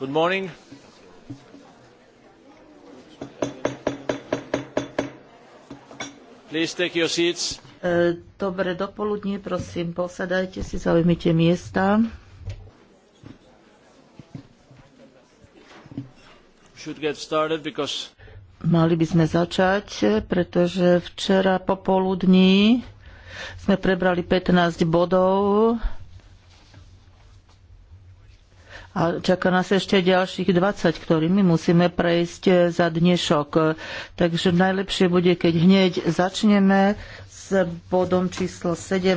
Good morning. Please take your seats. E, dobre dopoludnie, prosím, posadajte si, zaujmite miesta. Should get started because... Mali by sme začať, pretože včera popoludní sme prebrali 15 bodov a čaká nás ešte ďalších 20, ktorými musíme prejsť eh, za dnešok. Takže najlepšie bude, keď hneď začneme s bodom číslo 17.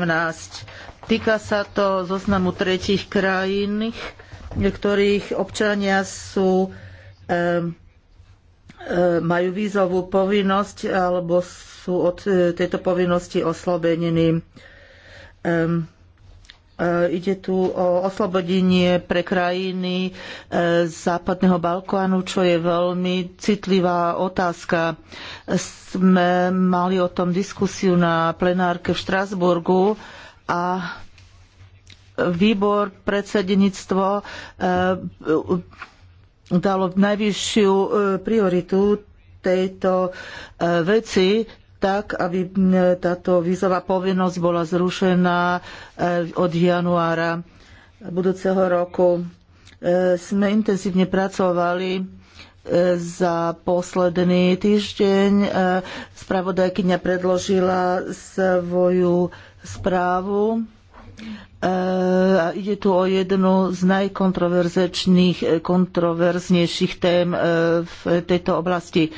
Týka sa to zoznamu tretich krajín, ktorých občania sú, e, e, majú vízovú povinnosť alebo sú od eh, tejto povinnosti oslobenení. E, E, ide tu o oslobodenie pre krajiny e, Západného Balkánu, čo je veľmi citlivá otázka. Sme mali o tom diskusiu na plenárke v Štrasburgu a výbor, predsedníctvo e, dalo najvyššiu prioritu tejto veci tak, aby e, táto vízová povinnosť bola zrušená e, od januára budúceho roku. E, sme intenzívne pracovali za posledný týždeň. Spravodajkyňa predložila svoju správu. A ide tu o jednu z najkontroverznejších tém v tejto oblasti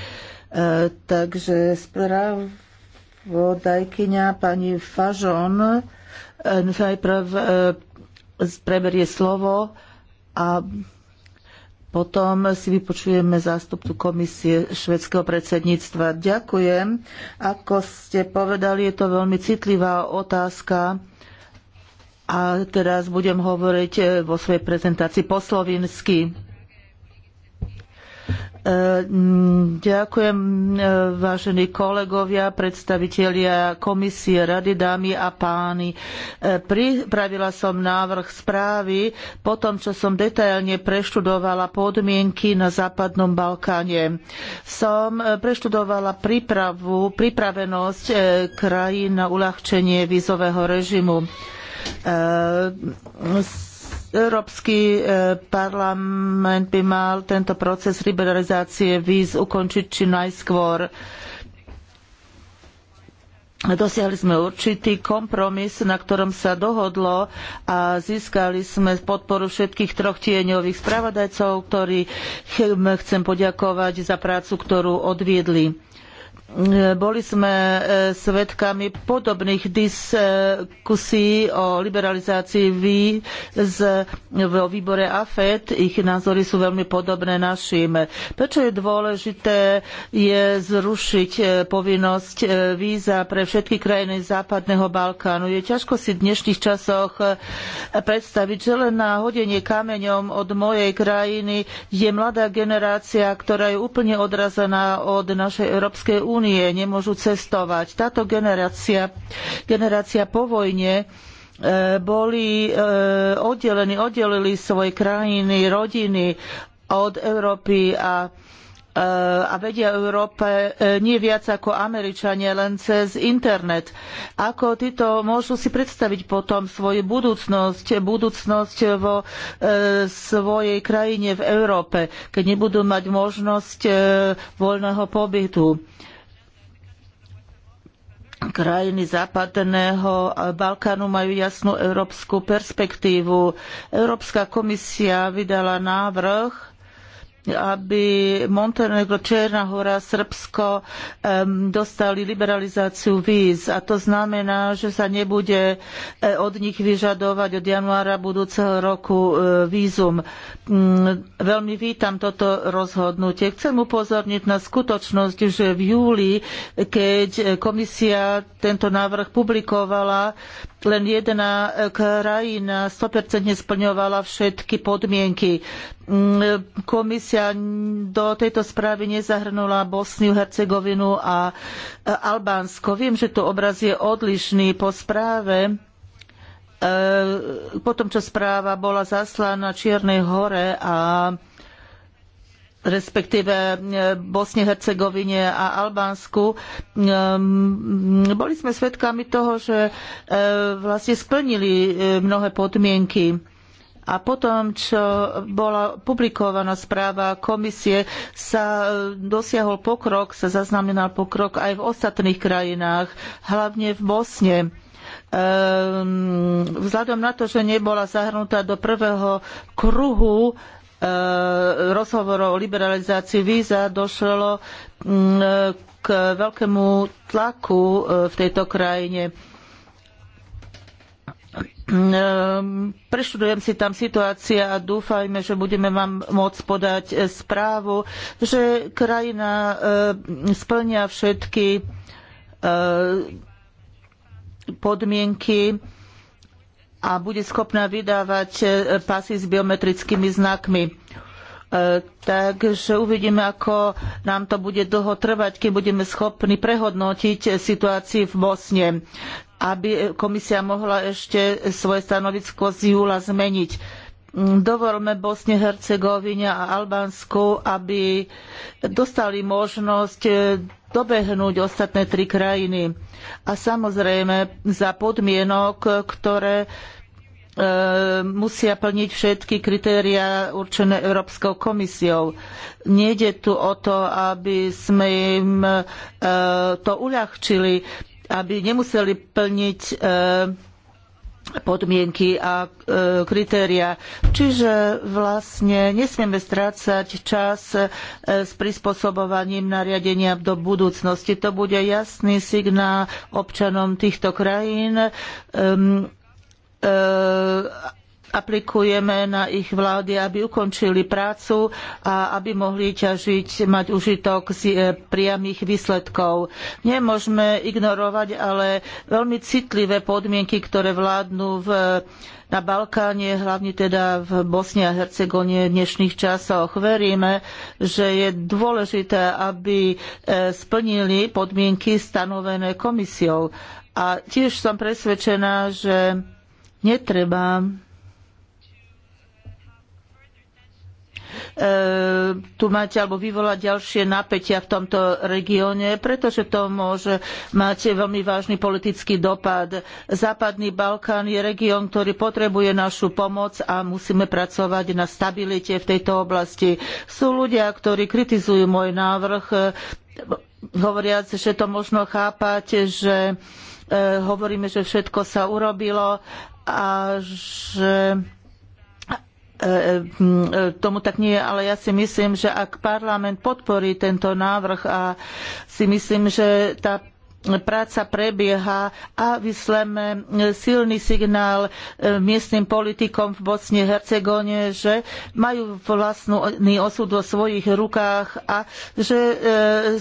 takže spravodajkyňa pani Fažon eh, najprv eh, preberie slovo a potom si vypočujeme zástupcu komisie švedského predsedníctva. Ďakujem. Ako ste povedali, je to veľmi citlivá otázka. A teraz budem hovoriť eh, vo svojej prezentácii po slovinsky. Ehm, ďakujem, e, vážení kolegovia, predstavitelia komisie, rady, dámy a páni. E, pripravila som návrh správy po tom, čo som detailne preštudovala podmienky na Západnom Balkáne. Som e, preštudovala prípravu, pripravenosť krajín na uľahčenie vízového režimu ehm, Európsky e, parlament by mal tento proces liberalizácie víz ukončiť či najskôr. Dosiahli sme určitý kompromis, na ktorom sa dohodlo a získali sme podporu všetkých troch tieňových spravodajcov, ktorým chcem poďakovať za prácu, ktorú odviedli. E, boli sme e, svedkami podobných diskusí o liberalizácii víz vo výbore AFED. Ich názory sú veľmi podobné našim. Prečo je dôležité je zrušiť e, povinnosť víza pre všetky krajiny Západného Balkánu? Je ťažko si v dnešných časoch predstaviť, že len na hodenie kameňom od mojej krajiny je mladá generácia, ktorá je úplne odrazená od našej Európskej únie únie, nemôžu cestovať. Táto generácia, generácia po vojne e, boli e, oddelení, oddelili svoje krajiny, rodiny od Európy a e, a vedia Európe nie viac ako Američania, len cez internet. Ako títo môžu si predstaviť potom svoju budúcnosť, budúcnosť vo svojej krajine v Európe, keď nebudú mať možnosť voľného pobytu. Krajiny západného Balkánu majú jasnú európsku perspektívu. Európska komisia vydala návrh aby Montenegro, Černá hora, Srbsko dostali liberalizáciu víz. A to znamená, že sa nebude e, od nich vyžadovať od januára budúceho roku e, vízum. Mm, veľmi vítam toto rozhodnutie. Chcem upozorniť na skutočnosť, že v júli, keď e, komisia tento návrh publikovala, len jedna e, krajina 100% splňovala všetky podmienky. Mm, komisia do tejto správy nezahrnula Bosniu, Hercegovinu a e, Albánsko. Viem, že to obraz je odlišný po správe. E, po tom, čo správa bola zaslaná Čiernej hore a respektíve e, Bosne, Hercegovine a Albánsku. E, boli sme svedkami toho, že e, vlastne splnili mnohé podmienky. A potom, čo bola publikovaná správa komisie, sa dosiahol pokrok, sa zaznamenal pokrok aj v ostatných krajinách, hlavne v Bosne vzhľadom na to, že nebola zahrnutá do prvého kruhu Eh, rozhovorov o liberalizácii víza došlo mm, k veľkému tlaku eh, v tejto krajine. Eh, preštudujem si tam situácia a dúfajme, že budeme vám môcť podať správu, že krajina splňa všetky podmienky a bude schopná vydávať e, pasy s biometrickými znakmi. E, takže uvidíme, ako nám to bude dlho trvať, keď budeme schopní prehodnotiť situáciu v Bosne, aby komisia mohla ešte svoje stanovisko z júla zmeniť Dovolme Bosne, Hercegovine a Albánsku, aby dostali možnosť e, dobehnúť ostatné tri krajiny. A samozrejme za podmienok, ktoré e, musia plniť všetky kritériá určené Európskou komisiou. Nejde tu o to, aby sme im e, to uľahčili, aby nemuseli plniť podmienky a e, kritériá. Čiže vlastne nesmieme strácať čas e, s prispôsobovaním nariadenia do budúcnosti. To bude jasný signál občanom týchto krajín e, aplikujeme na ich vlády, aby ukončili prácu a aby mohli ťažiť, mať užitok z e, priamých výsledkov. Nemôžeme ignorovať ale veľmi citlivé podmienky, ktoré vládnu v na Balkáne, hlavne teda v Bosne a Hercegovine v dnešných časoch. Veríme, že je dôležité, aby e, splnili podmienky stanovené komisiou. A tiež som presvedčená, že netreba E, tu mať alebo vyvolať ďalšie napätia v tomto regióne, pretože to môže mať veľmi vážny politický dopad. Západný Balkán je región, ktorý potrebuje našu pomoc a musíme pracovať na stabilite v tejto oblasti. Sú ľudia, ktorí kritizujú môj návrh, hovoriac, že to možno chápať, že e, hovoríme, že všetko sa urobilo a že E, e, e, tomu tak nie je, ale ja si myslím, že ak parlament podporí tento návrh a si myslím, že tá práca prebieha a vysleme silný signál miestnym politikom v Bosne a že majú vlastný osud vo svojich rukách a že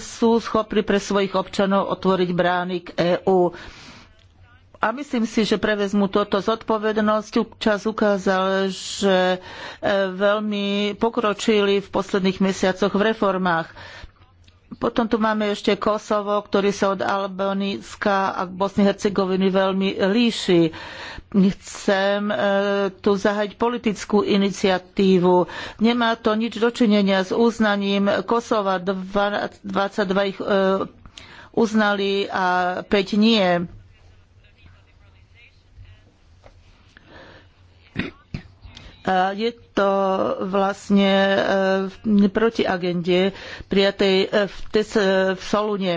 sú schopní pre svojich občanov otvoriť brány k EÚ. A myslím si, že prevezmu toto zodpovednosť. Čas ukázal, že e, veľmi pokročili v posledných mesiacoch v reformách. Potom tu máme ešte Kosovo, ktorý sa od Albánska a Bosny Hercegoviny veľmi líši. Chcem e, tu zahať politickú iniciatívu. Nemá to nič dočinenia s uznaním Kosova. 22 ich e, uznali a 5 nie. Je to vlastne e, proti agende prijatej e, v, tes, e, v Solune.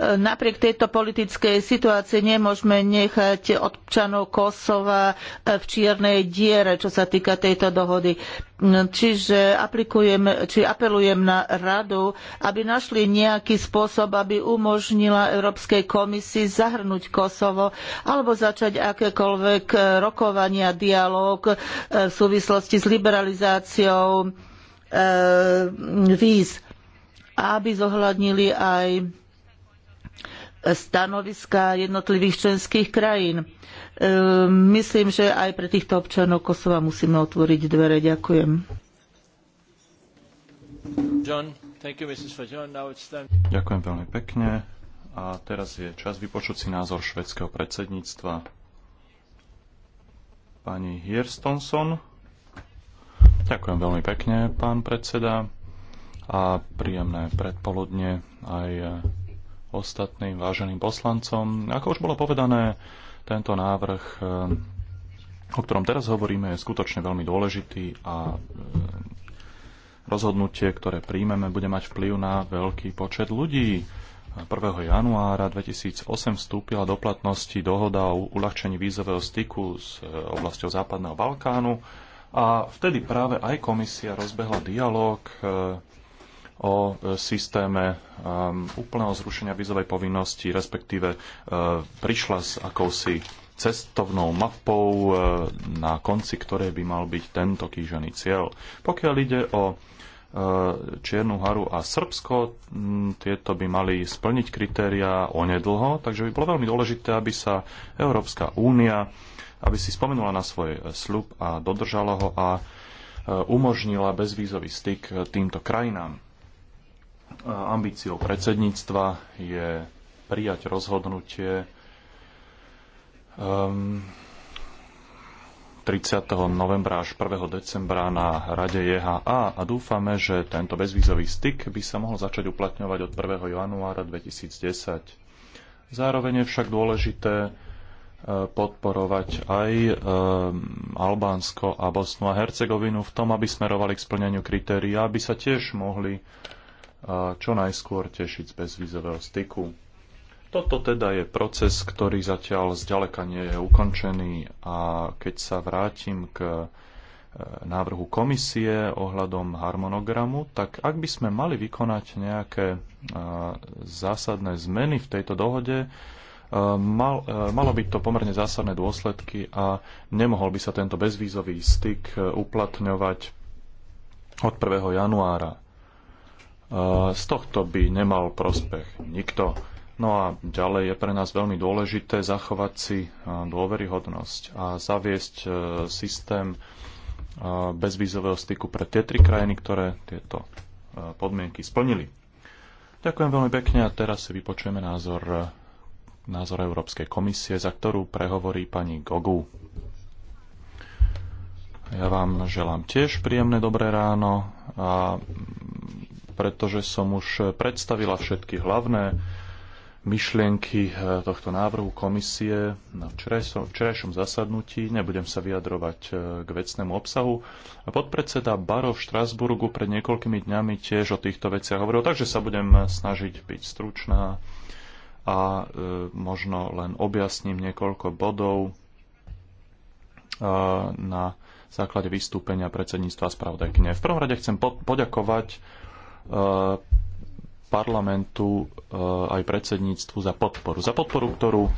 Napriek tejto politickej situácii nemôžeme nechať občanov Kosova v čiernej diere, čo sa týka tejto dohody. Čiže aplikujem, či apelujem na radu, aby našli nejaký spôsob, aby umožnila Európskej komisii zahrnúť Kosovo alebo začať akékoľvek rokovania, dialog v súvislosti s liberalizáciou liberalizáciou eh, víz, aby zohľadnili aj stanoviska jednotlivých členských krajín. Eh, myslím, že aj pre týchto občanov Kosova musíme otvoriť dvere. Ďakujem. John, you, Ďakujem veľmi pekne. A teraz je čas vypočuť si názor švedského predsedníctva. Pani Hirstonson. Ďakujem veľmi pekne, pán predseda. A príjemné predpoludne aj ostatným váženým poslancom. Ako už bolo povedané, tento návrh, eh, o ktorom teraz hovoríme, je skutočne veľmi dôležitý a eh, rozhodnutie, ktoré príjmeme, bude mať vplyv na veľký počet ľudí. 1. januára 2008 vstúpila do platnosti dohoda o uľahčení vízového styku s eh, oblasťou Západného Balkánu a vtedy práve aj komisia rozbehla dialog e, o e, systéme e, úplného zrušenia vízovej povinnosti, respektíve prišla s akousi cestovnou mapou, na konci ktorej by mal byť tento kýžený cieľ. Pokiaľ ide o Čiernu Haru a Srbsko. Tieto by mali splniť kritéria onedlho, takže by bolo veľmi dôležité, aby sa Európska únia aby si spomenula na svoj e, slub a dodržala ho a e, umožnila bezvízový styk e, týmto krajinám. Ambíciou predsedníctva je prijať rozhodnutie 30. Ehm, novembra až 1. decembra na Rade JHA a dúfame, že tento bezvízový styk by sa mohol začať uplatňovať od 1. januára 2010. Zároveň je však dôležité podporovať aj e, Albánsko a Bosnu a Hercegovinu v tom, aby smerovali k splneniu kritérií, aby sa tiež mohli e, čo najskôr tešiť z bezvízového styku. Toto teda je proces, ktorý zatiaľ zďaleka nie je ukončený a keď sa vrátim k e, návrhu komisie ohľadom harmonogramu, tak ak by sme mali vykonať nejaké zásadné zmeny v tejto dohode, mal, eh, malo by to pomerne zásadné dôsledky a nemohol by sa tento bezvízový styk eh, uplatňovať od 1. januára. Eh, z tohto by nemal prospech nikto. No a ďalej je pre nás veľmi dôležité zachovať si dôveryhodnosť a zaviesť systém bezvízového styku pre tie tri krajiny, ktoré tieto podmienky splnili. Ďakujem veľmi pekne a teraz si vypočujeme názor názor Európskej komisie, za ktorú prehovorí pani Gogu. Ja vám želám tiež príjemné dobré ráno a pretože som už predstavila všetky hlavné myšlienky eh, tohto návrhu komisie na včerajšom, včerajšom zasadnutí. Nebudem sa vyjadrovať eh, k vecnému obsahu. Podpredseda Baro v Štrasburgu pred niekoľkými dňami tiež o týchto veciach hovoril, takže sa budem snažiť byť stručná a e, možno len objasním niekoľko bodov e, na základe vystúpenia predsedníctva spravodajkyne. V prvom rade chcem poďakovať e, parlamentu eh, aj predsedníctvu za podporu. Za podporu, ktorú eh,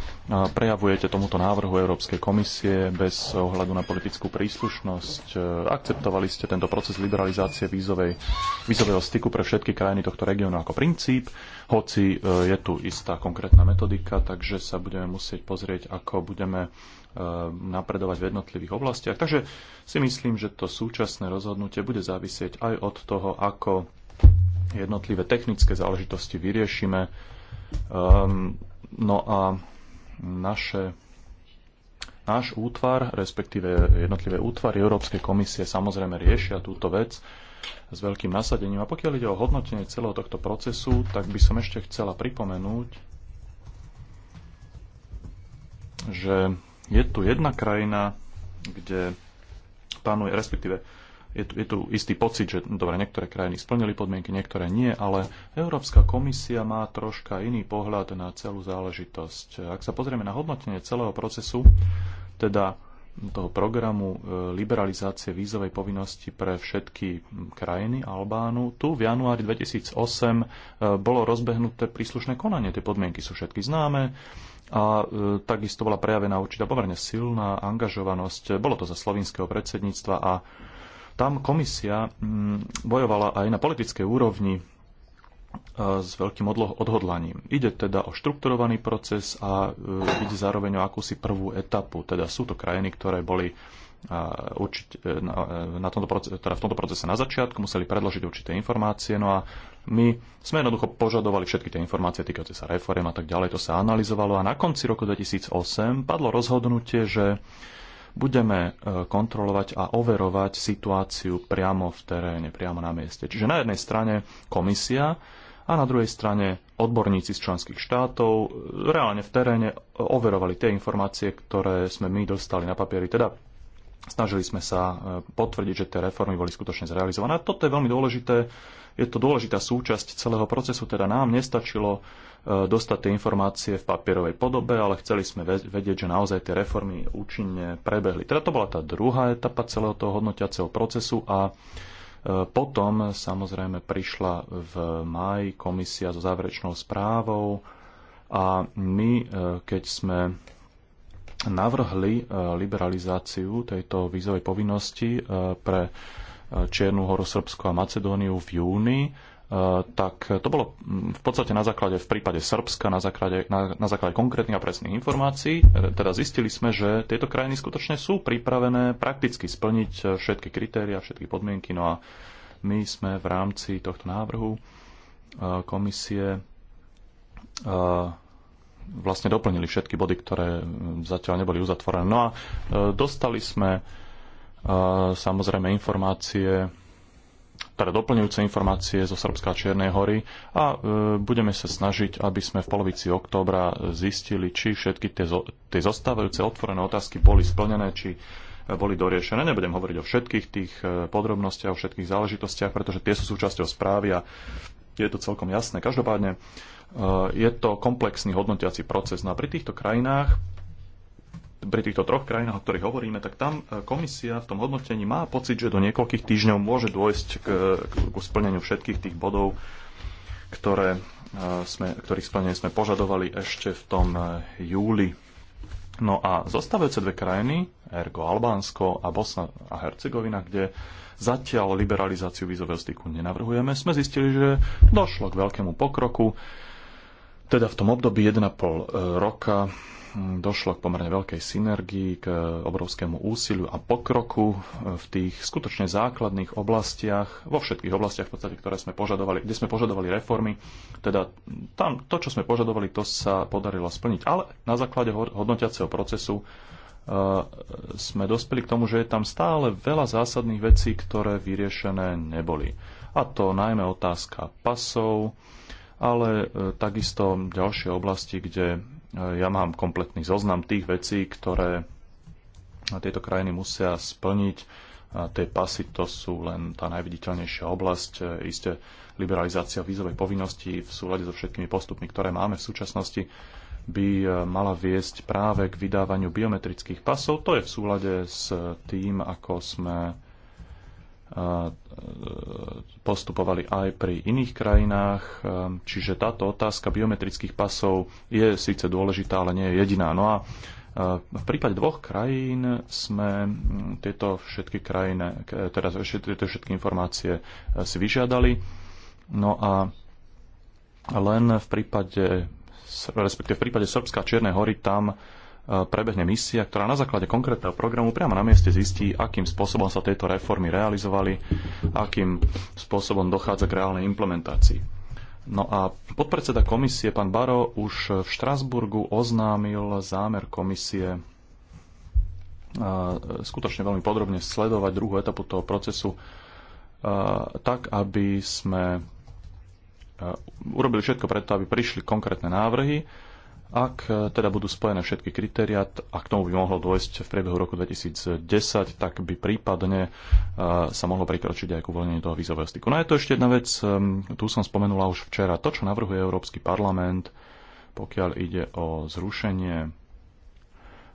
prejavujete tomuto návrhu Európskej komisie bez ohľadu na politickú príslušnosť. Eh, akceptovali ste tento proces liberalizácie vízovej, vízového styku pre všetky krajiny tohto regiónu ako princíp, hoci je tu istá konkrétna metodika, takže sa budeme musieť pozrieť, ako budeme napredovať v jednotlivých oblastiach. Takže si myslím, že to súčasné rozhodnutie bude závisieť aj od toho, ako jednotlivé technické záležitosti vyriešime. Um, no a naše, náš útvar, respektíve jednotlivé útvary Európskej komisie samozrejme riešia túto vec s veľkým nasadením. A pokiaľ ide o hodnotenie celého tohto procesu, tak by som ešte chcela pripomenúť, že je tu jedna krajina, kde panuje, respektíve je tu, je tu istý pocit, že dobre, niektoré krajiny splnili podmienky, niektoré nie, ale Európska komisia má troška iný pohľad na celú záležitosť. Ak sa pozrieme na hodnotenie celého procesu, teda toho programu e, liberalizácie vízovej povinnosti pre všetky krajiny Albánu. Tu v januári 2008 e, bolo rozbehnuté príslušné konanie. Tie podmienky sú všetky známe a e, takisto bola prejavená určitá pomerne silná angažovanosť. Bolo to za slovinského predsedníctva a tam komisia mm, bojovala aj na politickej úrovni e, s veľkým odhodlaním. Ide teda o štrukturovaný proces a e, ide zároveň o akúsi prvú etapu. Teda sú to krajiny, ktoré boli e, určite, na tomto procese, teda v tomto procese na začiatku museli predložiť určité informácie, no a my sme jednoducho požadovali všetky tie informácie týkajúce sa reform a tak ďalej, to sa analyzovalo a na konci roku 2008 padlo rozhodnutie, že budeme e, kontrolovať a overovať situáciu priamo v teréne, priamo na mieste. Čiže na jednej strane komisia a na druhej strane odborníci z členských štátov e, reálne v teréne e, overovali tie informácie, ktoré sme my dostali na papieri. Teda Snažili sme sa e, potvrdiť, že tie reformy boli skutočne zrealizované. A toto je veľmi dôležité. Je to dôležitá súčasť celého procesu, teda nám nestačilo e, dostať tie informácie v papierovej podobe, ale chceli sme vedieť, že naozaj tie reformy účinne prebehli. Teda to bola tá druhá etapa celého toho hodnotiaceho procesu a e, potom samozrejme prišla v maj komisia so záverečnou správou a my, keď sme navrhli e, liberalizáciu tejto vízovej povinnosti e, pre e, Čiernu horu Srbsko a Macedóniu v júni, tak to bolo v podstate na základe, v prípade Srbska, na základe, na, na základe konkrétnych a presných informácií. Teda zistili sme, že tieto krajiny skutočne sú pripravené prakticky splniť všetky kritéria, všetky podmienky. No a my sme v rámci tohto návrhu komisie vlastne doplnili všetky body, ktoré zatiaľ neboli uzatvorené. No a e, dostali sme e, samozrejme informácie, teda doplňujúce informácie zo Srbska a Čiernej hory a e, budeme sa snažiť, aby sme v polovici októbra zistili, či všetky tie, tie zostávajúce otvorené otázky boli splnené, či boli doriešené. Nebudem hovoriť o všetkých tých podrobnostiach, o všetkých záležitostiach, pretože tie sú súčasťou správy a je to celkom jasné. Každopádne Eh, je to komplexný hodnotiaci proces. No a pri týchto krajinách, pri týchto troch krajinách, o ktorých hovoríme, tak tam eh, komisia v tom hodnotení má pocit, že do niekoľkých týždňov môže dôjsť k, k, k splneniu všetkých tých bodov, ktoré eh, sme, ktorých splnenie sme požadovali ešte v tom júli. No a zostávajúce dve krajiny, ergo Albánsko a Bosna a Hercegovina, kde zatiaľ liberalizáciu vízového styku nenavrhujeme, sme zistili, že došlo k veľkému pokroku teda v tom období 1,5 e, roka došlo k pomerne veľkej synergii, k e, obrovskému úsiliu a pokroku e, v tých skutočne základných oblastiach, vo všetkých oblastiach v podstate, ktoré sme požadovali, kde sme požadovali reformy. Teda tam to, čo sme požadovali, to sa podarilo splniť. Ale na základe hodnotiaceho procesu sme dospeli k tomu, že je tam stále veľa zásadných vecí, ktoré vyriešené neboli. A to najmä otázka pasov, ale e, takisto ďalšie oblasti, kde e, ja mám kompletný zoznam tých vecí, ktoré tieto krajiny musia splniť. A tie pasy to sú len tá najviditeľnejšia oblasť. E, Isté liberalizácia vízovej povinnosti v súlade so všetkými postupmi, ktoré máme v súčasnosti, by mala viesť práve k vydávaniu biometrických pasov. To je v súlade s tým, ako sme E, postupovali aj pri iných krajinách. E, čiže táto otázka biometrických pasov je síce dôležitá, ale nie je jediná. No a e, v prípade dvoch krajín sme tieto všetky krajiny, teda tieto všetky informácie si vyžiadali. No a len v prípade, respektíve v prípade Srbska a Čiernej hory tam E, prebehne misia, ktorá na základe konkrétneho programu priamo na mieste zistí, akým spôsobom sa tieto reformy realizovali, akým spôsobom dochádza k reálnej implementácii. No a podpredseda komisie, pán Baro, už v Štrasburgu oznámil zámer komisie e, skutočne veľmi podrobne sledovať druhú etapu toho procesu e, tak, aby sme urobili všetko preto, aby prišli konkrétne návrhy, ak e, teda budú spojené všetky kritériá, a k tomu by mohlo dôjsť v priebehu roku 2010, tak by prípadne e, sa mohlo prikročiť aj k uvoľneniu toho vízového styku. No je to ešte jedna vec, e, tu som spomenula už včera, to, čo navrhuje Európsky parlament, pokiaľ ide o zrušenie,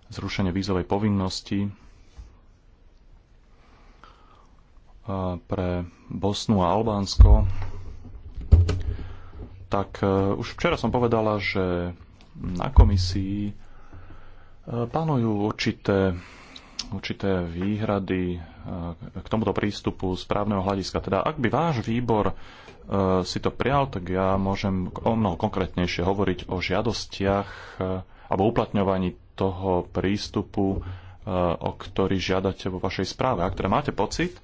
zrušenie vízovej povinnosti pre Bosnu a Albánsko, tak už včera som povedala, že na komisii e, panujú určité, určité výhrady e, k tomuto prístupu z právneho hľadiska. Teda ak by váš výbor e, si to prijal, tak ja môžem o mnoho konkrétnejšie hovoriť o žiadostiach alebo uplatňovaní toho prístupu, o ktorý žiadate vo vašej správe. Ak teda máte pocit,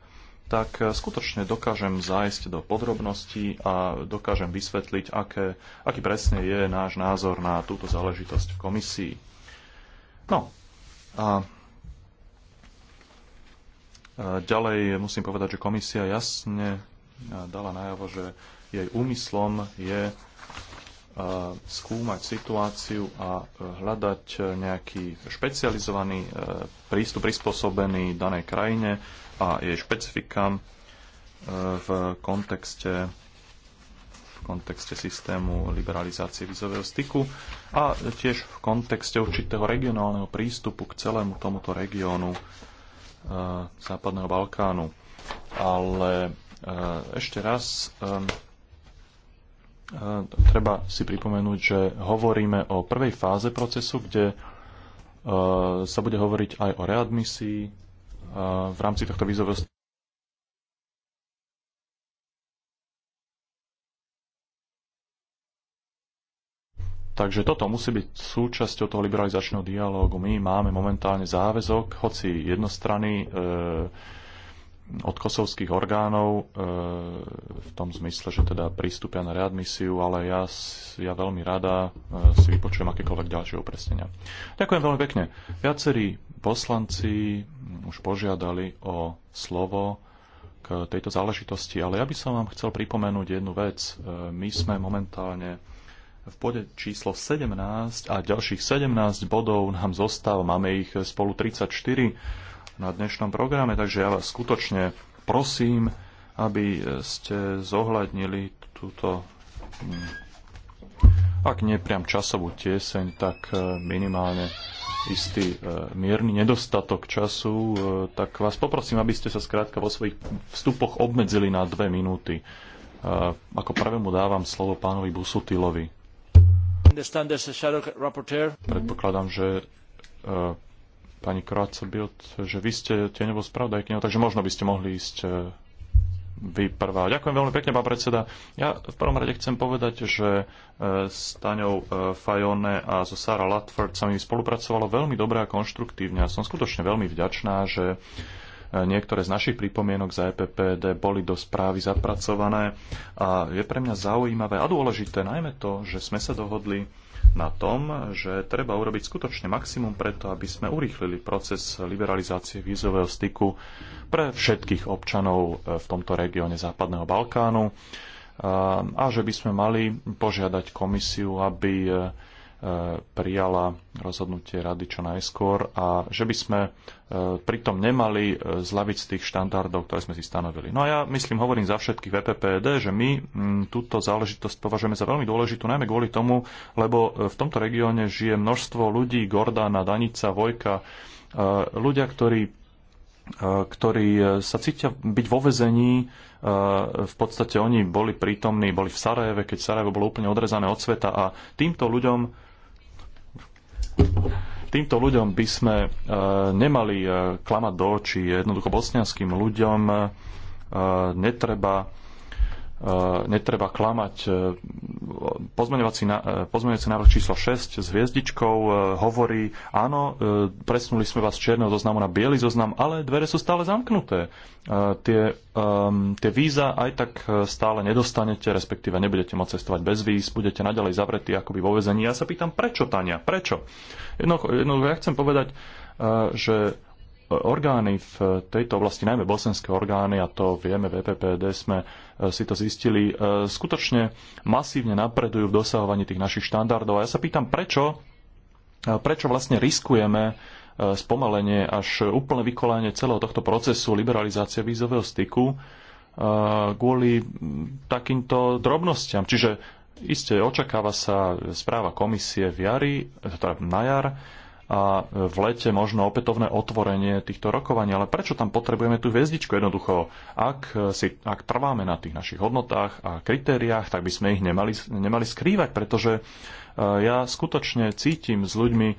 tak eh, skutočne dokážem zájsť do podrobností a dokážem vysvetliť, aké, aký presne je náš názor na túto záležitosť v komisii. No a ďalej musím povedať, že komisia jasne eh, dala najavo, že jej úmyslom je skúmať situáciu a e, hľadať e, nejaký špecializovaný e, prístup prispôsobený danej krajine a jej špecifikám v kontexte v kontexte systému liberalizácie vizového styku a tiež v kontexte určitého regionálneho prístupu k celému tomuto regiónu Západného Balkánu. Ale ešte raz Eh, treba si pripomenúť, že hovoríme o prvej fáze procesu, kde eh, sa bude hovoriť aj o readmisii eh, v rámci tohto vízového Takže toto musí byť súčasťou toho liberalizačného dialógu. My máme momentálne záväzok, hoci jednostranný, e, od kosovských orgánov e, v tom zmysle, že teda prístupia na readmisiu, ale ja, ja veľmi rada e, si vypočujem akékoľvek ďalšie upresnenia. Ďakujem veľmi pekne. Viacerí poslanci už požiadali o slovo k tejto záležitosti, ale ja by som vám chcel pripomenúť jednu vec. E, my sme momentálne v bode číslo 17 a ďalších 17 bodov nám zostáva. Máme ich spolu 34 na dnešnom programe, takže ja vás skutočne prosím, aby ste zohľadnili túto, mm, ak nie priam časovú tieseň, tak e, minimálne istý e, mierny nedostatok času, e, tak vás poprosím, aby ste sa skrátka vo svojich vstupoch obmedzili na dve minúty. Ako prvému dávam slovo pánovi Busutilovi. Predpokladám, že pani Kroacobilt, že vy ste tieňovou spravodajkyňou, takže možno by ste mohli ísť e, vy prvá. Ďakujem veľmi pekne, pán predseda. Ja v prvom rade chcem povedať, že e, s Taňou e, Fajone a so Sara Latford sa mi spolupracovalo veľmi dobre a konštruktívne a som skutočne veľmi vďačná, že niektoré z našich pripomienok za EPPD boli do správy zapracované a je pre mňa zaujímavé a dôležité najmä to, že sme sa dohodli na tom, že treba urobiť skutočne maximum preto, aby sme urýchlili proces liberalizácie vízového styku pre všetkých občanov e, v tomto regióne Západného Balkánu a že by sme mali požiadať komisiu, aby e, prijala rozhodnutie rady čo najskôr a že by sme e, pritom nemali e, zlaviť z tých štandardov, ktoré sme si stanovili. No a ja myslím, hovorím za všetkých VPPD, e že my túto záležitosť považujeme za veľmi dôležitú, najmä kvôli tomu, lebo v tomto regióne žije množstvo ľudí, Gordana, Danica, Vojka, ľudia, ktorí ktorí sa cítia byť vo vezení. V podstate oni boli prítomní, boli v Sarajeve, keď Sarajevo bolo úplne odrezané od sveta a týmto ľuďom týmto ľuďom by sme e, nemali e, klamať do očí. Jednoducho bosnianským ľuďom e, netreba E, netreba klamať. E, pozmeňovací e, návrh číslo 6 s hviezdičkou hovorí, áno, presunuli sme vás z čierneho zoznamu na biely zoznam, ale dvere sú stále zamknuté. Tie, tie víza aj tak stále nedostanete, respektíve nebudete môcť cestovať bez víz, budete naďalej zavretí akoby vo vezení. Ja sa pýtam, prečo, Tania, prečo? Jednoducho, jedno, ja chcem povedať, že orgány v tejto oblasti, najmä bosenské orgány, a to vieme v EPPD, sme e, si to zistili, e, skutočne masívne napredujú v dosahovaní tých našich štandardov. A ja sa pýtam, prečo, e, prečo vlastne riskujeme spomalenie až úplné vykolanie celého tohto procesu liberalizácie vízového styku kvôli takýmto drobnostiam. Čiže iste očakáva sa správa komisie v jari, teda na jar, a v lete možno opätovné otvorenie týchto rokovaní. Ale prečo tam potrebujeme tú hviezdičku jednoducho? Ak, si, ak trváme na tých našich hodnotách a kritériách, tak by sme ich nemali, nemali skrývať, pretože e, ja skutočne cítim s ľuďmi e,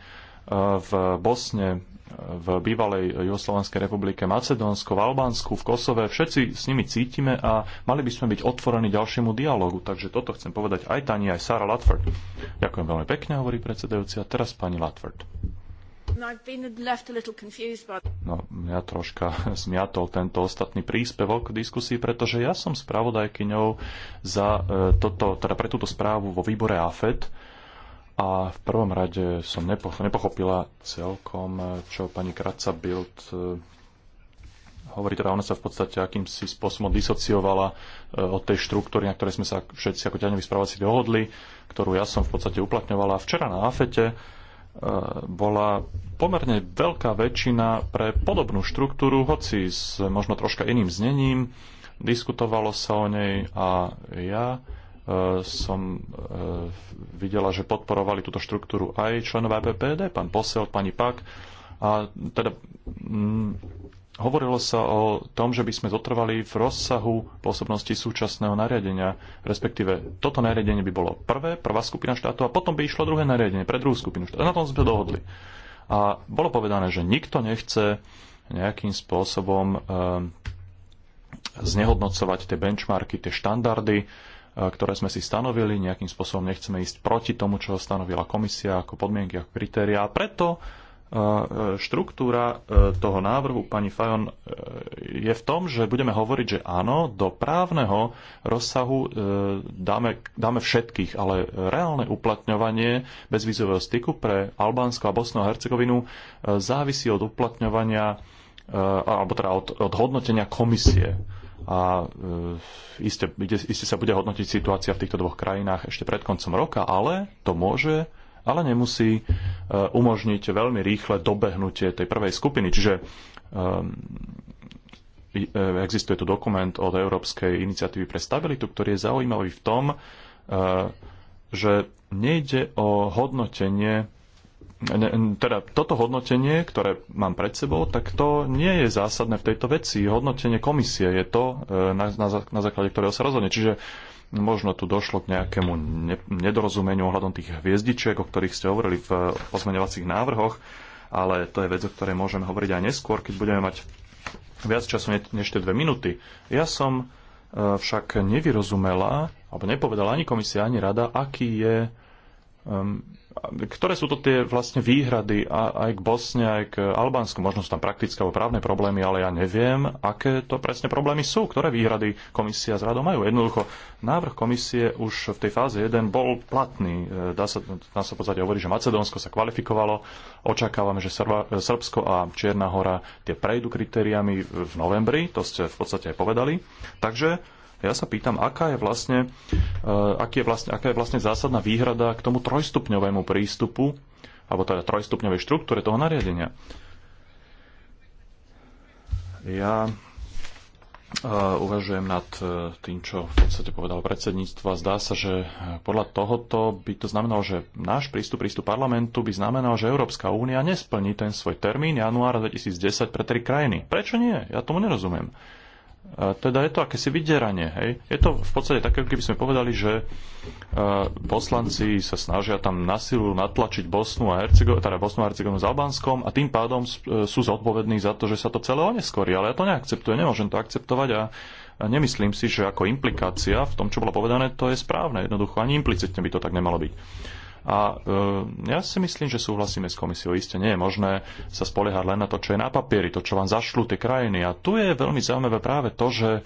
v Bosne, e, v bývalej Jugoslovanskej republike, Macedónsko, v Albánsku, v Kosove. Všetci s nimi cítime a mali by sme byť otvorení ďalšiemu dialogu. Takže toto chcem povedať aj Tani, aj Sara Latford. Ďakujem veľmi pekne, hovorí predsedajúci. A teraz pani Latford. No, mňa no, troška zmiatol tento ostatný príspevok k diskusii, pretože ja som spravodajkyňou za e, toto, teda pre túto správu vo výbore AFED a v prvom rade som nepochopila celkom, e, čo pani Kratca Bild e, hovorí teda, ona sa v podstate akýmsi spôsobom disociovala od tej štruktúry, na ktorej sme sa všetci ako ťaňoví správaci dohodli, ktorú ja som v podstate uplatňovala. Včera na AFETE E, bola pomerne veľká väčšina pre podobnú štruktúru, hoci s možno troška iným znením. Diskutovalo sa o nej a ja e, som e, videla, že podporovali túto štruktúru aj členové PPD, pán Posel, pani Pak. A teda Hovorilo sa o tom, že by sme zotrvali v rozsahu pôsobnosti súčasného nariadenia, respektíve toto nariadenie by bolo prvé, prvá skupina štátov a potom by išlo druhé nariadenie pre druhú skupinu štátov. Na tom sme dohodli. A bolo povedané, že nikto nechce nejakým spôsobom eh, znehodnocovať tie benchmarky, tie štandardy, eh, ktoré sme si stanovili. Nejakým spôsobom nechceme ísť proti tomu, čo stanovila komisia ako podmienky, ako kritéria. A preto E, štruktúra e, toho návrhu pani Fajon e, je v tom, že budeme hovoriť, že áno, do právneho rozsahu dáme, dáme všetkých, ale reálne uplatňovanie bezvízového styku pre Albánsko a Bosnu a Hercegovinu závisí od uplatňovania alebo teda od, od hodnotenia komisie a e, iste, iste sa bude hodnotiť situácia v týchto dvoch krajinách ešte pred koncom roka, ale to môže ale nemusí e, umožniť veľmi rýchle dobehnutie tej prvej skupiny. Čiže e, e, existuje tu dokument od Európskej iniciatívy pre stabilitu, ktorý je zaujímavý v tom, že nejde o hodnotenie teda toto hodnotenie, ktoré mám pred sebou, tak to nie je zásadné v tejto veci. Hodnotenie komisie je to, na, na, na základe ktorého sa rozhodne. Čiže Možno tu došlo k nejakému nedorozumeniu ohľadom tých hviezdičiek, o ktorých ste hovorili v pozmeňovacích návrhoch, ale to je vec, o ktorej môžeme hovoriť aj neskôr, keď budeme mať viac času než tie dve minúty. Ja som e, však nevyrozumela, alebo nepovedala ani komisia, ani rada, aký je ktoré sú to tie vlastne výhrady aj k Bosne, aj k Albánsku? Možno sú tam praktické alebo právne problémy, ale ja neviem, aké to presne problémy sú, ktoré výhrady komisia z radou majú. Jednoducho, návrh komisie už v tej fáze 1 bol platný. E, dá sa, dá sa podstate hovoriť, že Macedónsko sa kvalifikovalo. Očakávame, že Srba, e, Srbsko a Čierna hora tie prejdú kritériami v novembri, to ste v podstate aj povedali. Takže ja sa pýtam, aká je vlastne, eh, aký je vlastne, aká je vlastne zásadná výhrada k tomu trojstupňovému prístupu, alebo teda trojstupňovej štruktúre toho nariadenia. Ja eh, uvažujem nad eh, tým, čo v podstate povedal predsedníctvo a zdá sa, že podľa tohoto by to znamenalo, že náš prístup, prístup parlamentu by znamenal, že Európska únia nesplní ten svoj termín januára 2010 pre tri krajiny. Prečo nie? Ja tomu nerozumiem teda je to akési vydieranie. Hej? Je to v podstate také, keby sme povedali, že e, poslanci sa snažia tam na silu natlačiť Bosnu a Hercegovinu, teda Bosnu a Hercegovinu s Albánskom a tým pádom e, sú zodpovední za to, že sa to celé oneskorí. Ale ja to neakceptujem, nemôžem to akceptovať a nemyslím si, že ako implikácia v tom, čo bolo povedané, to je správne. Jednoducho ani implicitne by to tak nemalo byť. A e, ja si myslím, že súhlasíme s komisiou. Isté nie je možné sa spoliehať len na to, čo je na papieri, to, čo vám zašlú tie krajiny. A tu je veľmi zaujímavé práve to, že e,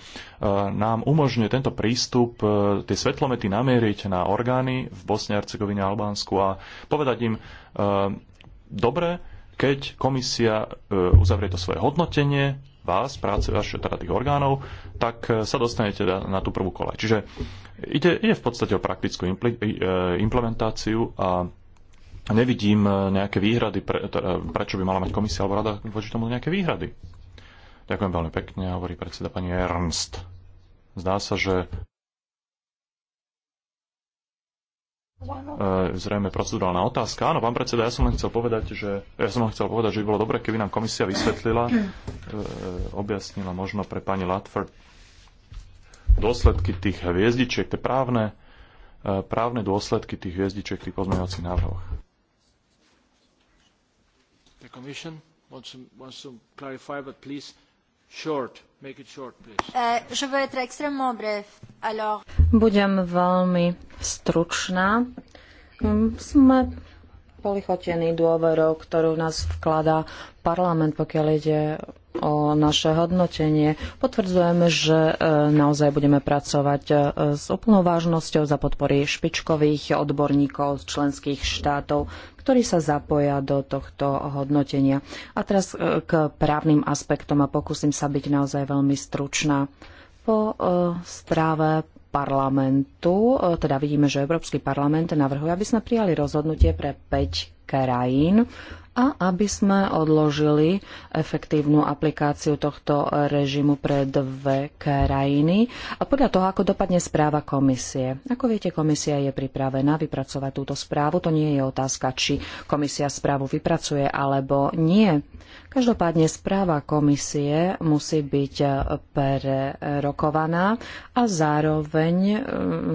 nám umožňuje tento prístup e, tie svetlomety namieriť na orgány v Bosne, Hercegovine a Albánsku a povedať im, dobre, keď komisia uzavrie to svoje hodnotenie, vás, práce vašich teda tých orgánov, tak e, sa dostanete teda na tú prvú kolaj. Čiže ide, ide v podstate o praktickú e, implementáciu a nevidím e, nejaké výhrady, pre, teda, prečo by mala mať komisia alebo rada voči tomu nejaké výhrady. Ďakujem veľmi pekne, hovorí predseda pani Ernst. Zdá sa, že E, zrejme procedurálna otázka. Áno, pán predseda, ja som len chcel povedať, že, ja som len chcel povedať, že by bolo dobre, keby nám komisia vysvetlila, e, objasnila možno pre pani Latford dôsledky tých hviezdičiek, tie právne, e, právne dôsledky tých hviezdičiek pri pozmeňovacích návrhoch. The commission wants to, wants to clarify, but please Eh, Budem veľmi stručná. Mm, sme polichotení dôverou, ktorú nás vkladá parlament, pokiaľ ide o naše hodnotenie. Potvrdzujeme, že e, naozaj budeme pracovať e, s úplnou vážnosťou za podpory špičkových odborníkov z členských štátov, ktorí sa zapoja do tohto hodnotenia. A teraz e, k právnym aspektom a pokúsim sa byť naozaj veľmi stručná. Po správe parlamentu, teda vidíme, že Európsky parlament navrhuje, aby sme prijali rozhodnutie pre 5 krajín a aby sme odložili efektívnu aplikáciu tohto režimu pre dve krajiny a podľa toho, ako dopadne správa komisie. Ako viete, komisia je pripravená vypracovať túto správu. To nie je otázka, či komisia správu vypracuje alebo nie. Každopádne správa komisie musí byť eh, prerokovaná a zároveň eh,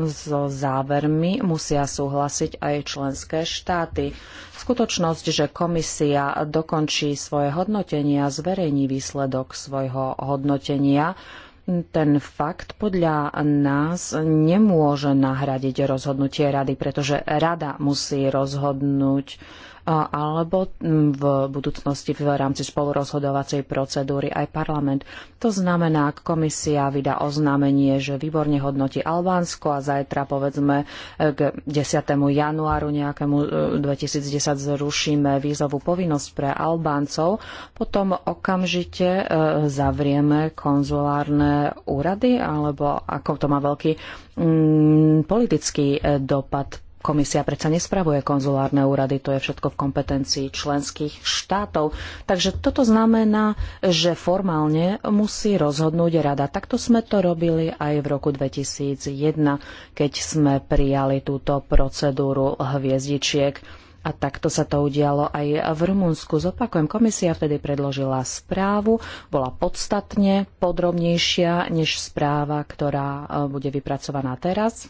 so závermi musia súhlasiť aj členské štáty. Skutočnosť, že komisia dokončí svoje hodnotenie a zverejní výsledok svojho hodnotenia, ten fakt podľa nás nemôže nahradiť rozhodnutie rady, pretože rada musí rozhodnúť alebo v budúcnosti v rámci spolurozhodovacej procedúry aj parlament. To znamená, ak komisia vydá oznámenie, že výborne hodnotí Albánsko a zajtra povedzme k 10. januáru nejakému 2010 e, zrušíme vízovú povinnosť pre Albáncov, potom okamžite e, zavrieme konzulárne úrady, alebo ako to má veľký politický e, dopad Komisia predsa nespravuje konzulárne úrady, to je všetko v kompetencii členských štátov. Takže toto znamená, že formálne musí rozhodnúť rada. Takto sme to robili aj v roku 2001, keď sme prijali túto procedúru hviezdičiek. A takto sa to udialo aj v Rumunsku. Zopakujem, komisia vtedy predložila správu, bola podstatne podrobnejšia než správa, ktorá eh, bude vypracovaná teraz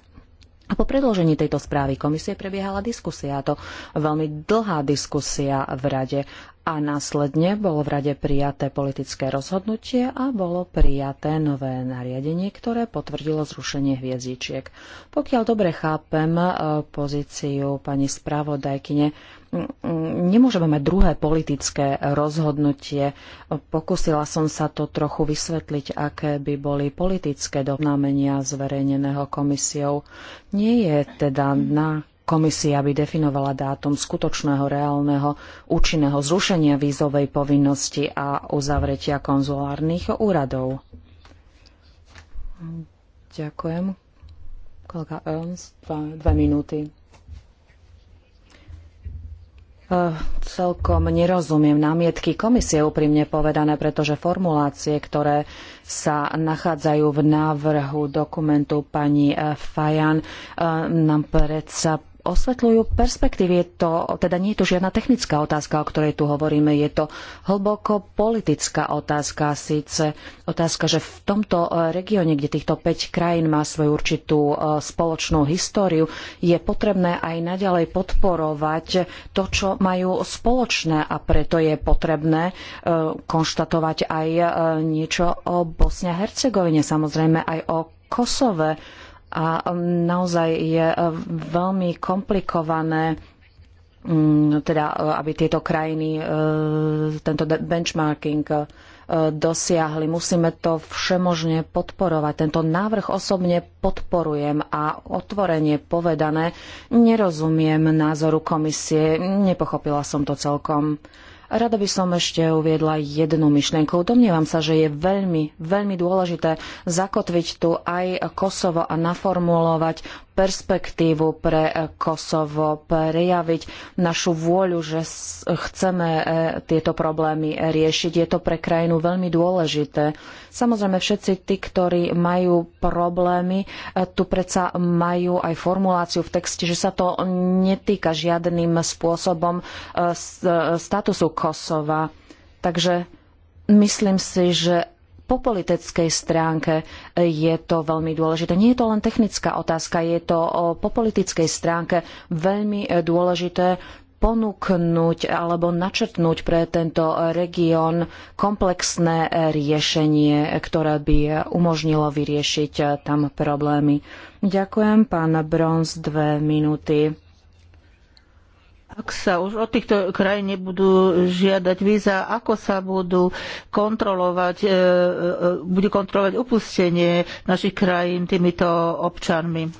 a po predložení tejto správy komisie prebiehala diskusia, a to veľmi dlhá diskusia v rade. A následne bolo v rade prijaté politické rozhodnutie a bolo prijaté nové nariadenie, ktoré potvrdilo zrušenie hviezdičiek. Pokiaľ dobre chápem eh, pozíciu pani spravodajkyne, nemôžeme mať druhé politické rozhodnutie. Pokúsila som sa to trochu vysvetliť, aké by boli politické doznámenia zverejneného komisiou. Nie je teda na Komisia by definovala dátum skutočného, reálneho, účinného zrušenia vízovej povinnosti a uzavretia konzulárnych úradov. Ďakujem. Kolega Ernst, dve minúty. E, celkom nerozumiem námietky komisie úprimne povedané, pretože formulácie, ktoré sa nachádzajú v návrhu dokumentu pani e, Fajan, e, nám predsa osvetľujú perspektívy. Je to, teda nie je to žiadna technická otázka, o ktorej tu hovoríme. Je to hlboko politická otázka. Síce otázka, že v tomto e, regióne, kde týchto 5 krajín má svoju určitú e, spoločnú históriu, je potrebné aj naďalej podporovať to, čo majú spoločné a preto je potrebné e, konštatovať aj niečo o Bosne a Hercegovine, samozrejme aj o Kosove a um, naozaj je uh, veľmi komplikované um, teda uh, aby tieto krajiny uh, tento benchmarking dosiahli. Musíme to všemožne podporovať. Tento návrh osobne podporujem a otvorenie povedané nerozumiem názoru komisie. Nepochopila som to celkom. Rada by som ešte uviedla jednu myšlienku. Domnievam sa, že je veľmi, veľmi dôležité zakotviť tu aj Kosovo a naformulovať perspektívu pre e, Kosovo, prejaviť našu vôľu, že chceme e, tieto problémy riešiť. Je to pre krajinu veľmi dôležité. Samozrejme, všetci tí, ktorí majú problémy, e, tu predsa majú aj formuláciu v texte, že sa to netýka žiadnym spôsobom statusu Kosova. Takže myslím si, že po politickej stránke je to veľmi dôležité. Nie je to len technická otázka, je to po politickej stránke veľmi e, dôležité ponúknuť alebo načrtnúť pre tento región komplexné e, riešenie, ktoré by umožnilo vyriešiť e, tam problémy. Ďakujem, pán Brons, dve minúty. Ak sa už od týchto krajín nebudú žiadať víza, ako sa budú kontrolovať, e, e, e, bude kontrolovať upustenie našich krajín týmito občanmi?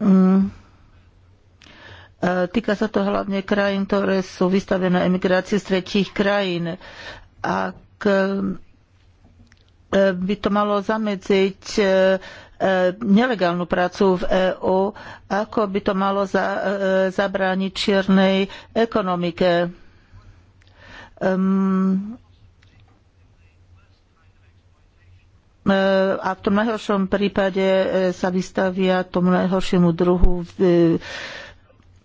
Mm. Týka sa to hlavne krajín, ktoré sú vystavené emigrácii z tretích krajín. Ak by to malo zamedziť E, nelegálnu prácu v EÚ, ako by to malo e, zabrániť čiernej ekonomike. Ehm, e, a v tom najhoršom prípade sa vystavia tomu najhoršiemu druhu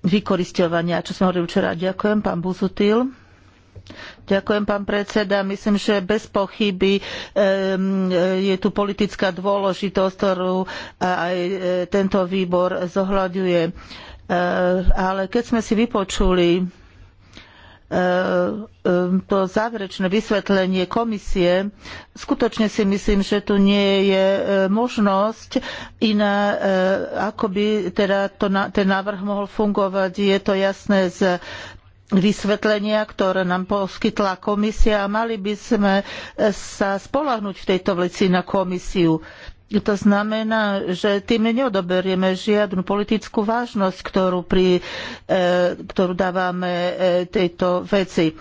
vykorisťovania, čo sme hovorili včera. Ďakujem, pán Buzutil. Ďakujem, pán predseda. Myslím, že bez pochyby je tu politická dôležitosť, ktorú aj e, tento výbor zohľaduje. E, ale keď sme si vypočuli e, to záverečné vysvetlenie komisie, skutočne si myslím, že tu nie je možnosť iná, ako by teda to, ten návrh mohol fungovať. Je to jasné z vysvetlenia, ktoré nám poskytla komisia a mali by sme sa spolahnuť v tejto veci na komisiu. To znamená, že tým neodoberieme žiadnu politickú vážnosť, ktorú, pri, eh, ktorú dávame eh, tejto veci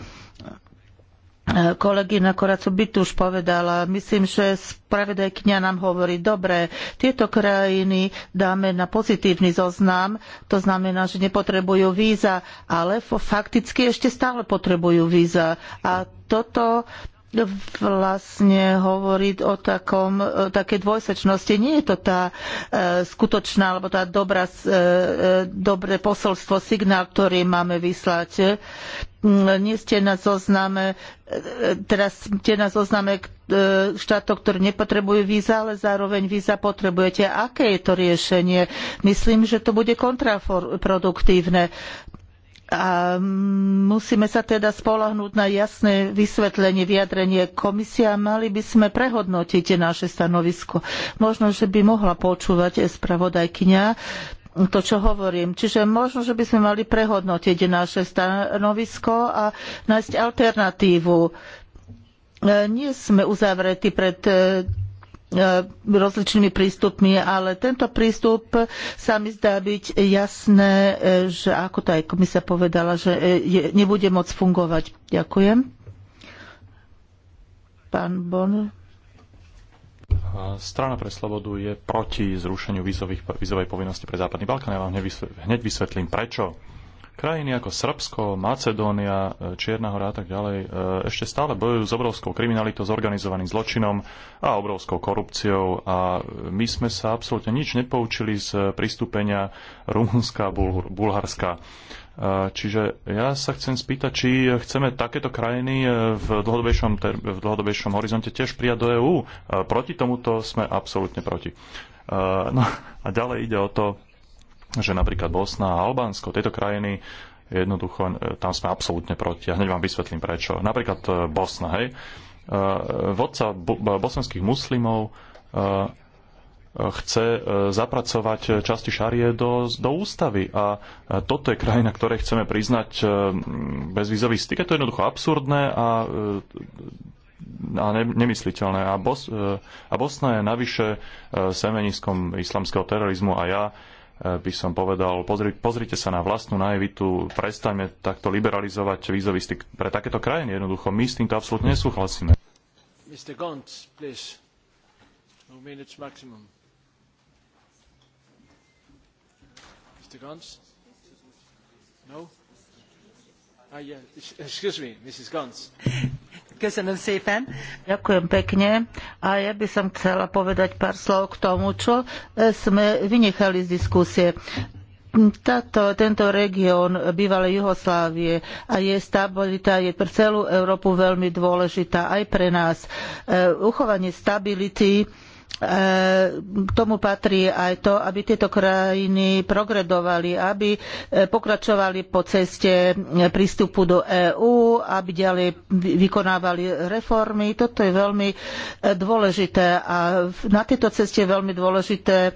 kolegyňa Koracu Byt už povedala, myslím, že spravedajkňa nám hovorí, dobre, tieto krajiny dáme na pozitívny zoznam, to znamená, že nepotrebujú víza, ale fakticky ešte stále potrebujú víza. A toto vlastne hovoriť o takom, e, také dvojsečnosti. Nie je to tá e, skutočná, alebo tá dobrá, e, e, dobré posolstvo, signál, ktorý máme vyslať. Mm, nie ste na zozname, e, teraz ste na zozname štátov, ktoré nepotrebujú víza, ale zároveň víza potrebujete. Aké je to riešenie? Myslím, že to bude kontraproduktívne a musíme sa teda spolahnúť na jasné vysvetlenie, vyjadrenie komisia. Mali by sme prehodnotiť naše stanovisko. Možno, že by mohla počúvať spravodajkyňa to, čo hovorím. Čiže možno, že by sme mali prehodnotiť naše stanovisko a nájsť alternatívu. E, nie sme uzavretí pred e, E, rozličnými prístupmi, ale tento prístup sa mi zdá byť jasné, e, že ako to aj komisia povedala, že e, nebude môcť fungovať. Ďakujem. Pán Bon. Strana pre slobodu je proti zrušeniu vízových, vízovej povinnosti pre Západný Balkán. Ja vám hneď vysvetlím prečo. Krajiny ako Srbsko, Macedónia, e, Čierna hora a tak ďalej e, ešte stále bojujú s obrovskou kriminalitou, s organizovaným zločinom a obrovskou korupciou a my sme sa absolútne nič nepoučili z pristúpenia Rumunska a Bulharska. E, čiže ja sa chcem spýtať, či chceme takéto krajiny v dlhodobejšom, v dlhodobejšom horizonte tiež prijať do EÚ. Proti tomuto sme absolútne proti. No a ďalej ide o to, že napríklad Bosna a Albánsko, tieto krajiny, jednoducho e, tam sme absolútne proti. A hneď vám vysvetlím prečo. Napríklad e, Bosna, hej. E, vodca bosenských muslimov chce zapracovať časti šarie do, do ústavy. A toto je krajina, ktorej chceme priznať bezvízový styk. Je to jednoducho absurdné a, a ne, nemysliteľné. A, Bos, a Bosna je navyše semeniskom islamského terorizmu a ja by som povedal, pozri, pozrite sa na vlastnú naivitu, prestaňme takto liberalizovať vízový styk pre takéto krajiny. Jednoducho, my s týmto absolútne nesúhlasíme. Mr. Gons, please. Two minutes maximum. Mr. Gons? No? Ah, yeah. Excuse me, Mrs. Gons. Ďakujem pekne. A ja by som chcela povedať pár slov k tomu, čo eh, sme vynechali z diskusie. Tato, tento región bývalej Juhoslávie a jej stabilita je pre celú Európu veľmi dôležitá aj pre nás. Eh, uchovanie stability tomu patrí aj to, aby tieto krajiny progredovali, aby e, pokračovali po ceste e, prístupu do EÚ, aby ďalej vykonávali reformy. Toto je veľmi e, dôležité a na tejto ceste je veľmi dôležité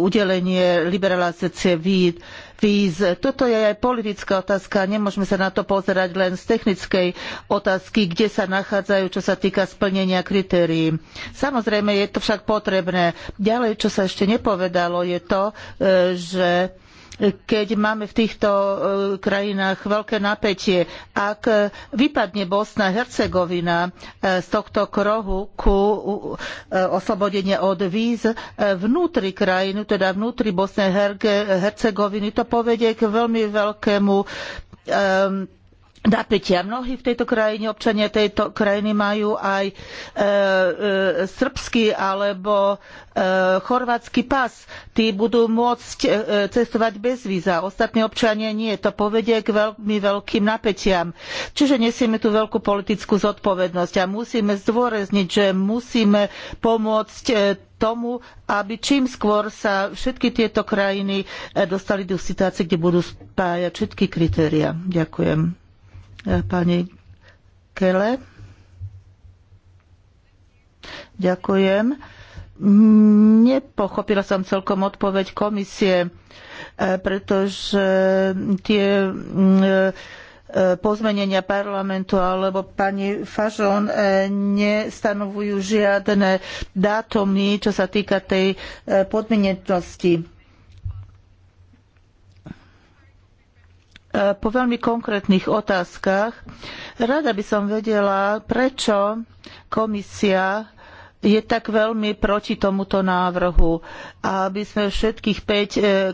udelenie liberalizácie víz víz. Toto je aj politická otázka. Nemôžeme sa na to pozerať len z technickej otázky, kde sa nachádzajú, čo sa týka splnenia kritérií. Samozrejme, je to však potrebné. Ďalej, čo sa ešte nepovedalo, je to, e, že keď máme v týchto e, krajinách veľké napätie. Ak vypadne Bosna a Hercegovina e, z tohto krohu ku e, oslobodenie od víz vnútri krajinu, teda vnútri Bosne a Hercegoviny, to povedie k veľmi veľkému um, napätia. Mnohí v tejto krajine, občania tejto krajiny majú aj e, e, srbský alebo e, chorvátsky pas. Tí budú môcť e, cestovať bez víza, ostatní občania nie. To povedie k veľmi veľkým napätiam. Čiže nesieme tú veľkú politickú zodpovednosť a musíme zdôrazniť, že musíme pomôcť e, tomu, aby čím skôr sa všetky tieto krajiny e, dostali do situácie, kde budú spájať všetky kritériá. Ďakujem. Pani Kele. Ďakujem. Nepochopila som celkom odpoveď komisie, e, pretože tie e, pozmenenia parlamentu alebo pani Fažon e, nestanovujú žiadne dátumy, čo sa týka tej podmienečnosti E, po veľmi konkrétnych otázkach. Rada by som vedela, prečo komisia je tak veľmi proti tomuto návrhu, aby sme všetkých 5 e,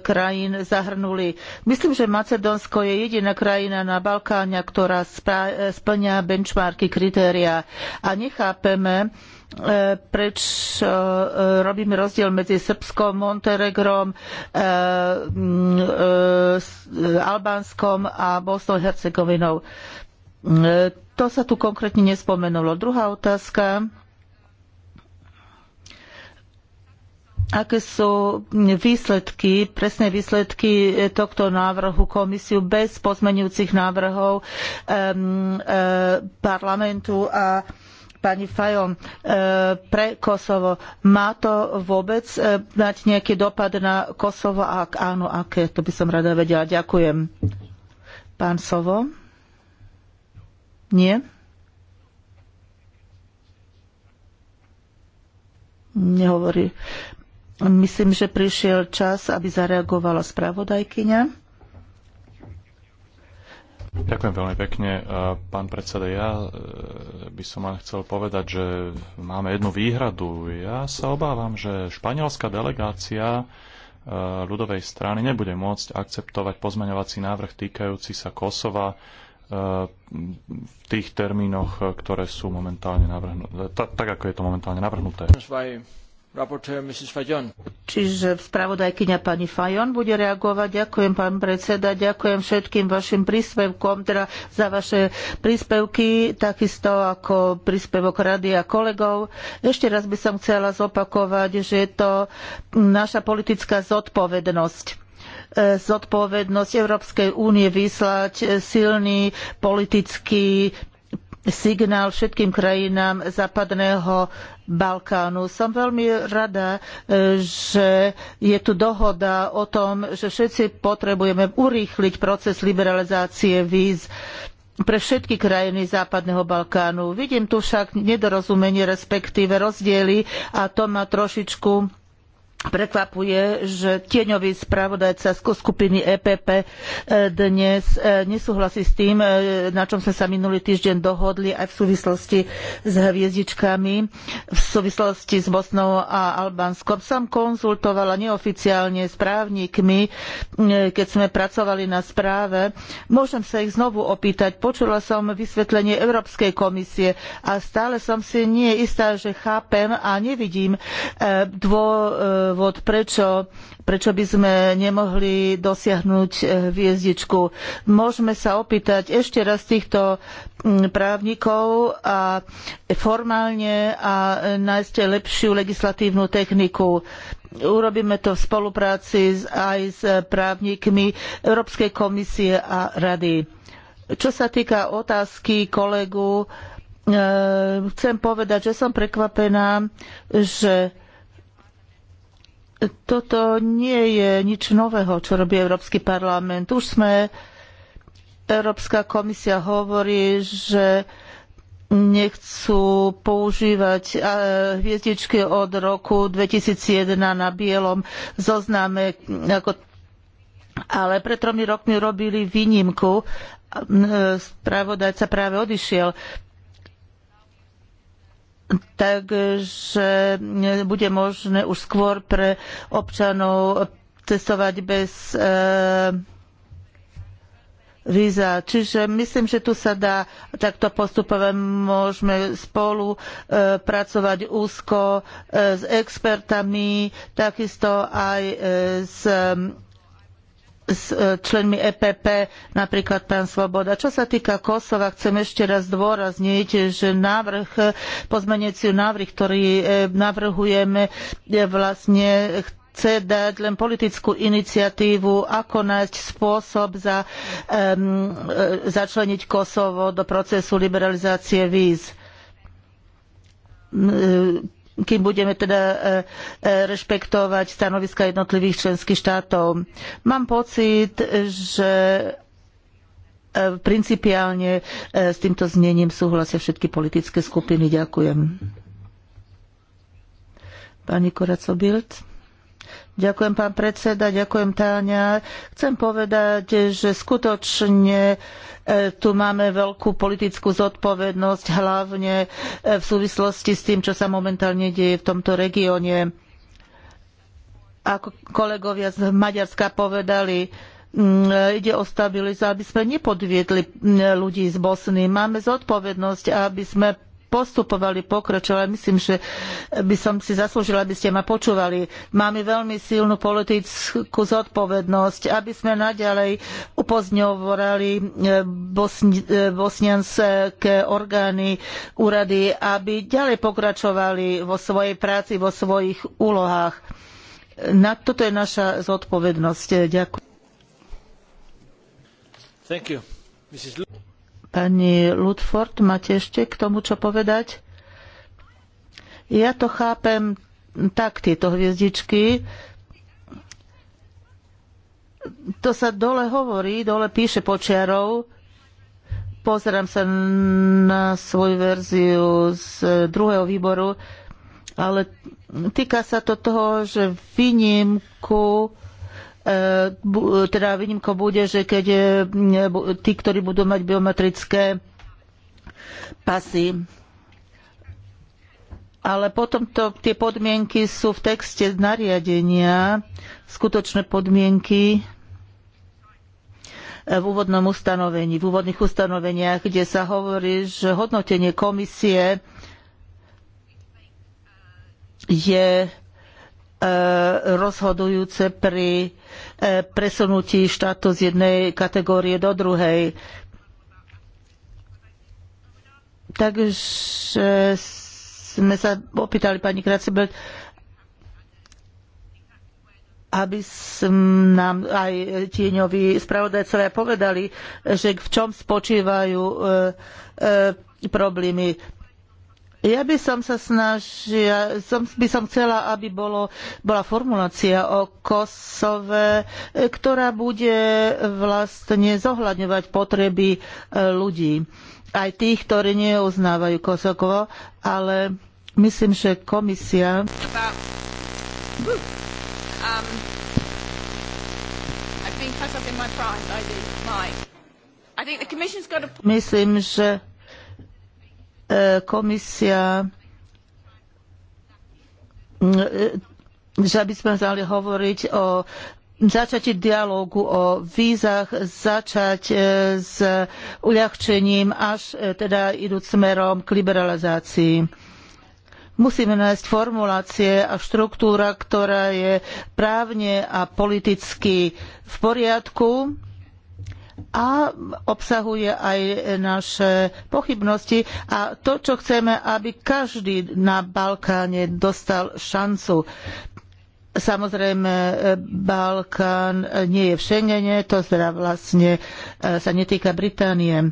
krajín zahrnuli. Myslím, že Macedónsko je jediná krajina na Balkáne, ktorá e, splňa benchmarky kritéria. A nechápeme, E, prečo e, robíme rozdiel medzi Srbskom, Montenegrom, e, Albánskom a Bosnou Hercegovinou. To sa tu konkrétne nespomenulo. Druhá otázka. aké sú výsledky, presné výsledky tohto návrhu komisiu bez pozmenujúcich návrhov parlamentu a pani Fajon e, pre Kosovo. Má to vôbec e, mať nejaký dopad na Kosovo? A ak áno, aké? To by som rada vedela. Ďakujem. Pán Sovo? Nie? Nehovorí. Myslím, že prišiel čas, aby zareagovala spravodajkyňa. Ďakujem veľmi pekne. E, pán predseda, ja e, by som len chcel povedať, že máme jednu výhradu. Ja sa obávam, že španielská delegácia e, ľudovej strany nebude môcť akceptovať pozmeňovací návrh týkajúci sa Kosova v tých termínoch, ktoré sú momentálne navrhnuté, tak ako je to momentálne navrhnuté. Čiže spravodajkyňa pani Fajon bude reagovať. Ďakujem, pán predseda, ďakujem všetkým vašim príspevkom, teda za vaše príspevky, takisto ako príspevok rady a kolegov. Ešte raz by som chcela zopakovať, že je to naša politická zodpovednosť e, zodpovednosť Európskej únie vyslať silný politický signál všetkým krajinám západného Balkánu. Som veľmi rada, e, že je tu dohoda o tom, že všetci potrebujeme urýchliť proces liberalizácie víz pre všetky krajiny Západného Balkánu. Vidím tu však nedorozumenie, respektíve rozdiely a to ma trošičku prekvapuje, že tieňový spravodajca z skupiny EPP e, dnes e, nesúhlasí s tým, e, na čom sme sa minulý týždeň dohodli aj v súvislosti s hviezdičkami, v súvislosti s Bosnou a Albánskom. Som konzultovala neoficiálne s právnikmi, keď sme pracovali na správe. Môžem sa ich znovu opýtať. Počula som vysvetlenie Európskej komisie a stále som si nie istá, že chápem a nevidím dô, dôvod, prečo, prečo by sme nemohli dosiahnuť e, hviezdičku. Môžeme sa opýtať ešte raz týchto právnikov a formálne a e, nájsť lepšiu legislatívnu techniku urobíme to v spolupráci aj s právnikmi Európskej komisie a rady. Čo sa týka otázky kolegu, e, chcem povedať, že som prekvapená, že toto nie je nič nového, čo robí Európsky parlament. Už sme, Európska komisia hovorí, že nechcú používať eh, hviezdičky od roku 2001 na bielom zozname, ako, ale pred tromi rokmi robili výnimku eh, spravodajca práve odišiel takže bude možné už skôr pre občanov cestovať bez e, víza. Čiže myslím, že tu sa dá takto postupovať. Môžeme spolu e, pracovať úzko e, s expertami, takisto aj s s e, členmi EPP, napríklad pán Svoboda. Čo sa týka Kosova, chcem ešte raz dôrazniť, že návrh, pozmeneciu návrh, ktorý e, navrhujeme, vlastne chce dať len politickú iniciatívu, ako nájsť spôsob za, um, začleniť Kosovo do procesu liberalizácie víz kým budeme teda e, e, rešpektovať stanoviska jednotlivých členských štátov. Mám pocit, že e, principiálne s týmto znením súhlasia všetky politické skupiny. Ďakujem. Pani Koracobilt. Ďakujem, pán predseda, ďakujem, Táňa. Chcem povedať, že skutočne E, tu máme veľkú politickú zodpovednosť, hlavne e, v súvislosti s tým, čo sa momentálne deje v tomto regióne. Ako kolegovia z Maďarska povedali, ide o stabilizáciu, aby sme nepodviedli ľudí z Bosny. Máme zodpovednosť, aby sme postupovali, pokračovali. Myslím, že by som si zaslúžila, aby ste ma počúvali. Máme veľmi silnú politickú zodpovednosť, aby sme naďalej upozňovali e, bosni, e, bosnianské orgány, úrady, aby ďalej pokračovali vo svojej práci, vo svojich úlohách. Na toto je naša zodpovednosť. Ďakujem. Pani Ludford, máte ešte k tomu čo povedať? Ja to chápem tak, tieto hviezdičky. To sa dole hovorí, dole píše počiarov. Pozerám sa na svoju verziu z druhého výboru, ale týka sa to toho, že výnimku E, teda výnimkou bude, že keď e, tí, ktorí budú mať biometrické pasy, ale potom to, tie podmienky sú v texte nariadenia, skutočné podmienky e, v úvodnom ustanovení, v úvodných ustanoveniach, kde sa hovorí, že hodnotenie komisie je rozhodujúce pri E, presunutí štátu z jednej kategórie do druhej. Takže sme sa opýtali pani Kracebel, aby nám aj tieňoví spravodajcovia povedali, že v čom spočívajú e, e, problémy. Ja by som sa snažila, som, by som chcela, aby bolo, bola formulácia o Kosove, ktorá bude vlastne zohľadňovať potreby e, ľudí. Aj tých, ktorí neuznávajú Kosovo, ale myslím, že komisia... Um, myslím, že E, komisia e, že aby sme mali hovoriť o začati dialógu o vízach, začať e, s uľahčením, až teda idú smerom k liberalizácii. Musíme nájsť formulácie a štruktúra, ktorá je právne a politicky v poriadku, a obsahuje aj naše pochybnosti a to, čo chceme, aby každý na Balkáne dostal šancu. Samozrejme, Balkán nie je v Schengene, to teda vlastne e, sa netýka Británie.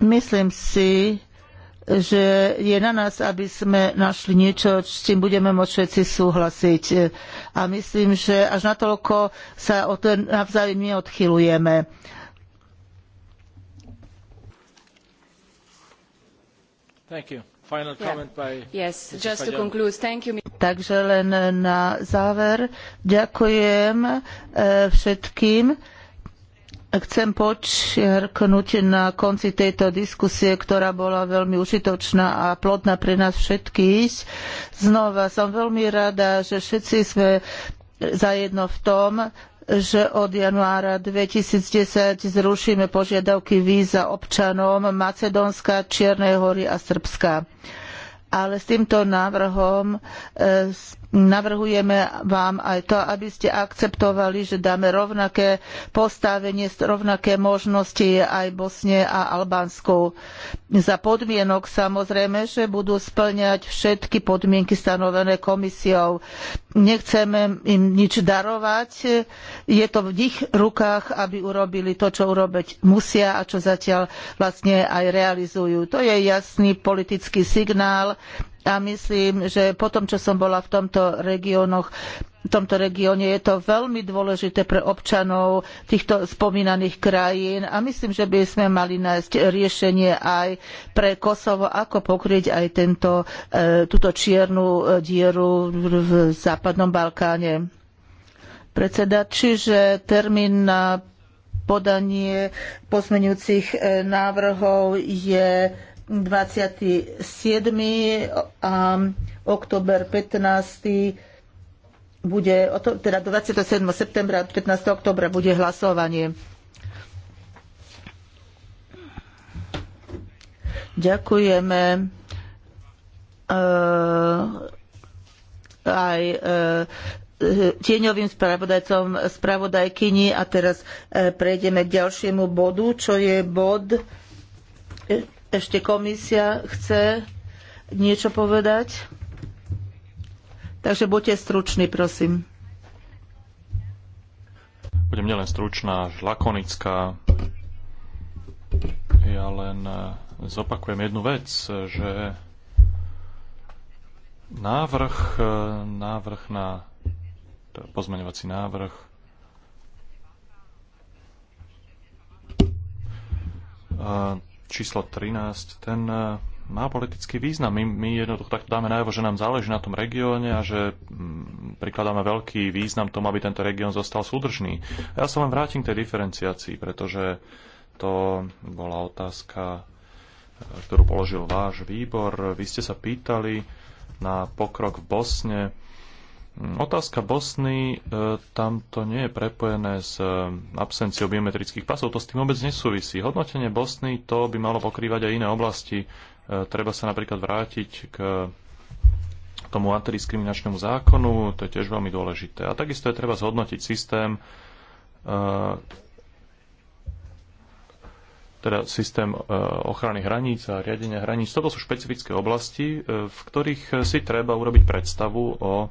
Myslím si, že je na nás, aby sme našli niečo, s čím budeme môcť všetci súhlasiť. A myslím, že až natoľko sa o to navzájom neodchylujeme. Yeah. By... Yes, Takže len na záver ďakujem eh, všetkým Chcem počiarknúť na konci tejto diskusie, ktorá bola veľmi užitočná a plodná pre nás všetkých. Znova som veľmi rada, že všetci sme zajedno v tom, že od januára 2010 zrušíme požiadavky víza občanom Macedónska, Čiernej hory a Srbska. Ale s týmto návrhom e, navrhujeme vám aj to, aby ste akceptovali, že dáme rovnaké postavenie, rovnaké možnosti aj Bosne a Albánsku. Za podmienok samozrejme, že budú spĺňať všetky podmienky stanovené komisiou. Nechceme im nič darovať, je to v ich rukách, aby urobili to, čo urobiť musia a čo zatiaľ vlastne aj realizujú. To je jasný politický signál, a myslím, že po tom, čo som bola v tomto regiónoch, v tomto regióne je to veľmi dôležité pre občanov týchto spomínaných krajín a myslím, že by sme mali nájsť riešenie aj pre Kosovo, ako pokryť aj tento, e, túto čiernu e, dieru v západnom Balkáne. Predseda, čiže termín na podanie pozmeňujúcich e, návrhov je 27. a október 15. bude, teda 27. septembra a 15. októbra bude hlasovanie. Ďakujeme eh, aj eh, tieňovým spravodajcom, spravodajkyni a teraz eh, prejdeme k ďalšiemu bodu, čo je bod ešte komisia chce niečo povedať. Takže buďte struční, prosím. Budem nielen stručná, až lakonická. Ja len e, zopakujem jednu vec, že návrh, e, návrh na teda pozmeňovací návrh e, číslo 13, ten e, má politický význam. My, my jednoducho tak dáme najavo, že nám záleží na tom regióne a že mm, prikladáme veľký význam tomu, aby tento región zostal súdržný. A ja sa len vrátim k tej diferenciácii, pretože to bola otázka, e, ktorú položil váš výbor. Vy ste sa pýtali na pokrok v Bosne Hm. Otázka Bosny, e, tam to nie je prepojené s e, absenciou biometrických pasov, to s tým vôbec nesúvisí. Hodnotenie Bosny to by malo pokrývať aj iné oblasti. E, treba sa napríklad vrátiť k tomu antidiskriminačnému zákonu, to je tiež veľmi dôležité. A takisto je treba zhodnotiť systém, teda systém ochrany hraníc a riadenia hraníc. Toto sú špecifické oblasti, v ktorých si treba urobiť predstavu o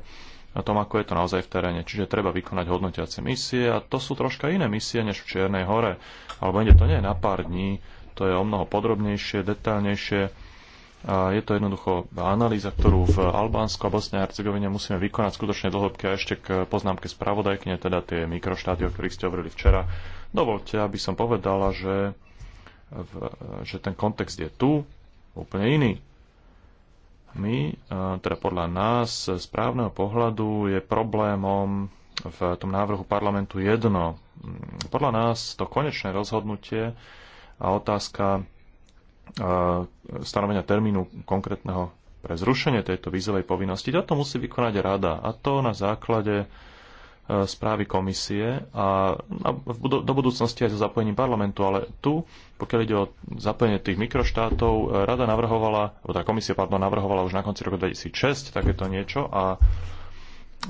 na tom, ako je to naozaj v teréne. Čiže treba vykonať hodnotiace misie a to sú troška iné misie než v Čiernej hore. Alebo inde to nie je na pár dní, to je o mnoho podrobnejšie, detaľnejšie. A je to jednoducho analýza, ktorú v Albánsku a Bosne a Hercegovine musíme vykonať skutočne dlhobky a ešte k poznámke spravodajkne, teda tie mikroštáty, o ktorých ste hovorili včera. Dovolte, aby som povedala, že, v, že ten kontext je tu, úplne iný my, teda podľa nás, z právneho pohľadu je problémom v tom návrhu parlamentu jedno. Podľa nás to konečné rozhodnutie a otázka stanovenia termínu konkrétneho pre zrušenie tejto vízovej povinnosti, toto musí vykonať rada. A to na základe E, správy komisie a do budúcnosti aj so zapojením parlamentu, ale tu, pokiaľ ide o zapojenie tých mikroštátov, e, rada navrhovala, alebo tá teda komisia, pardon, navrhovala už na konci roku 2006 takéto niečo a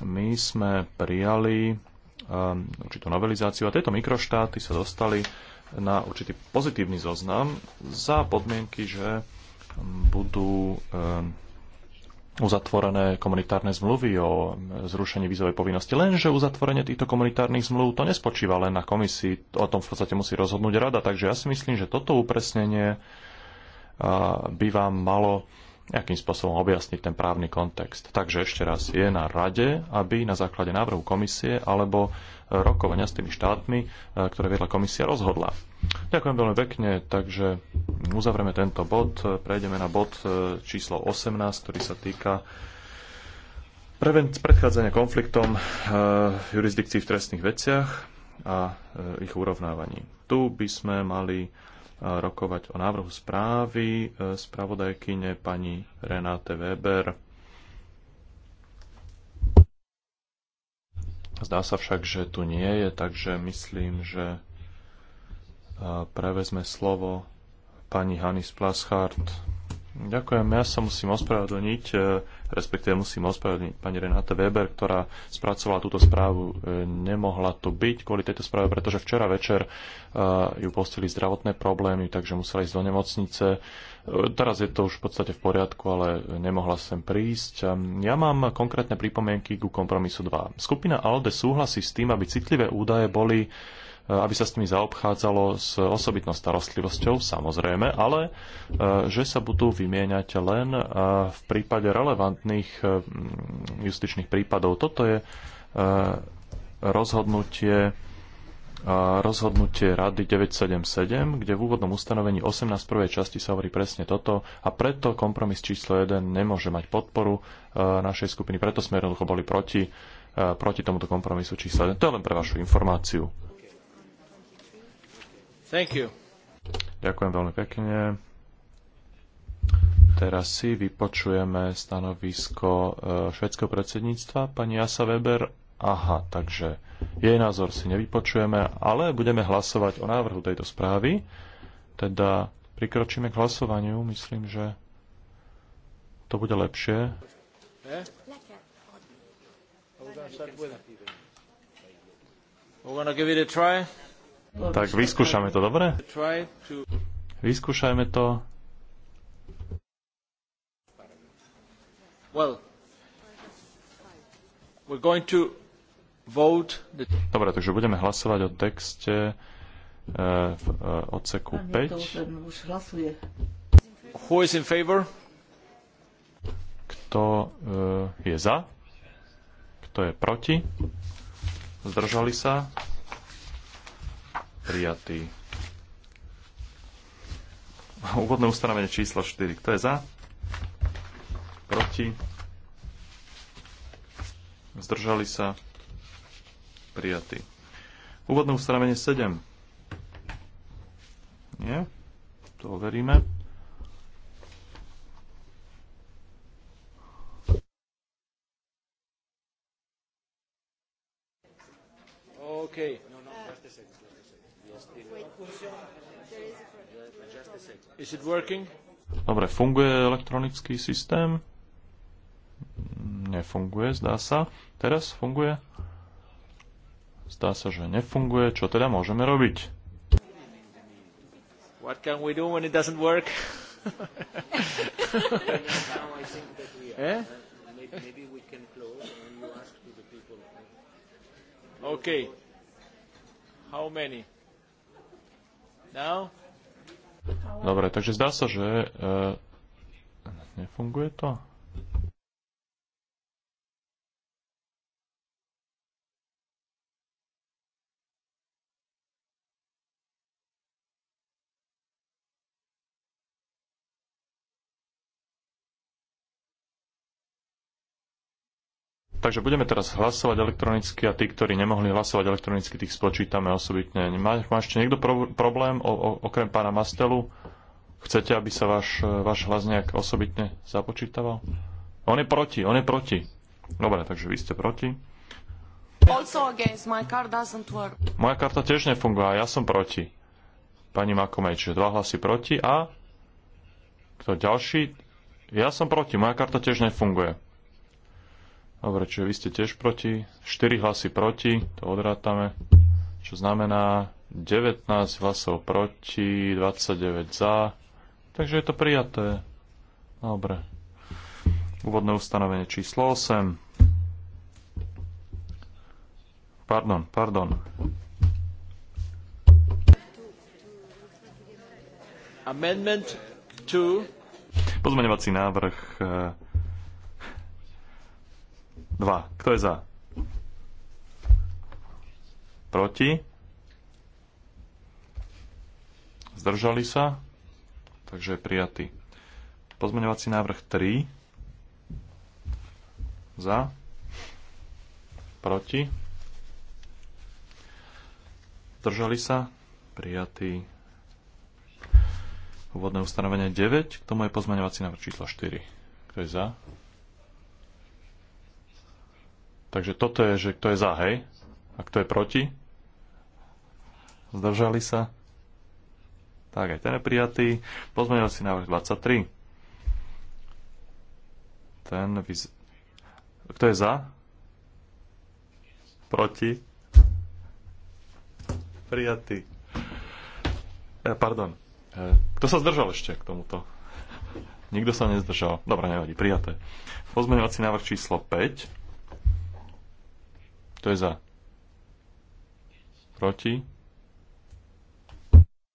my sme prijali um, určitú novelizáciu a tieto mikroštáty sa dostali na určitý pozitívny zoznam za podmienky, že budú um, uzatvorené komunitárne zmluvy o zrušení vízovej povinnosti. Lenže uzatvorenie týchto komunitárnych zmluv to nespočíva len na komisii, o tom v podstate musí rozhodnúť rada, takže ja si myslím, že toto upresnenie by vám malo nejakým spôsobom objasniť ten právny kontext. Takže ešte raz, je na rade, aby na základe návrhu komisie alebo rokovania s tými štátmi, e, ktoré viedla komisia, rozhodla. Ďakujem veľmi pekne, takže uzavrieme tento bod, e, prejdeme na bod e, číslo 18, ktorý sa týka predchádzania konfliktom v jurisdikcii v trestných veciach a ich urovnávaní. Tu by sme mali rokovať o návrhu správy spravodajkyne pani Renáte Weber. Zdá sa však, že tu nie je, takže myslím, že prevezme slovo pani Hanis Plaschart. Ďakujem. Ja sa musím ospravedlniť, e, respektíve musím ospravedlniť pani Renáte Weber, ktorá spracovala túto správu. E, nemohla to byť kvôli tejto správe, pretože včera večer e, ju postili zdravotné problémy, takže musela ísť do nemocnice. Teraz je to už v podstate v poriadku, ale nemohla sem prísť. Ja mám konkrétne pripomienky ku kompromisu 2. Skupina ALDE súhlasí s tým, aby citlivé údaje boli E, aby sa s nimi zaobchádzalo s osobitnou starostlivosťou, samozrejme, ale e, že sa budú vymieňať len e, v prípade relevantných justičných prípadov. Toto je rozhodnutie rozhodnutie Rady 977, kde v úvodnom ustanovení 18 prvej časti sa hovorí presne toto a preto kompromis číslo 1 nemôže mať podporu našej skupiny, preto sme jednoducho boli proti, proti tomuto kompromisu číslo 1. To je len pre vašu informáciu. Thank you. Ďakujem veľmi pekne. Teraz si vypočujeme stanovisko e, švedského predsedníctva. Pani Jasa Weber, aha, takže jej názor si nevypočujeme, ale budeme hlasovať o návrhu tejto správy. Teda prikročíme k hlasovaniu. Myslím, že to bude lepšie. Eh? We're to give it a try. Tak vyskúšame to, dobre? Vyskúšajme to. Well, we're going to vote the... Dobre, takže budeme hlasovať o texte eh, v eh, odseku 5. Who is in favor? Kto eh, je za? Kto je proti? Zdržali sa? prijatý. Úvodné ustanovenie číslo 4. Kto je za? Proti? Zdržali sa? Prijatý. Úvodné ustanovenie 7. Nie? To overíme. Okay. Dobre, funguje elektronický systém? Nefunguje, zdá sa. Teraz funguje? Zdá sa, že nefunguje. Čo teda môžeme robiť? What can we do when it doesn't work? eh? Maybe we can close and you ask to the people. Okay. How many? Now? Dobre, takže zdá sa, že Uh, nefunguje to. Takže budeme teraz hlasovať elektronicky a tí, ktorí nemohli hlasovať elektronicky, tých spočítame osobitne. Má, má ešte niekto pro, problém o, o, okrem pána Mastelu? Chcete, aby sa váš, váš hlas nejak osobitne započítaval? On je proti, on je proti. Dobre, takže vy ste proti. Moja karta tiež nefunguje a ja som proti. Pani Makomej, čiže dva hlasy proti a... Kto ďalší? Ja som proti, moja karta tiež nefunguje. Dobre, čiže vy ste tiež proti. 4 hlasy proti, to odrátame. Čo znamená 19 hlasov proti, 29 za. Takže je to prijaté. Dobre. Úvodné ustanovenie číslo 8. Pardon, pardon. Amendment 2. Pozmeňovací návrh eh, 2. Kto je za? Proti? Zdržali sa? Takže je prijatý. Pozmeňovací návrh 3. Za? Proti? Zdržali sa? Prijatý. Úvodné ustanovenie 9. K tomu je pozmeňovací návrh číslo 4. Kto je za? Takže toto je, že kto je za, hej? A kto je proti? Zdržali sa? Tak, aj ten je prijatý. Pozmenil si návrh 23. Ten vyz... Kto je za? Proti? Prijatý. E, pardon. E, kto sa zdržal ešte k tomuto? Nikto sa nezdržal. Dobre, nevadí, prijaté. Pozmeňovací návrh číslo 5. Kto je za? Proti?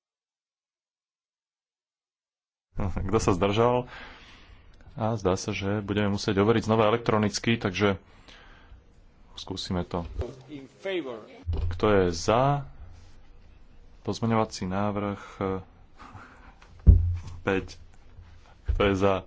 Kto sa zdržal? A zdá sa, že budeme musieť overiť znova elektronicky, takže skúsime to. Kto je za pozmeňovací návrh 5? Kto je za?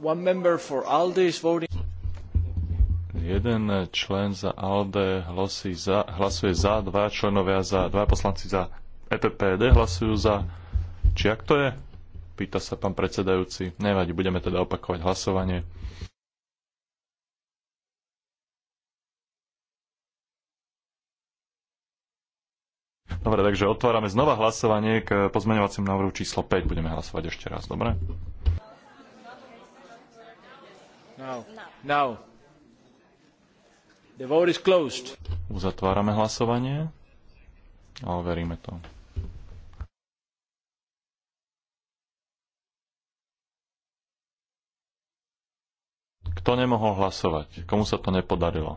One member for ALDE is voting. Jeden člen za ALDE za, hlasuje za, dva členovia za, dva poslanci za EPPD hlasujú za. Či ak to je? Pýta sa pán predsedajúci. Nevadí, budeme teda opakovať hlasovanie. Dobre, takže otvárame znova hlasovanie k pozmeňovacím návrhu číslo 5. Budeme hlasovať ešte raz, dobre? Uzatvárame hlasovanie. A overíme to. Kto nemohol hlasovať? Komu sa to nepodarilo?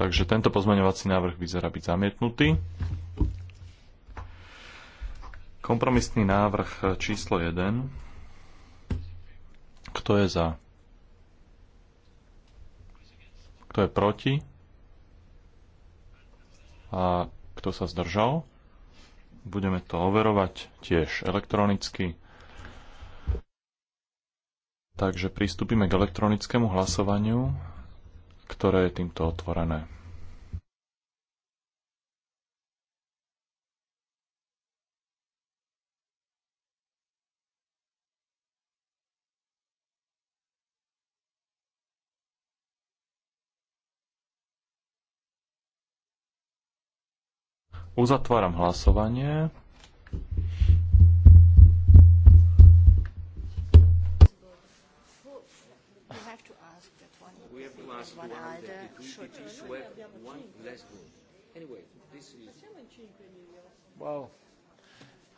Takže tento pozmeňovací návrh vyzerá byť zamietnutý. Kompromisný návrh číslo 1. Kto je za? Kto je proti? A kto sa zdržal? Budeme to overovať tiež elektronicky. Takže pristúpime k elektronickému hlasovaniu, ktoré je týmto otvorené. Uzatváram hlasovanie. Anyway,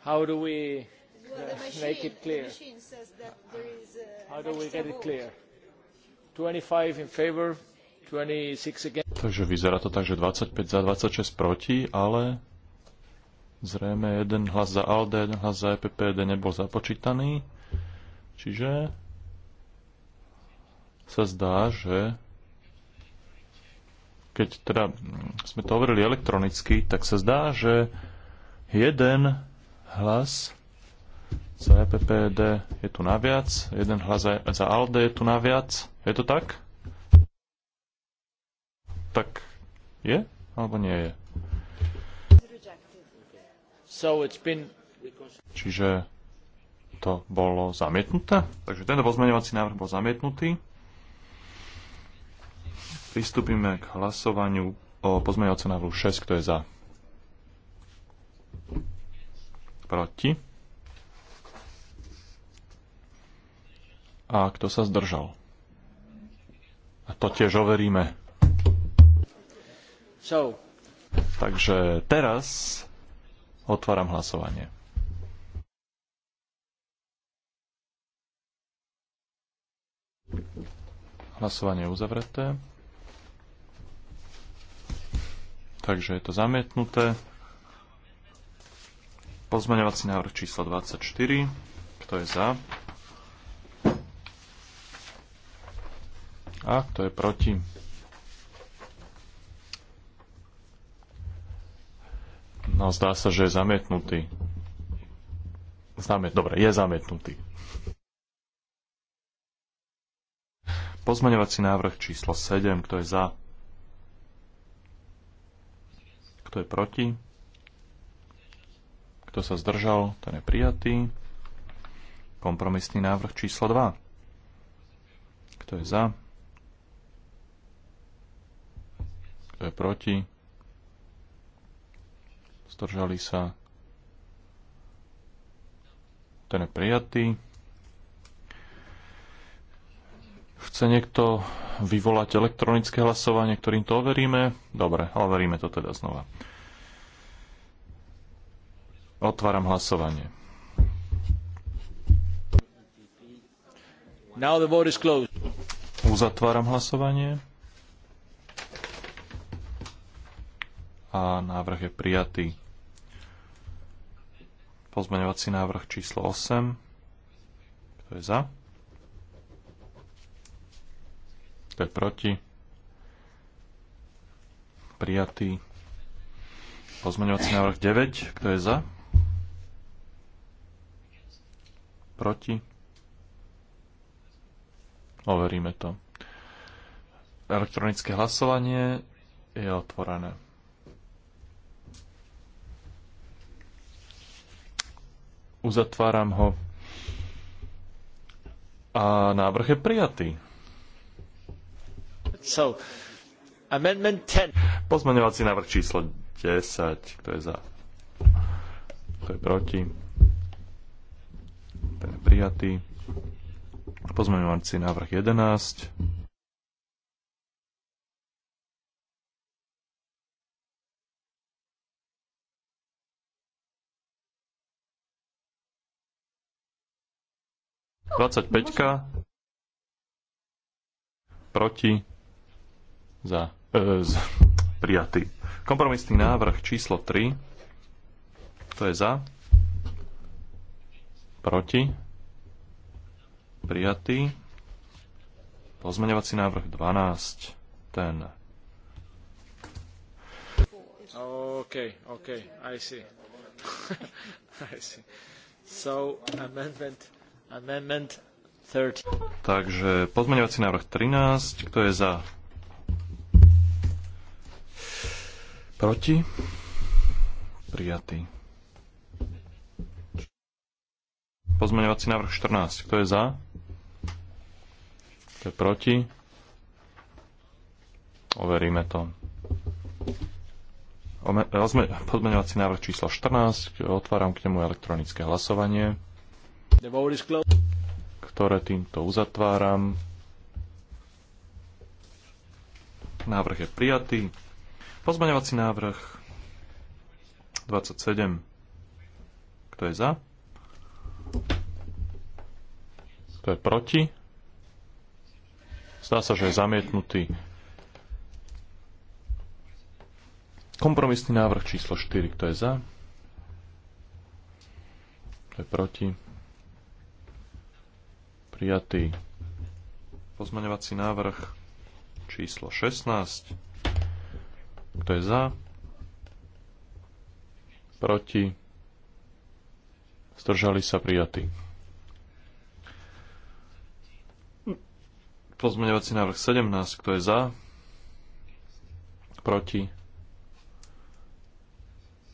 How do we uh, make it clear? is uh, How do we get it clear? 25 in favor, 26 against. Takže vyzerá to tak, že 25 za, 26 proti, ale zrejme jeden hlas za ALDE, jeden hlas za EPPD nebol započítaný. Čiže sa zdá, že keď teda sme to overili elektronicky, tak sa zdá, že jeden hlas za EPPD je tu naviac, jeden hlas za ALDE je tu naviac. Je to tak? tak je alebo nie je? Čiže to bolo zamietnuté. Takže tento pozmeňovací návrh bol zamietnutý. Pristúpime k hlasovaniu o pozmeňovacom návrhu 6. Kto je za? Proti? A kto sa zdržal? A to tiež overíme. Takže teraz otváram hlasovanie. Hlasovanie je uzavreté. Takže je to zamietnuté. Pozmeňovací návrh číslo 24. Kto je za? A kto je proti? No, zdá sa, že je zamietnutý. Zamiet, dobre, je zamietnutý. Pozmeňovací návrh číslo 7, kto je za? Kto je proti? Kto sa zdržal? Ten je prijatý. Kompromisný návrh číslo 2. Kto je za? Kto je proti? zdržali sa. Ten je prijatý. Chce niekto vyvolať elektronické hlasovanie, ktorým to overíme? Dobre, overíme to teda znova. Otváram hlasovanie. Now the vote is closed. Uzatváram hlasovanie. A návrh je prijatý. Pozmeňovací návrh číslo 8. Kto je za? Kto je proti? Prijatý. Pozmeňovací návrh 9. Kto je za? Proti? Overíme to. Elektronické hlasovanie je otvorené. uzatváram ho. A návrh je prijatý. So, amendment 10. návrh číslo 10. Kto je za? Kto je proti? Ten je prijatý. Pozmaňovací návrh 11 25 proti za, e, za prijatý. Kompromisný návrh číslo 3. To je za. Proti. Prijatý. Pozmeňovací návrh 12. Ten. OK, OK, I see. I see. So, amendment Takže pozmeňovací návrh 13. Kto je za? Proti? Prijatý. Pozmeňovací návrh 14. Kto je za? Kto je proti? Overíme to. Pozmeňovací návrh číslo 14. Otváram k nemu elektronické hlasovanie ktoré týmto uzatváram. Návrh je prijatý. Pozmaňovací návrh 27. Kto je za? Kto je proti? Zdá sa, že je zamietnutý. Kompromisný návrh číslo 4. Kto je za? Kto je proti? prijatý. Pozmeňovací návrh číslo 16. Kto je za? Proti? Zdržali sa prijatí. Pozmeňovací návrh 17. Kto je za? Proti?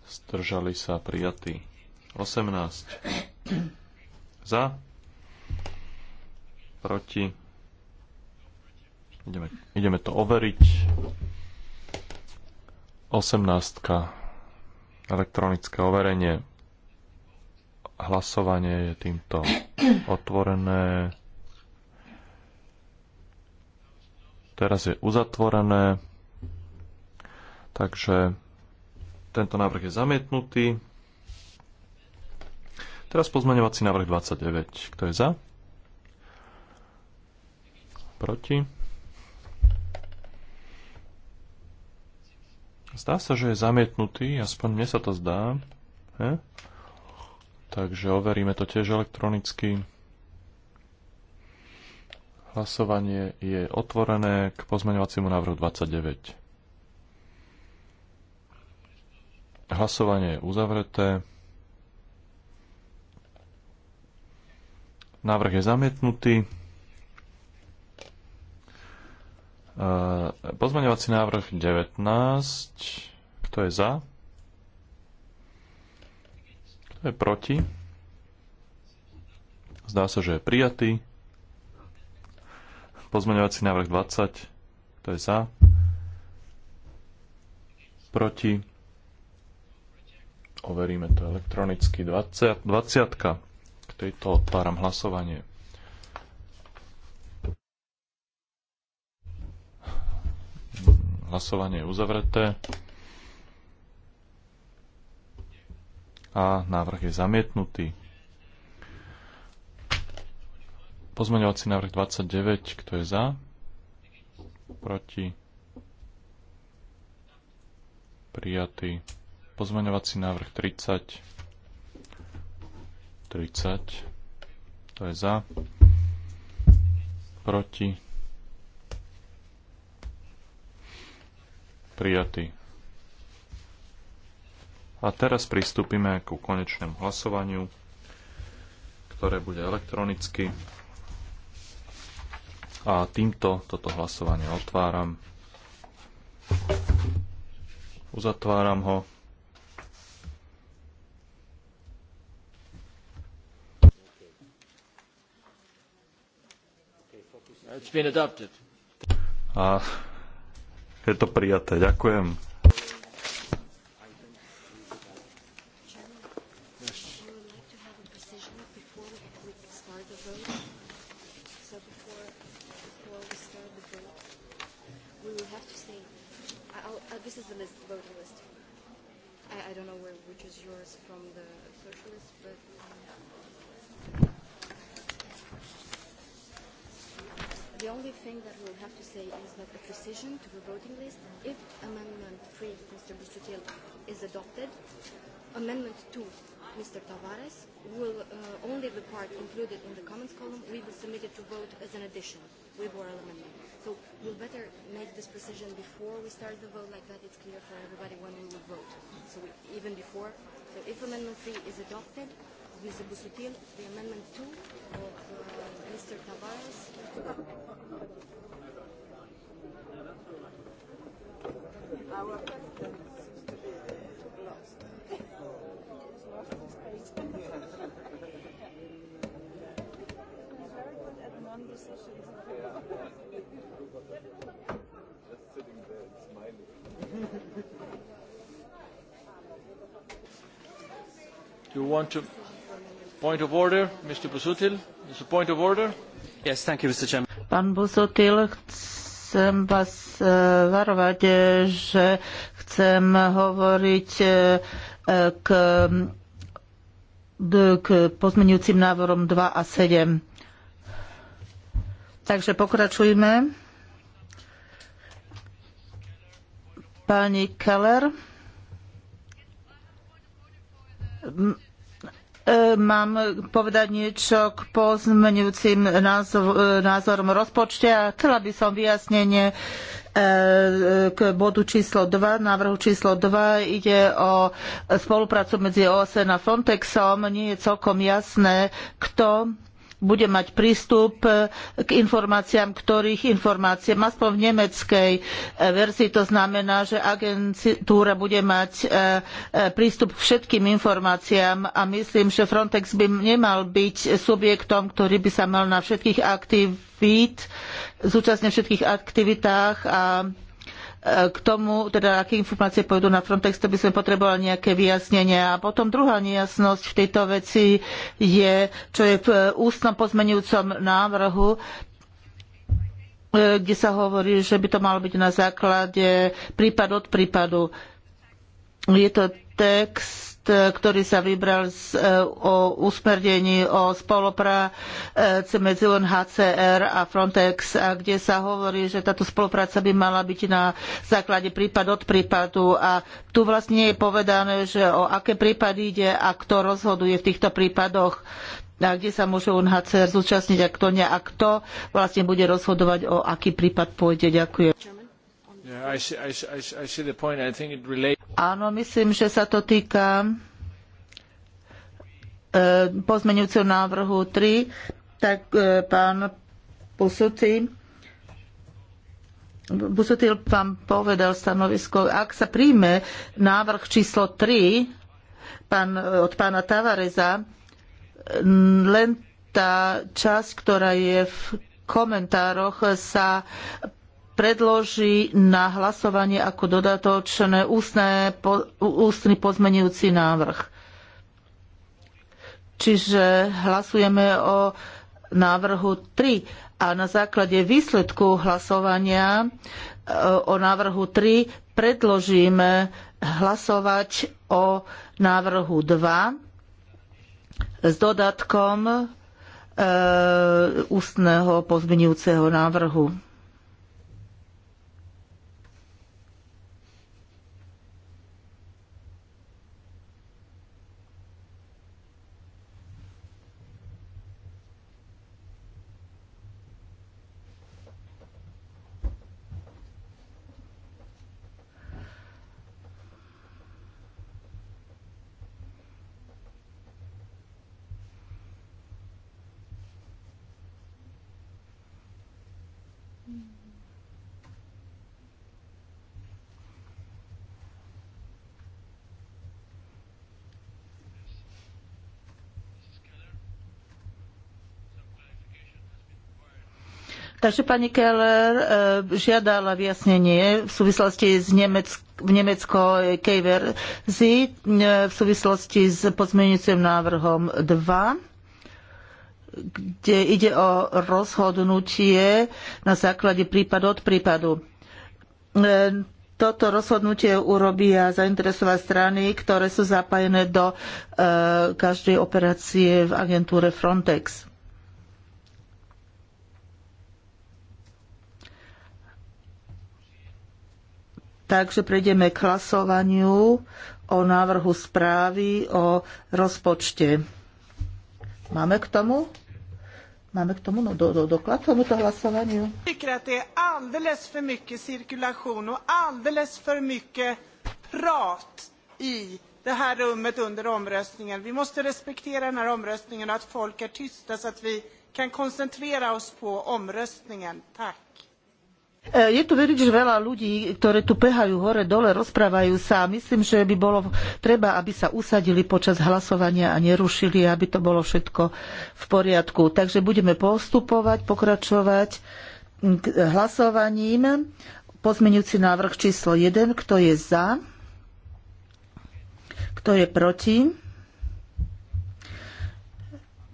Zdržali sa prijatí. 18. Za? proti. Ideme, ideme to overiť. 18. Elektronické overenie. Hlasovanie je týmto otvorené. Teraz je uzatvorené. Takže tento návrh je zamietnutý. Teraz pozmeňovací návrh 29. Kto je za? Proti? Zdá sa, že je zamietnutý, aspoň mne sa to zdá. He? Takže overíme to tiež elektronicky. Hlasovanie je otvorené k pozmeňovaciemu návrhu 29. Hlasovanie je uzavreté. Návrh je zamietnutý. Ehm, pozmeňovací návrh 19. Kto je za? Kto je proti? Zdá sa, že je prijatý. Pozmeňovací návrh 20. Kto je za? Proti? Overíme to elektronicky. 20. 20. K tejto otváram hlasovanie. Hlasovanie je uzavreté. A návrh je zamietnutý. Pozmeňovací návrh 29, kto je za? Proti? Prijatý. Pozmeňovací návrh 30. 30. To je za. Proti? prijatý. A teraz pristúpime ku konečnému hlasovaniu, ktoré bude elektronicky. A týmto toto hlasovanie otváram. Uzatváram ho. It's been adopted. Uh, je to prijaté. Ďakujem. Pán Busutil, chcem vás eh, varovať, že chcem hovoriť eh, k, k pozmenujúcim návorom 2 a 7. Takže pokračujme. Pani Keller. mám povedať niečo k pozmenujúcim e, názorom rozpočte a chcela by som vyjasnenie e, k bodu číslo 2, návrhu číslo 2. Ide o spoluprácu medzi OSN a Frontexom. Nie je celkom jasné, kto bude mať prístup e, k informáciám, ktorých informácie, aspoň v nemeckej e, verzii, to znamená, že agentúra bude mať e, prístup k všetkým informáciám a myslím, že Frontex by nemal byť subjektom, ktorý by sa mal na všetkých aktivít, zúčastne všetkých aktivitách a k tomu, teda aké informácie pôjdu na Frontex, to by sme potrebovali nejaké vyjasnenie. A potom druhá nejasnosť v tejto veci je, čo je v e, ústnom pozmenujúcom návrhu, e, kde sa hovorí, že by to malo byť na základe prípad od prípadu. Je to text text, e, ktorý sa vybral z, e, o usmernení o spolupráci medzi UNHCR a Frontex, a kde sa hovorí, že táto spolupráca by mala byť na základe prípad od prípadu a tu vlastne nie je povedané, že o aké prípady ide a kto rozhoduje v týchto prípadoch a kde sa môže UNHCR zúčastniť a kto nie a kto vlastne bude rozhodovať, o aký prípad pôjde. Ďakujem. Áno, myslím, že sa to týka e, pozmeňujúceho návrhu 3, tak e, pán Pusutil, vám povedal stanovisko, ak sa príjme návrh číslo 3 pán, od pána Tavareza, len tá časť, ktorá je v komentároch, sa predloží na hlasovanie ako dodatočné ústne, po, ústny pozmenujúci návrh. Čiže hlasujeme o návrhu 3 a na základe výsledku hlasovania e, o návrhu 3 predložíme hlasovať o návrhu 2 s dodatkom e, ústneho pozmenujúceho návrhu. Takže pani Keller e, žiadala vyjasnenie v súvislosti s Nemeckou v Nemecko Kejver e, v súvislosti s pozmeňujúcim návrhom 2 kde ide o rozhodnutie na základe prípadu od prípadu. E, toto rozhodnutie urobia zainteresované strany, ktoré sú zapájené do každej operácie v agentúre Frontex. Takže prejdeme k hlasovaniu o návrhu správy o rozpočte. Máme k tomu? Máme k tomu no, do, do, doklad tomuto hlasovaniu? Tycker att det är alldeles för mycket cirkulation och alldeles för mycket prat i det här rummet under omröstningen. Vi måste respektera den här omröstningen och att folk är tysta så att vi kan koncentrera oss på omröstningen. Tack. E, je tu veriť, že veľa ľudí, ktoré tu pehajú hore, dole, rozprávajú sa. Myslím, že by bolo treba, aby sa usadili počas hlasovania a nerušili, aby to bolo všetko v poriadku. Takže budeme postupovať, pokračovať k hlasovaním. Pozmeňujúci návrh číslo 1. Kto je za? Kto je proti?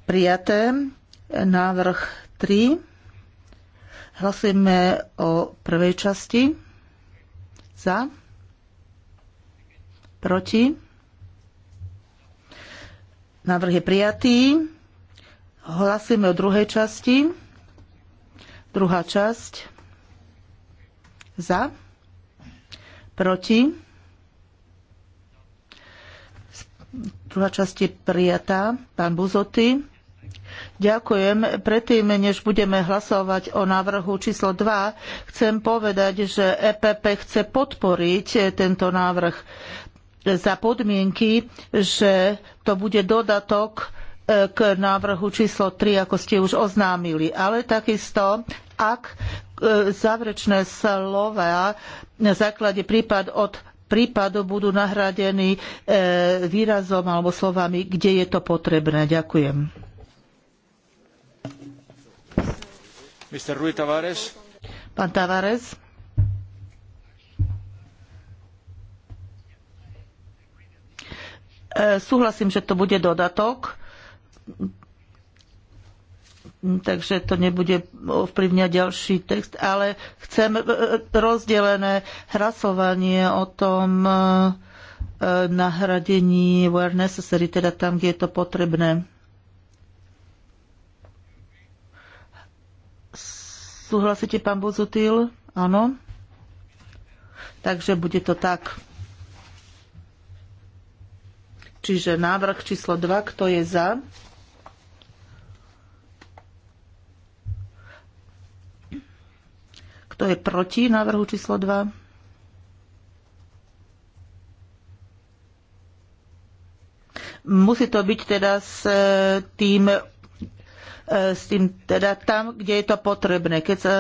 Prijaté. Návrh 3. Hlasujeme o prvej časti. Za. Proti. Návrh je prijatý. Hlasujeme o druhej časti. Druhá časť. Za. Proti. Druhá časť je prijatá. Pán Buzoty. Ďakujem. Predtým, než budeme hlasovať o návrhu číslo 2, chcem povedať, že EPP chce podporiť tento návrh za podmienky, že to bude dodatok e, k návrhu číslo 3, ako ste už oznámili. Ale takisto, ak e, záverečné slova na základe prípad od prípadu budú nahradení e, výrazom alebo slovami, kde je to potrebné. Ďakujem. Mr. Tavares. Pán Tavares. E, súhlasím, že to bude dodatok, takže to nebude ovplyvňať ďalší text, ale chcem e, e, rozdelené hlasovanie o tom nahradení where necessary, teda tam, kde je to potrebné. Súhlasíte, pán Bozutil? Áno. Takže bude to tak. Čiže návrh číslo 2, kto je za? Kto je proti návrhu číslo 2? Musí to byť teda s tým E, s tým, teda tam, kde je to potrebné. Keď sa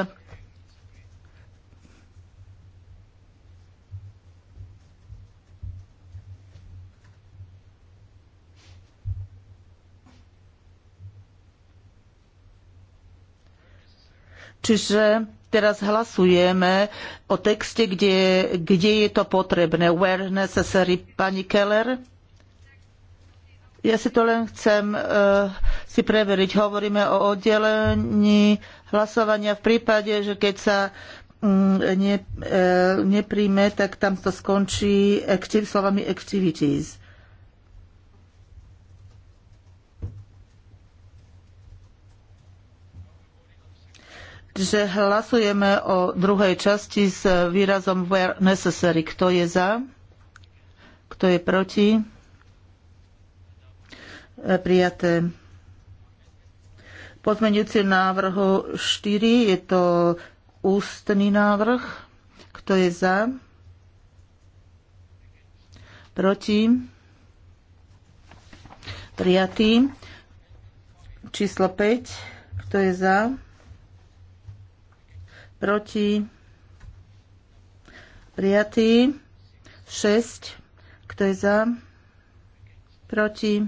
Čiže teraz hlasujeme o texte, kde, kde je to potrebné. Where necessary, pani Keller? Ja si to len chcem e, si preveriť. Hovoríme o oddelení hlasovania v prípade, že keď sa mm, ne, e, nepríjme, tak tam to skončí slovami activities. že hlasujeme o druhej časti s výrazom where necessary. Kto je za? Kto je proti? prijaté. Pozmeňujúci návrhu 4 je to ústny návrh. Kto je za? Proti? Prijatý. Číslo 5. Kto je za? Proti? Prijatý. 6. Kto je za? Proti?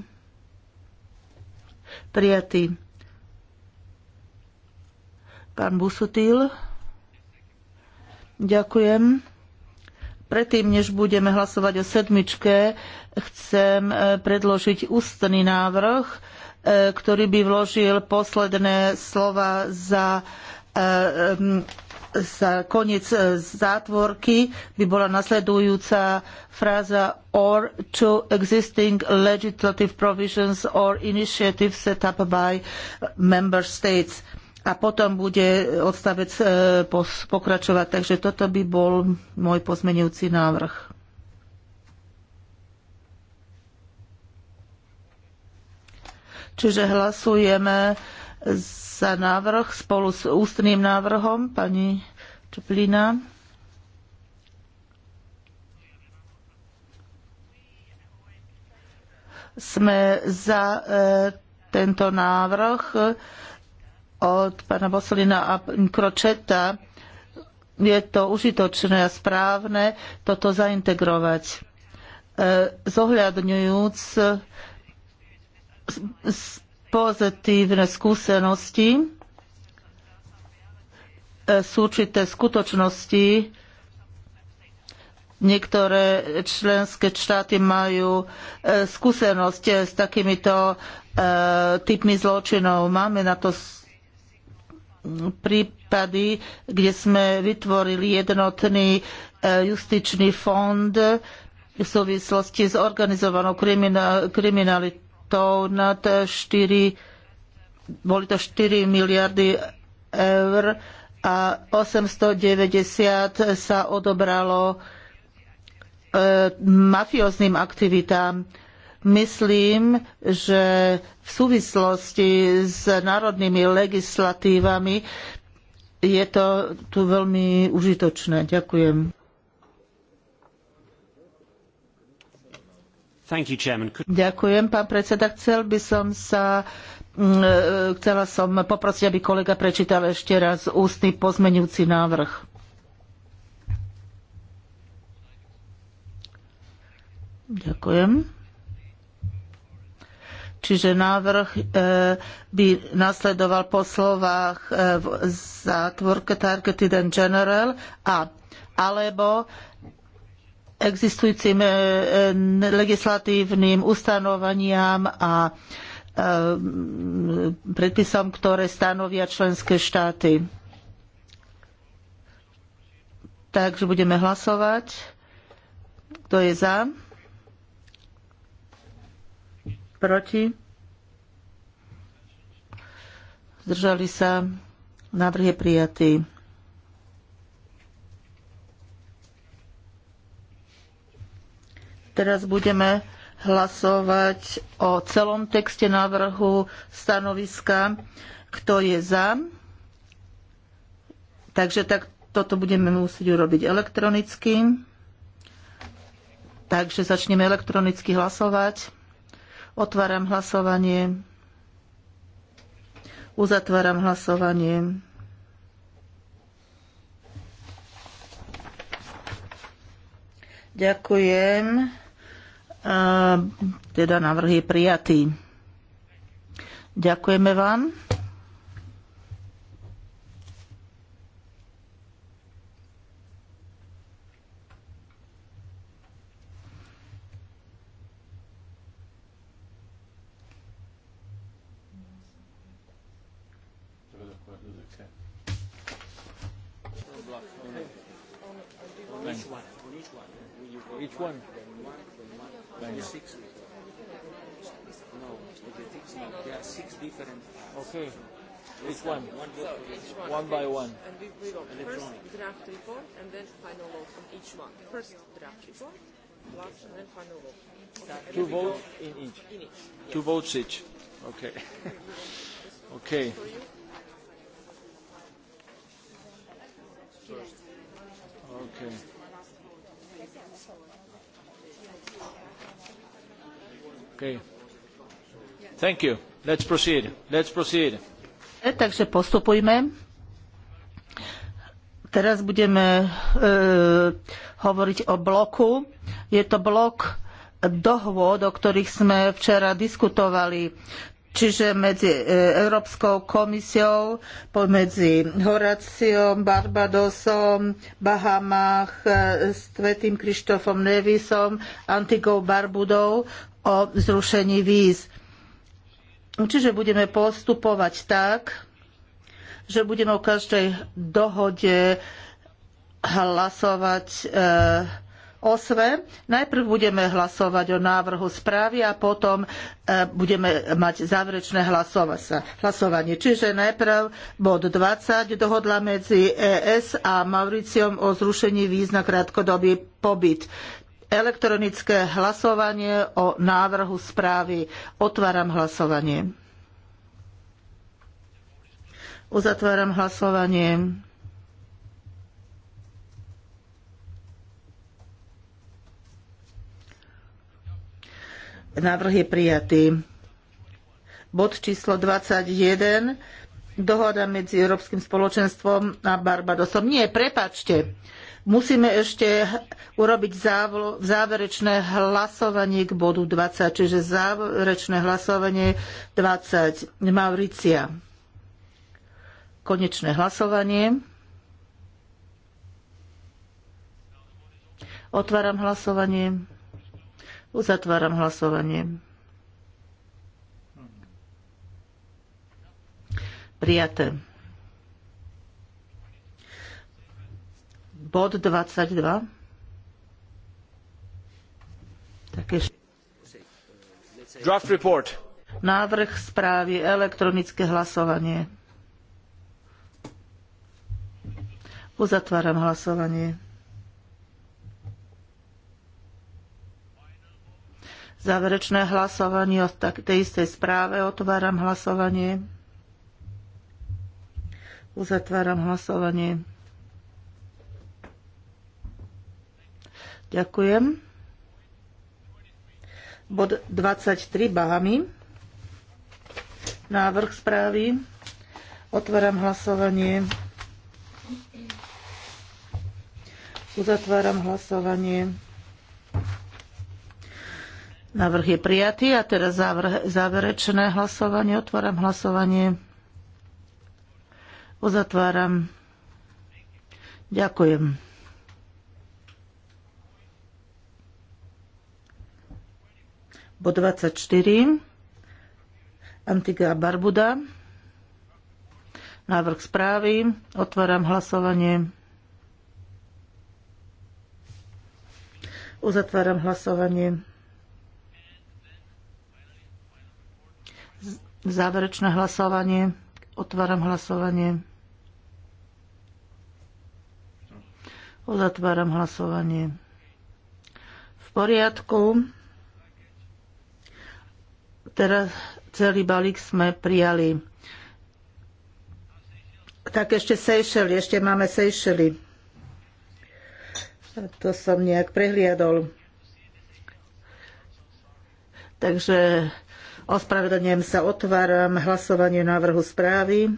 prijatý. Pán Busutil. Ďakujem. Predtým, než budeme hlasovať o sedmičke, chcem e, predložiť ústny návrh, e, ktorý by vložil posledné slova za e, za koniec e, zátvorky by bola nasledujúca fráza or to existing legislative provisions or initiatives set up by member states. A potom bude odstavec e, pokračovať. Takže toto by bol môj pozmenujúci návrh. Čiže hlasujeme za návrh spolu s ústným návrhom pani Čuplina. Sme za e, tento návrh od pana Bosolina a Kročeta. Je to užitočné a správne toto zaintegrovať, e, zohľadňujúc pozitívne skúsenosti. E, sú určité skutočnosti, niektoré členské štáty majú e, skúsenosť e, s takýmito typmi zločinov. Máme na to prípady, kde sme vytvorili jednotný justičný fond v súvislosti s organizovanou kriminalitou projektov nad 4, boli to 4 miliardy eur a 890 sa odobralo e, mafióznym aktivitám. Myslím, že v súvislosti s národnými legislatívami je to tu veľmi užitočné. Ďakujem. Ďakujem, pán predseda. Chcel by som sa mm, e, chcela som poprosiť, aby kolega prečítal ešte raz ústny pozmenujúci návrh. Ďakujem. Čiže návrh e, by nasledoval po slovách e, v zátvorke Targeted and General a alebo existujúcim e, e, legislatívnym ustanovaniam a e, predpisom, ktoré stanovia členské štáty. Takže budeme hlasovať. Kto je za? Proti? Zdržali sa? Návrh je prijatý. Teraz budeme hlasovať o celom texte návrhu stanoviska. Kto je za? Takže tak toto budeme musieť urobiť elektronicky. Takže začneme elektronicky hlasovať. Otváram hlasovanie. Uzatváram hlasovanie. Ďakujem teda návrh je prijatý. Ďakujeme vám. Which one? Okay. Which one? One, so each one, one by one. And we, we go first draft report and then final vote on each one. First draft report, last and then final vote. Okay. Two votes in each. In each. Yes. Two votes each. Okay. okay. Okay. Okay. Thank you. E, takže postupujme. Teraz budeme e, hovoriť o bloku. Je to blok dohôd, o ktorých sme včera diskutovali čiže medzi e, Európskou komisiou, medzi Horáciom, Barbadosom, Bahamach, e, Svetým Krištofom Nevisom, Antigou Barbudou o zrušení víz. Čiže budeme postupovať tak, že budeme o každej dohode hlasovať e, sve. Najprv budeme hlasovať o návrhu správy a potom e, budeme mať záverečné hlasovanie. Čiže najprv bod 20, dohodla medzi ES a Mauriciom o zrušení víz na krátkodobý pobyt elektronické hlasovanie o návrhu správy. Otváram hlasovanie. Uzatváram hlasovanie. Návrh je prijatý. Bod číslo 21. Dohoda medzi Európskym spoločenstvom a Barbadosom. Nie, prepačte. Musíme ešte urobiť záverečné hlasovanie k bodu 20, čiže záverečné hlasovanie 20 Mauricia. Konečné hlasovanie. Otváram hlasovanie. Uzatváram hlasovanie. Prijaté. bod 22. Také... Draft report. Návrh správy, elektronické hlasovanie. Uzatváram hlasovanie. Záverečné hlasovanie o tej istej správe. Otváram hlasovanie. Uzatváram hlasovanie. Ďakujem. Bod 23 Bahami. Návrh správy. Otváram hlasovanie. Uzatváram hlasovanie. Návrh je prijatý a teraz záver, záverečné hlasovanie. Otváram hlasovanie. Uzatváram. Ďakujem. Bod 24. Antigua Barbuda. Návrh správy. Otváram hlasovanie. Uzatváram hlasovanie. Záverečné hlasovanie. Otváram hlasovanie. Uzatváram hlasovanie. V poriadku. Teraz celý balík sme prijali. Tak ešte Seychely, ešte máme Seychely. To som nejak prehliadol. Takže ospravedlňujem sa, otváram hlasovanie návrhu správy.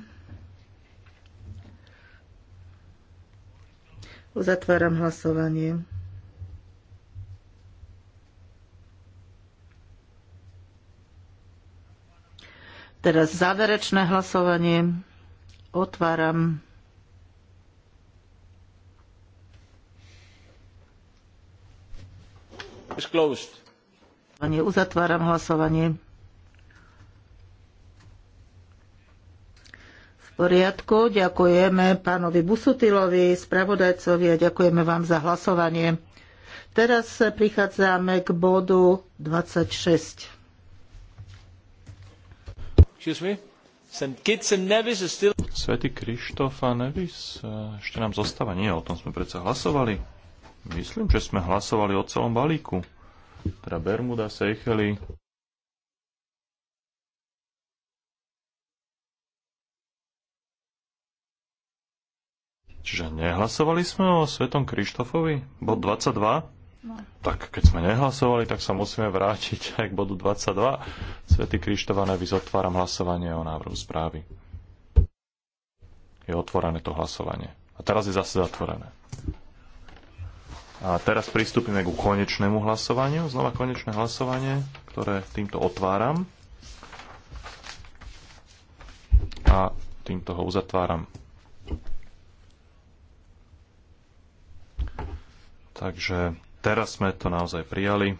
Uzatváram hlasovanie. Teraz záverečné hlasovanie. Otváram. Uzatváram hlasovanie. V poriadku, ďakujeme pánovi Busutilovi, spravodajcovi a ďakujeme vám za hlasovanie. Teraz prichádzame k bodu 26. Excuse me? St. Kitts and Nevis is still... Svetý Krištof a Nevis eh, ešte nám zostáva. Nie, o tom sme predsa hlasovali. Myslím, že sme hlasovali o celom balíku. Teda Bermuda, Seychely. Čiže nehlasovali sme o Svetom Krištofovi? Bod 22? No. Tak keď sme nehlasovali, tak sa musíme vrátiť aj k bodu 22. Svety Krištované, vyzotváram hlasovanie o návrhu správy. Je otvorené to hlasovanie. A teraz je zase zatvorené. A teraz pristúpime k konečnému hlasovaniu. Znova konečné hlasovanie, ktoré týmto otváram. A týmto ho uzatváram. Takže Teraz sme to naozaj prijali.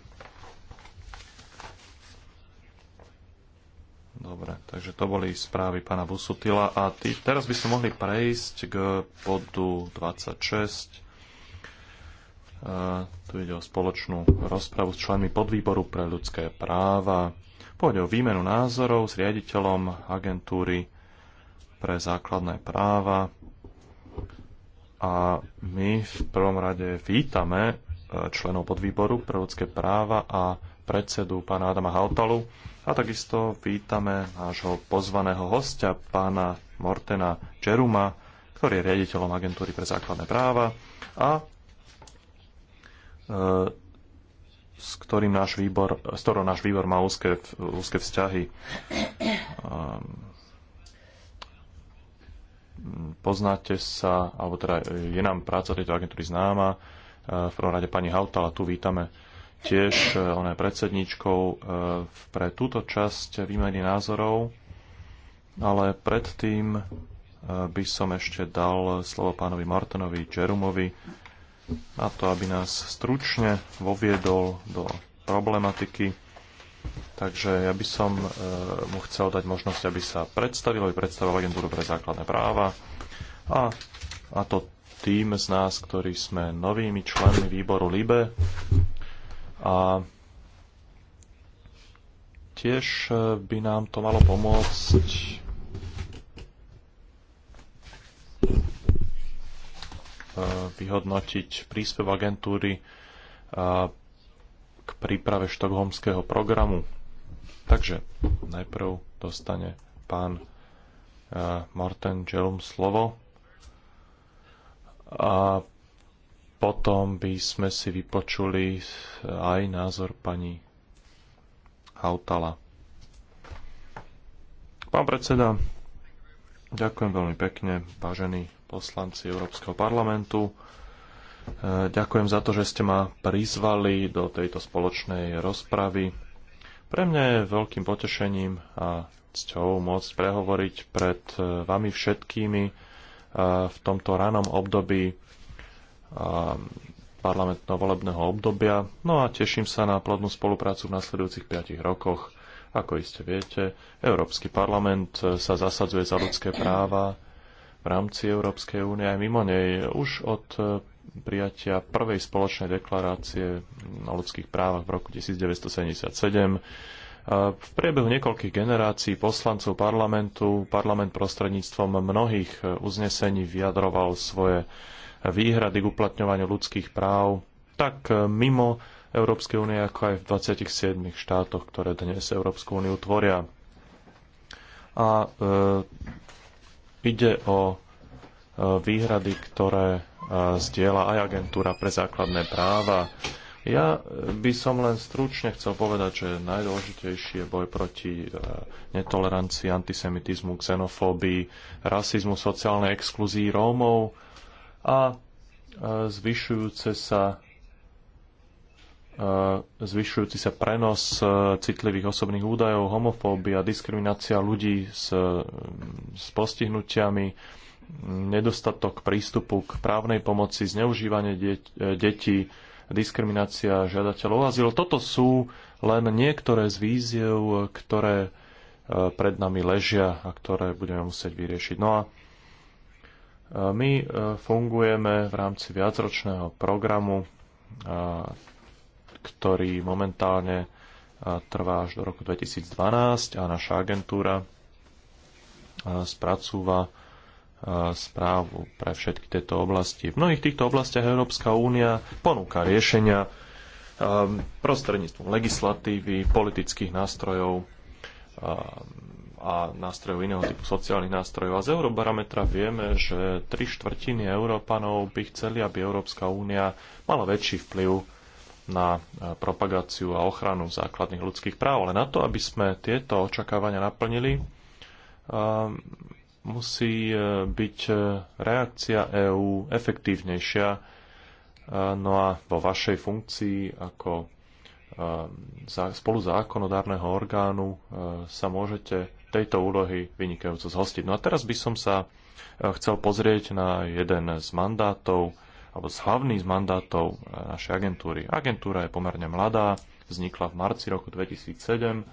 Dobre, takže to boli správy pána Busutila a tý, teraz by sme mohli prejsť k bodu 26. Uh, e, tu ide o spoločnú rozpravu s členmi podvýboru pre ľudské práva. Pôjde o výmenu názorov s riaditeľom agentúry pre základné práva. A my v prvom rade vítame členov podvýboru pre ľudské práva a predsedu pána Adama Hautalu. A takisto vítame nášho pozvaného hostia, pána Mortena Čeruma, ktorý je riaditeľom agentúry pre základné práva a e, s ktorým náš výbor, s ktorou náš výbor má úzke, úzke vzťahy. Ehm, poznáte sa, alebo teda je nám práca tejto agentúry známa, v prvom rade pani Hautala tu vítame tiež, eh, ona je predsedničkou eh, pre túto časť výmeny názorov, ale predtým eh, by som ešte dal slovo pánovi Martinovi Jerumovi na to, aby nás stručne voviedol do problematiky. Takže ja by som mu chcel dať možnosť, aby sa predstavil, aby predstavil agentúru pre základné práva a, a to tým z nás, ktorí sme novými členmi výboru LIBE a tiež eh, by nám to malo pomôcť eh, vyhodnotiť príspev agentúry eh, k príprave štokholmského programu. Takže najprv dostane pán Morten Jelum slovo a potom by sme si vypočuli aj názor pani Hautala. Pán predseda, ďakujem veľmi pekne, vážení poslanci Európskeho parlamentu. E, ďakujem za to, že ste ma prizvali do tejto spoločnej rozpravy. Pre mňa je veľkým potešením a cťou môcť prehovoriť pred e, vami všetkými v tomto ranom období parlamentného volebného obdobia. No a teším sa na plodnú spoluprácu v nasledujúcich 5 rokoch. Ako iste viete, Európsky parlament sa zasadzuje za ľudské práva v rámci Európskej únie aj mimo nej už od e, prijatia prvej spoločnej deklarácie o ľudských právach v roku 1977 v priebehu niekoľkých generácií poslancov parlamentu parlament prostredníctvom mnohých e, uznesení vyjadroval svoje výhrady k uplatňovaniu ľudských práv tak e, mimo Európskej únie, ako aj v 27 štátoch, ktoré dnes Európsku úniu tvoria. A e, ide o e, výhrady, ktoré zdieľa aj agentúra pre základné práva. Ja eh, by som len stručne chcel povedať, že najdôležitejší je boj proti eh, netolerancii, antisemitizmu, xenofóbii, rasizmu, sociálnej exkluzii Rómov a eh, zvyšujúce sa zvyšujúci sa prenos citlivých osobných údajov, homofóbia, diskriminácia ľudí s, s postihnutiami, nedostatok prístupu k právnej pomoci, zneužívanie detí, diskriminácia žiadateľov azyl. Toto sú len niektoré z víziev, ktoré e, pred nami ležia a ktoré budeme musieť vyriešiť. No a e, my e, fungujeme v rámci viacročného programu, ktorý momentálne trvá až do roku 2012 a naša agentúra spracúva správu pre všetky tieto oblasti. V mnohých týchto oblastiach Európska únia ponúka riešenia prostredníctvom legislatívy, politických nástrojov a nástrojov iného typu sociálnych nástrojov. A z Eurobarometra vieme, že tri štvrtiny Európanov by chceli, aby Európska únia mala väčší vplyv na propagáciu a ochranu základných ľudských práv. Ale na to, aby sme tieto očakávania naplnili, musí e, byť e, reakcia EÚ efektívnejšia. E, no a vo vašej funkcii ako spolu zákonodárneho orgánu sa môžete tejto úlohy vynikajúco zhostiť. No a teraz by som sa chcel pozrieť na jeden z mandátov, alebo z hlavných mandátov našej agentúry. Agentúra je pomerne mladá, vznikla v marci roku 2007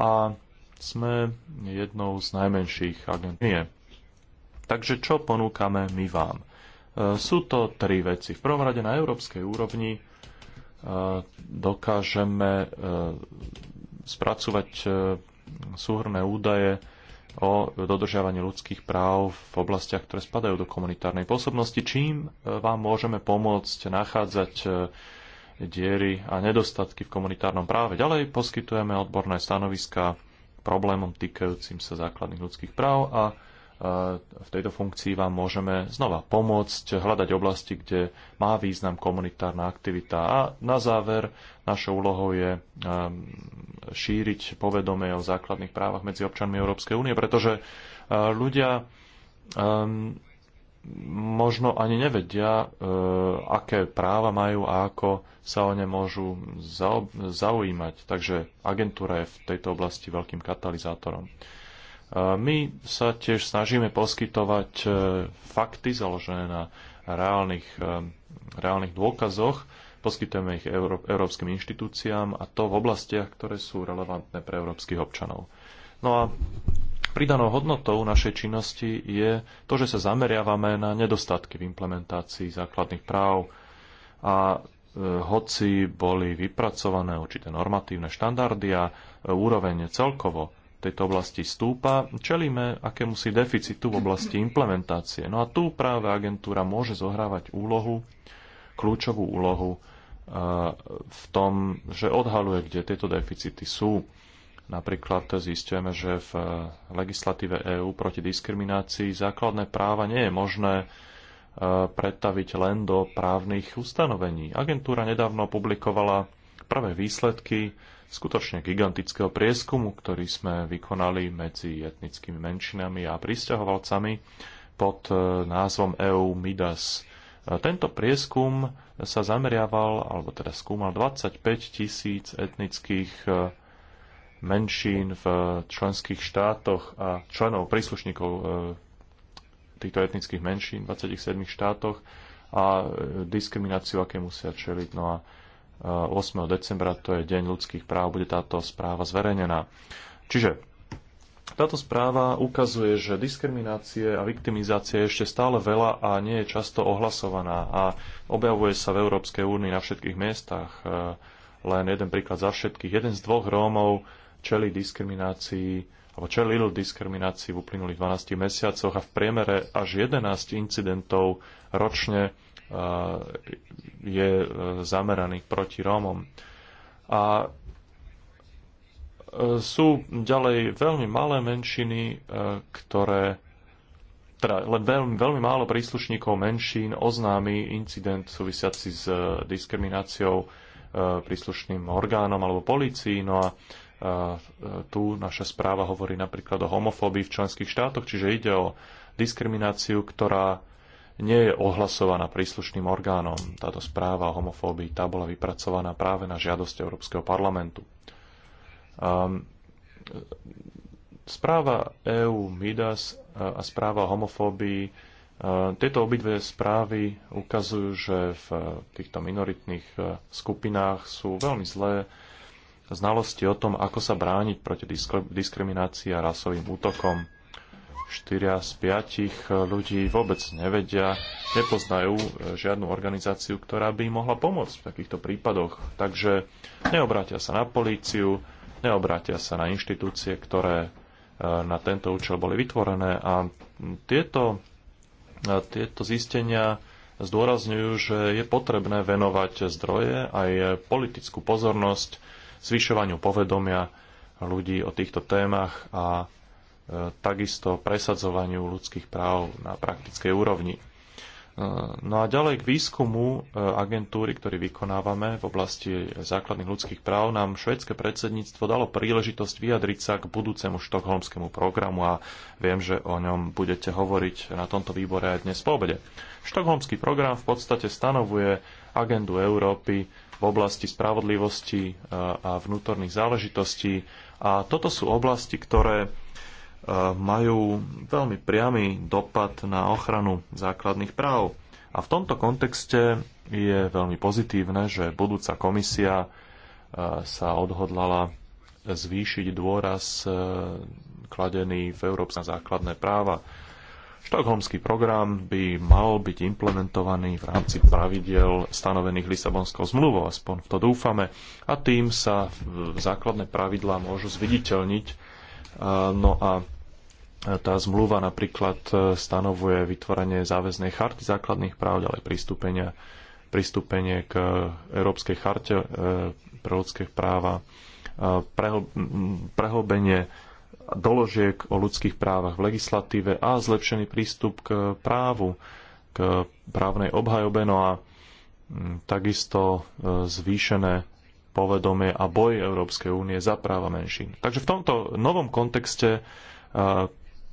a sme jednou z najmenších agentúrie. Takže čo ponúkame my vám? E, sú to tri veci. V prvom rade na európskej úrovni e, dokážeme e, spracovať súhrné údaje o dodržiavaní ľudských práv v oblastiach, ktoré spadajú do komunitárnej pôsobnosti, čím vám môžeme pomôcť nachádzať diery a nedostatky v komunitárnom práve. Ďalej poskytujeme odborné stanoviska problémom týkajúcim sa základných ľudských práv a v tejto funkcii vám môžeme znova pomôcť hľadať oblasti, kde má význam komunitárna aktivita. A na záver našou úlohou je um, šíriť povedomie o základných právach medzi občanmi Európskej únie, pretože uh, ľudia um, možno ani nevedia, e, aké práva majú a ako sa o ne môžu zaujímať. Takže agentúra je v tejto oblasti veľkým katalizátorom. E, my sa tiež snažíme poskytovať e, fakty založené na reálnych, e, reálnych dôkazoch, poskytujeme ich euró- európskym inštitúciám a to v oblastiach, ktoré sú relevantné pre európskych občanov. No a Pridanou hodnotou našej činnosti je to, že sa zameriavame na nedostatky v implementácii základných práv a e, hoci boli vypracované určité normatívne štandardy a e, úroveň celkovo tejto oblasti stúpa, čelíme akémusi deficitu v oblasti implementácie. No a tu práve agentúra môže zohrávať úlohu, kľúčovú úlohu e, v tom, že odhaluje, kde tieto deficity sú. Napríklad zistujeme, že v eh, legislatíve EÚ proti diskriminácii základné práva nie je možné eh, predtaviť len do právnych ustanovení. Agentúra nedávno publikovala prvé výsledky skutočne gigantického prieskumu, ktorý sme vykonali medzi etnickými menšinami a pristahovalcami pod eh, názvom EU Midas. Tento prieskum sa zameriaval, alebo teda skúmal 25 tisíc etnických menšín v členských štátoch a členov príslušníkov e, týchto etnických menšín v 27 štátoch a e, diskrimináciu, aké musia čeliť. No a 8. E, decembra, to je Deň ľudských práv, bude táto správa zverejnená. Čiže táto správa ukazuje, že diskriminácie a viktimizácie je ešte stále veľa a nie je často ohlasovaná a objavuje sa v Európskej únii na všetkých miestach. Len jeden príklad za všetkých. Jeden z dvoch Rómov čeli diskriminácii alebo čelil diskriminácii v uplynulých 12 mesiacoch a v priemere až 11 incidentov ročne e, je e, zameraných proti Rómom. A e, sú ďalej veľmi malé menšiny, ktoré teda len veľmi, veľmi málo príslušníkov menšín oznámi incident súvisiaci s diskrimináciou príslušným orgánom alebo policií. No a E, tu naša správa hovorí napríklad o homofóbii v členských štátoch, čiže ide o diskrimináciu, ktorá nie je ohlasovaná príslušným orgánom. Táto správa o homofóbii tá bola vypracovaná práve na žiadosť Európskeho parlamentu. Um, správa EU Midas e, a správa o homofóbii e, tieto obidve správy ukazujú, že v týchto minoritných skupinách sú veľmi zlé znalosti o tom, ako sa brániť proti diskriminácii a rasovým útokom. 4 z 5 e, ľudí vôbec nevedia, nepoznajú e, žiadnu organizáciu, ktorá by im mohla pomôcť v takýchto prípadoch. Takže neobrátia sa na políciu, neobrátia sa na inštitúcie, ktoré e, na tento účel boli vytvorené a tieto, tieto zistenia zdôrazňujú, že je potrebné venovať zdroje aj politickú pozornosť zvyšovaniu povedomia ľudí o týchto témach a e, takisto presadzovaniu ľudských práv na praktickej úrovni. E, no a ďalej k výskumu e, agentúry, ktorý vykonávame v oblasti základných ľudských práv, nám švedské predsedníctvo dalo príležitosť vyjadriť sa k budúcemu štokholmskému programu a viem, že o ňom budete hovoriť na tomto výbore aj dnes po obede. Štokholmský program v podstate stanovuje agendu Európy v oblasti spravodlivosti e, a vnútorných záležitostí. A toto sú oblasti, ktoré e, majú veľmi priamy dopad na ochranu základných práv. A v tomto kontexte je veľmi pozitívne, že budúca komisia e, sa odhodlala zvýšiť dôraz kladený v Európsku na základné práva. Štokholmský program by mal byť implementovaný v rámci pravidel stanovených Lisabonskou zmluvou, aspoň v to dúfame, a tým sa základné pravidlá môžu zviditeľniť. E, no a tá zmluva napríklad e, stanovuje vytvorenie záväznej charty základných práv, ďalej pristúpenia pristúpenie k Európskej charte e, pre ľudské práva, prehlbenie doložiek o ľudských právach v legislatíve a zlepšený prístup k právu, k právnej obhajobe, no a mm, takisto e, zvýšené povedomie a boj Európskej únie za práva menšín. Takže v tomto novom kontexte e,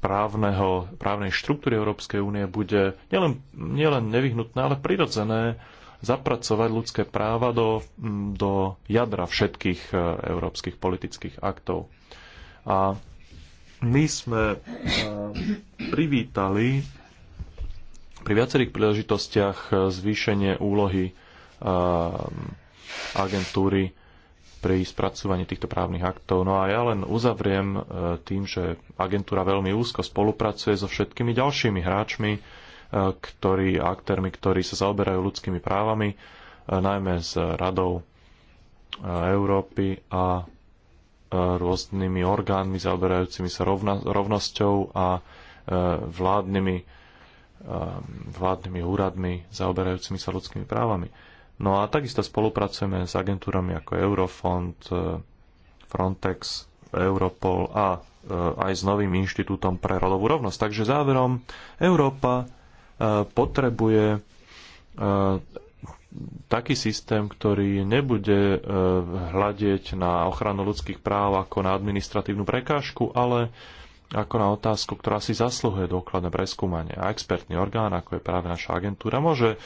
právneho, právnej štruktúry Európskej únie bude nielen, nielen nevyhnutné, ale prirodzené zapracovať ľudské práva do, do jadra všetkých e, európskych politických aktov. A my sme eh, privítali pri viacerých príležitostiach eh, zvýšenie úlohy eh, agentúry pri spracovaní týchto právnych aktov. No a ja len uzavriem tým, že agentúra veľmi úzko spolupracuje so všetkými ďalšími hráčmi, ktorí, aktérmi, ktorí sa zaoberajú ľudskými právami, najmä s Radou Európy a rôznymi orgánmi zaoberajúcimi sa rovna, rovnosťou a e, vládnymi, e, vládnymi úradmi zaoberajúcimi sa ľudskými právami. No a takisto spolupracujeme s agentúrami ako Eurofond, e, Frontex, Europol a aj s novým inštitútom pre rodovú rovnosť. Takže záverom, Európa potrebuje taký systém, ktorý nebude e, hľadieť na ochranu ľudských práv ako na administratívnu prekážku, ale ako na otázku, ktorá si zasluhuje dôkladné preskúmanie. A expertný orgán, ako je práve naša agentúra, môže e,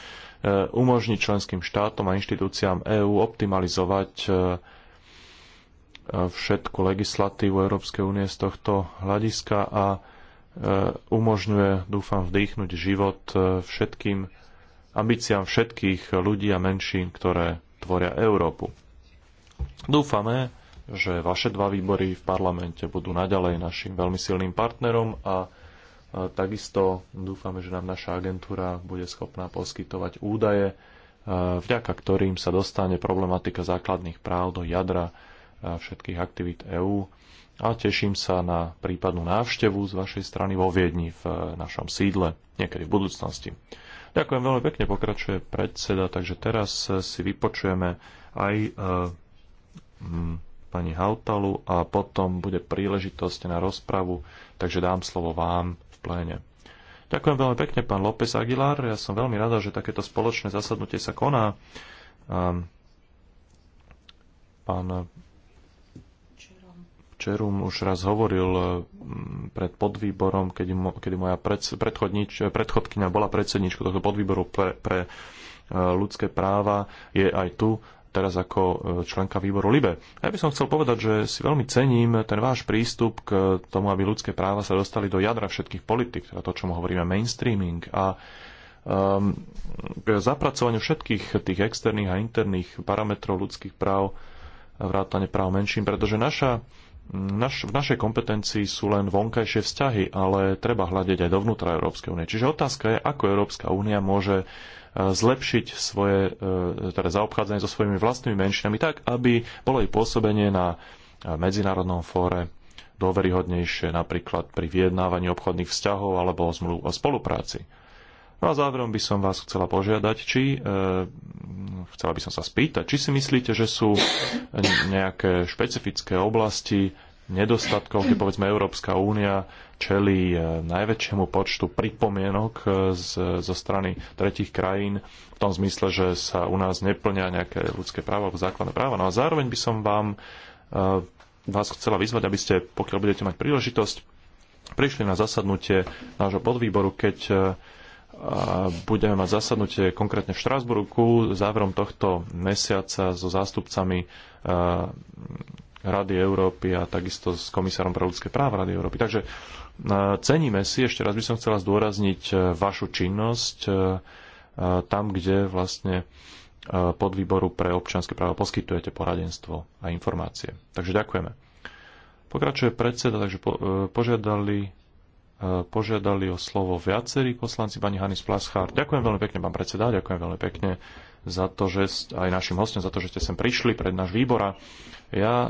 umožniť členským štátom a inštitúciám EÚ optimalizovať e, všetku legislatívu Európskej únie z tohto hľadiska a umožňuje, dúfam, vdýchnuť život všetkým ambíciám všetkých ľudí a menšín, ktoré tvoria Európu. Dúfame, že vaše dva výbory v parlamente budú naďalej našim veľmi silným partnerom a takisto dúfame, že nám naša agentúra bude schopná poskytovať údaje, vďaka ktorým sa dostane problematika základných práv do jadra všetkých aktivít EÚ a teším sa na prípadnú návštevu z vašej strany vo Viedni v e, našom sídle niekedy v budúcnosti. Ďakujem veľmi pekne, pokračuje predseda, takže teraz eh, si vypočujeme aj eh, mm, pani Hautalu a potom bude príležitosť na rozpravu, takže dám slovo vám v pléne. Ďakujem veľmi pekne, pán López Aguilar. Ja som veľmi rada, že takéto spoločné zasadnutie sa koná. Ehm, pán Čerum už raz hovoril eh, pred podvýborom, kedy, moja pred, eh, predchodkynia bola predsedničkou tohto podvýboru pre, pre eh, ľudské práva, je aj tu teraz ako členka výboru LIBE. A ja by som chcel povedať, že si veľmi cením ten váš prístup k tomu, aby ľudské práva sa dostali do jadra všetkých politik, teda to, čo hovoríme mainstreaming a um, k zapracovaniu všetkých tých externých a interných parametrov ľudských práv vrátane práv menším, pretože naša naš, v našej kompetencii sú len vonkajšie vzťahy, ale treba hľadiť aj dovnútra Európskej únie. Čiže otázka je, ako Európska únia môže e, zlepšiť svoje e, teda zaobchádzanie so svojimi vlastnými menšinami tak, aby bolo ich pôsobenie na e, medzinárodnom fóre dôveryhodnejšie napríklad pri vyjednávaní obchodných vzťahov alebo o zmluv o spolupráci. No a záverom by som vás chcela požiadať, či, e, chcela by som sa spýtať, či si myslíte, že sú nejaké špecifické oblasti nedostatkov, kde povedzme Európska únia čelí e, najväčšiemu počtu pripomienok e, z, zo strany tretich krajín v tom zmysle, že sa u nás neplňa nejaké ľudské práva alebo základné práva. No a zároveň by som vám e, vás chcela vyzvať, aby ste, pokiaľ budete mať príležitosť, prišli na zasadnutie nášho podvýboru, keď budeme mať zasadnutie konkrétne v Štrásburku záverom tohto mesiaca so zástupcami e, Rady Európy a takisto s komisárom pre ľudské práva Rady Európy. Takže e, ceníme si, ešte raz by som chcela zdôrazniť e, vašu činnosť tam, kde vlastne výboru pre občianske práva poskytujete poradenstvo a informácie. Takže ďakujeme. Pokračuje predseda, takže požiadali E, požiadali o slovo viacerí poslanci, pani Hanis Plaschár. Ďakujem veľmi pekne, pán predseda, ďakujem veľmi pekne za to, že aj našim hostom, za to, že ste sem prišli pred náš výbora. Ja e,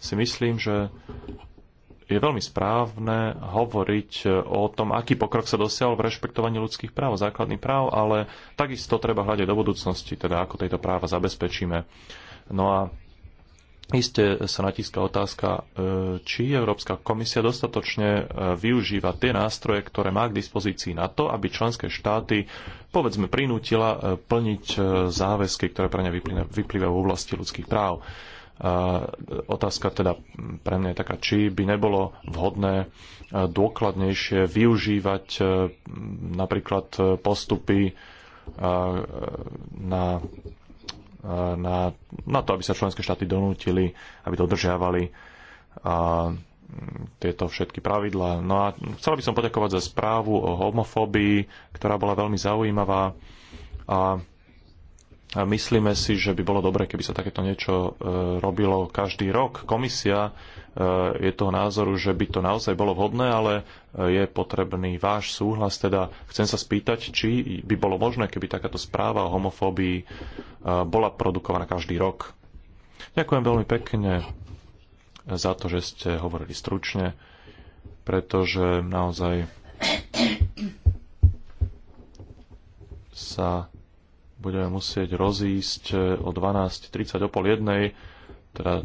si myslím, že je veľmi správne hovoriť o tom, aký pokrok sa dosiahol v rešpektovaní ľudských práv, základných práv, ale takisto treba hľadať do budúcnosti, teda ako tejto práva zabezpečíme. No a Isté sa natíska otázka, e, či Európska komisia dostatočne e, využíva tie nástroje, ktoré má k dispozícii na to, aby členské štáty, povedzme, prinútila e, plniť záväzky, ktoré pre ne vyplývajú v oblasti ľudských práv. Otázka teda pre mňa je taká, či by nebolo vhodné dôkladnejšie využívať napríklad postupy na na, na to, aby sa členské štáty donútili, aby dodržiavali a, tieto všetky pravidlá. No a chcel by som poďakovať za správu o homofóbii, ktorá bola veľmi zaujímavá a myslíme si, že by bolo dobré, keby sa takéto niečo e, robilo každý rok. Komisia je toho názoru, že by to naozaj bolo vhodné, ale e, je potrebný váš súhlas. Teda chcem sa spýtať, či by bolo možné, keby takáto správa o homofóbii e, bola produkovaná každý rok. Ďakujem veľmi pekne za to, že ste hovorili stručne, pretože naozaj sa budeme musieť rozísť e, o 12.30 o pol jednej teda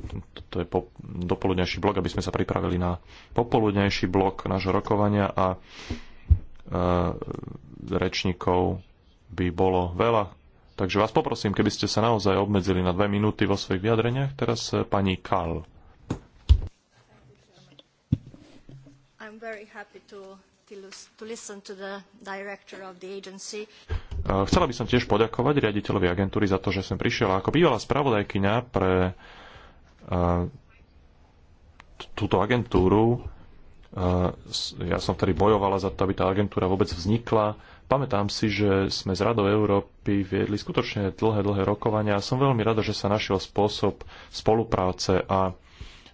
to je po, dopoludnejší blok, aby sme sa pripravili na popoludnejší blok nášho rokovania a e, rečníkov by bolo veľa. Takže vás poprosím, keby ste sa naozaj obmedzili na dve minúty vo svojich vyjadreniach. Teraz e, pani Kal. I'm very happy to e, Chcela by som tiež poďakovať riaditeľovi agentúry za to, že som prišiel. Ako bývalá spravodajkyňa pre túto agentúru. Ja som vtedy bojovala za to, aby tá agentúra vôbec vznikla. Pamätám si, že sme z Radou Európy viedli skutočne dlhé, dlhé rokovania a som veľmi rada, že sa našiel spôsob spolupráce a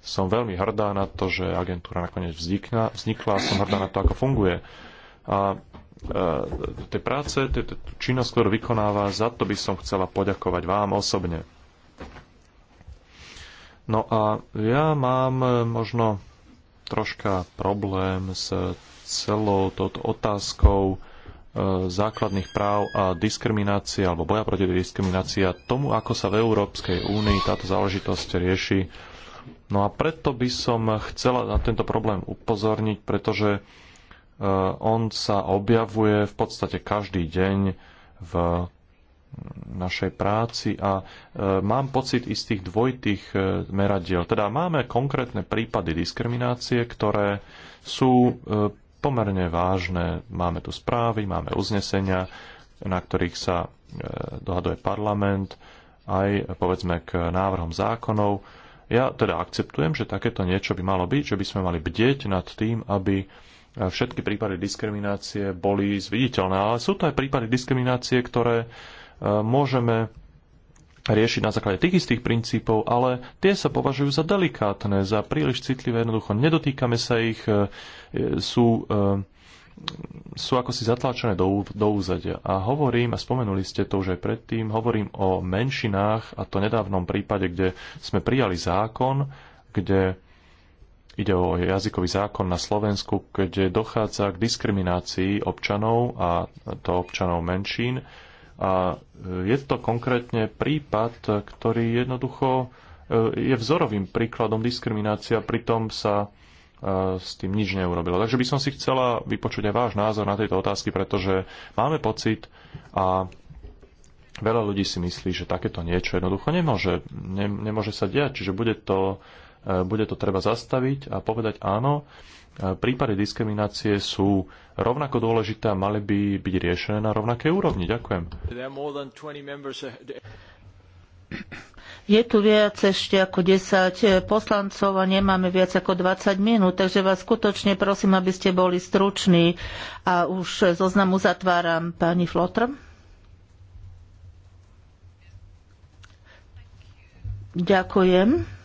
som veľmi hrdá na to, že agentúra nakoniec vznikla, vznikla a som hrdá na to, ako funguje. A e, tej práce, tej činnosť, ktorú vykonáva, za to by som chcela poďakovať vám osobne. No a ja mám e, možno troška problém s celou touto otázkou e, základných práv a diskriminácia alebo boja proti diskriminácii a tomu, ako sa v Európskej únii táto záležitosť rieši. No a preto by som chcela na tento problém upozorniť, pretože e, on sa objavuje v podstate každý deň v našej práci a e, mám pocit istých dvojitých e, meradiel. Teda máme konkrétne prípady diskriminácie, ktoré sú e, pomerne vážne. Máme tu správy, máme uznesenia, na ktorých sa dohaduje parlament, aj povedzme k návrhom zákonov. Ja teda akceptujem, že takéto niečo by malo byť, že by sme mali bdieť nad tým, aby všetky prípady diskriminácie boli zviditeľné. Ale sú to aj prípady diskriminácie, ktoré E, môžeme riešiť na základe tých istých princípov, ale tie sa považujú za delikátne, za príliš citlivé, jednoducho nedotýkame sa ich, e, sú, e, sú ako si zatlačené do, do úzadia. A hovorím, a spomenuli ste to už aj predtým, hovorím o menšinách, a to nedávnom prípade, kde sme prijali zákon, kde Ide o jazykový zákon na Slovensku, kde dochádza k diskriminácii občanov a to občanov menšín a e, je to konkrétne prípad, ktorý jednoducho e, je vzorovým príkladom diskriminácia, pritom sa e, s tým nič neurobilo. Takže by som si chcela vypočuť aj váš názor na tejto otázky, pretože máme pocit a veľa ľudí si myslí, že takéto niečo jednoducho nemôže, ne, nemôže sa diať, čiže bude to, bude to treba zastaviť a povedať áno, prípady diskriminácie sú rovnako dôležité a mali by byť riešené na rovnakej úrovni. Ďakujem. Uh, Je tu viac ešte ako 10 eh, poslancov a nemáme viac ako 20 minút, takže vás skutočne prosím, aby ste boli struční a už zoznamu zatváram pani Flotr. Ďakujem.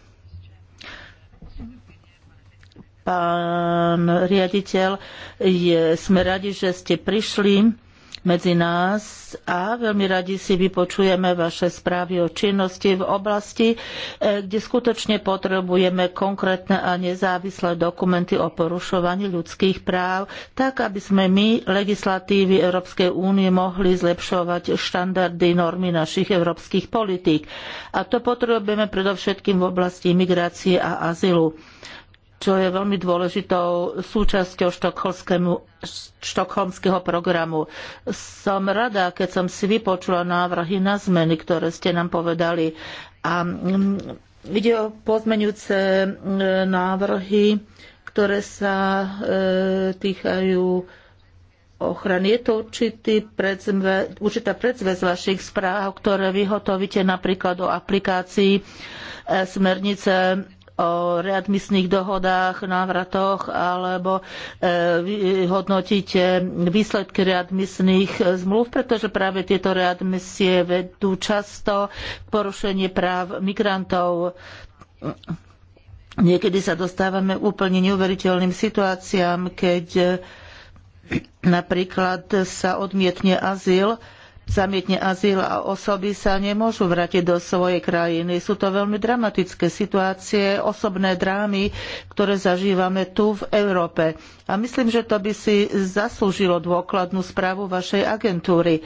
pán riaditeľ. Je, sme radi, že ste prišli medzi nás a veľmi radi si vypočujeme vaše správy o činnosti v oblasti, e, kde skutočne potrebujeme konkrétne a nezávislé dokumenty o porušovaní ľudských práv, tak aby sme my, legislatívy Európskej únie, mohli zlepšovať štandardy normy našich európskych politík. A to potrebujeme predovšetkým v oblasti migrácie a azylu čo je veľmi dôležitou súčasťou štokholmského programu. Som rada, keď som si vypočula návrhy na zmeny, ktoré ste nám povedali. A mm, ide o pozmeňujúce e, návrhy, ktoré sa e, týkajú ochrany. Je to určitý predzve, určitá predzvez vašich správ, ktoré vyhotovíte napríklad o aplikácii e, smernice o readmisných dohodách, návratoch alebo e, hodnotíte výsledky readmisných e, zmluv, pretože práve tieto readmisie vedú často porušenie práv migrantov. Niekedy sa dostávame úplne neuveriteľným situáciám, keď e, napríklad sa odmietne azyl zamietne azyl a osoby sa nemôžu vrátiť do svojej krajiny. Sú to veľmi dramatické situácie, osobné drámy, ktoré zažívame tu v Európe. A myslím, že to by si zaslúžilo dôkladnú správu vašej agentúry.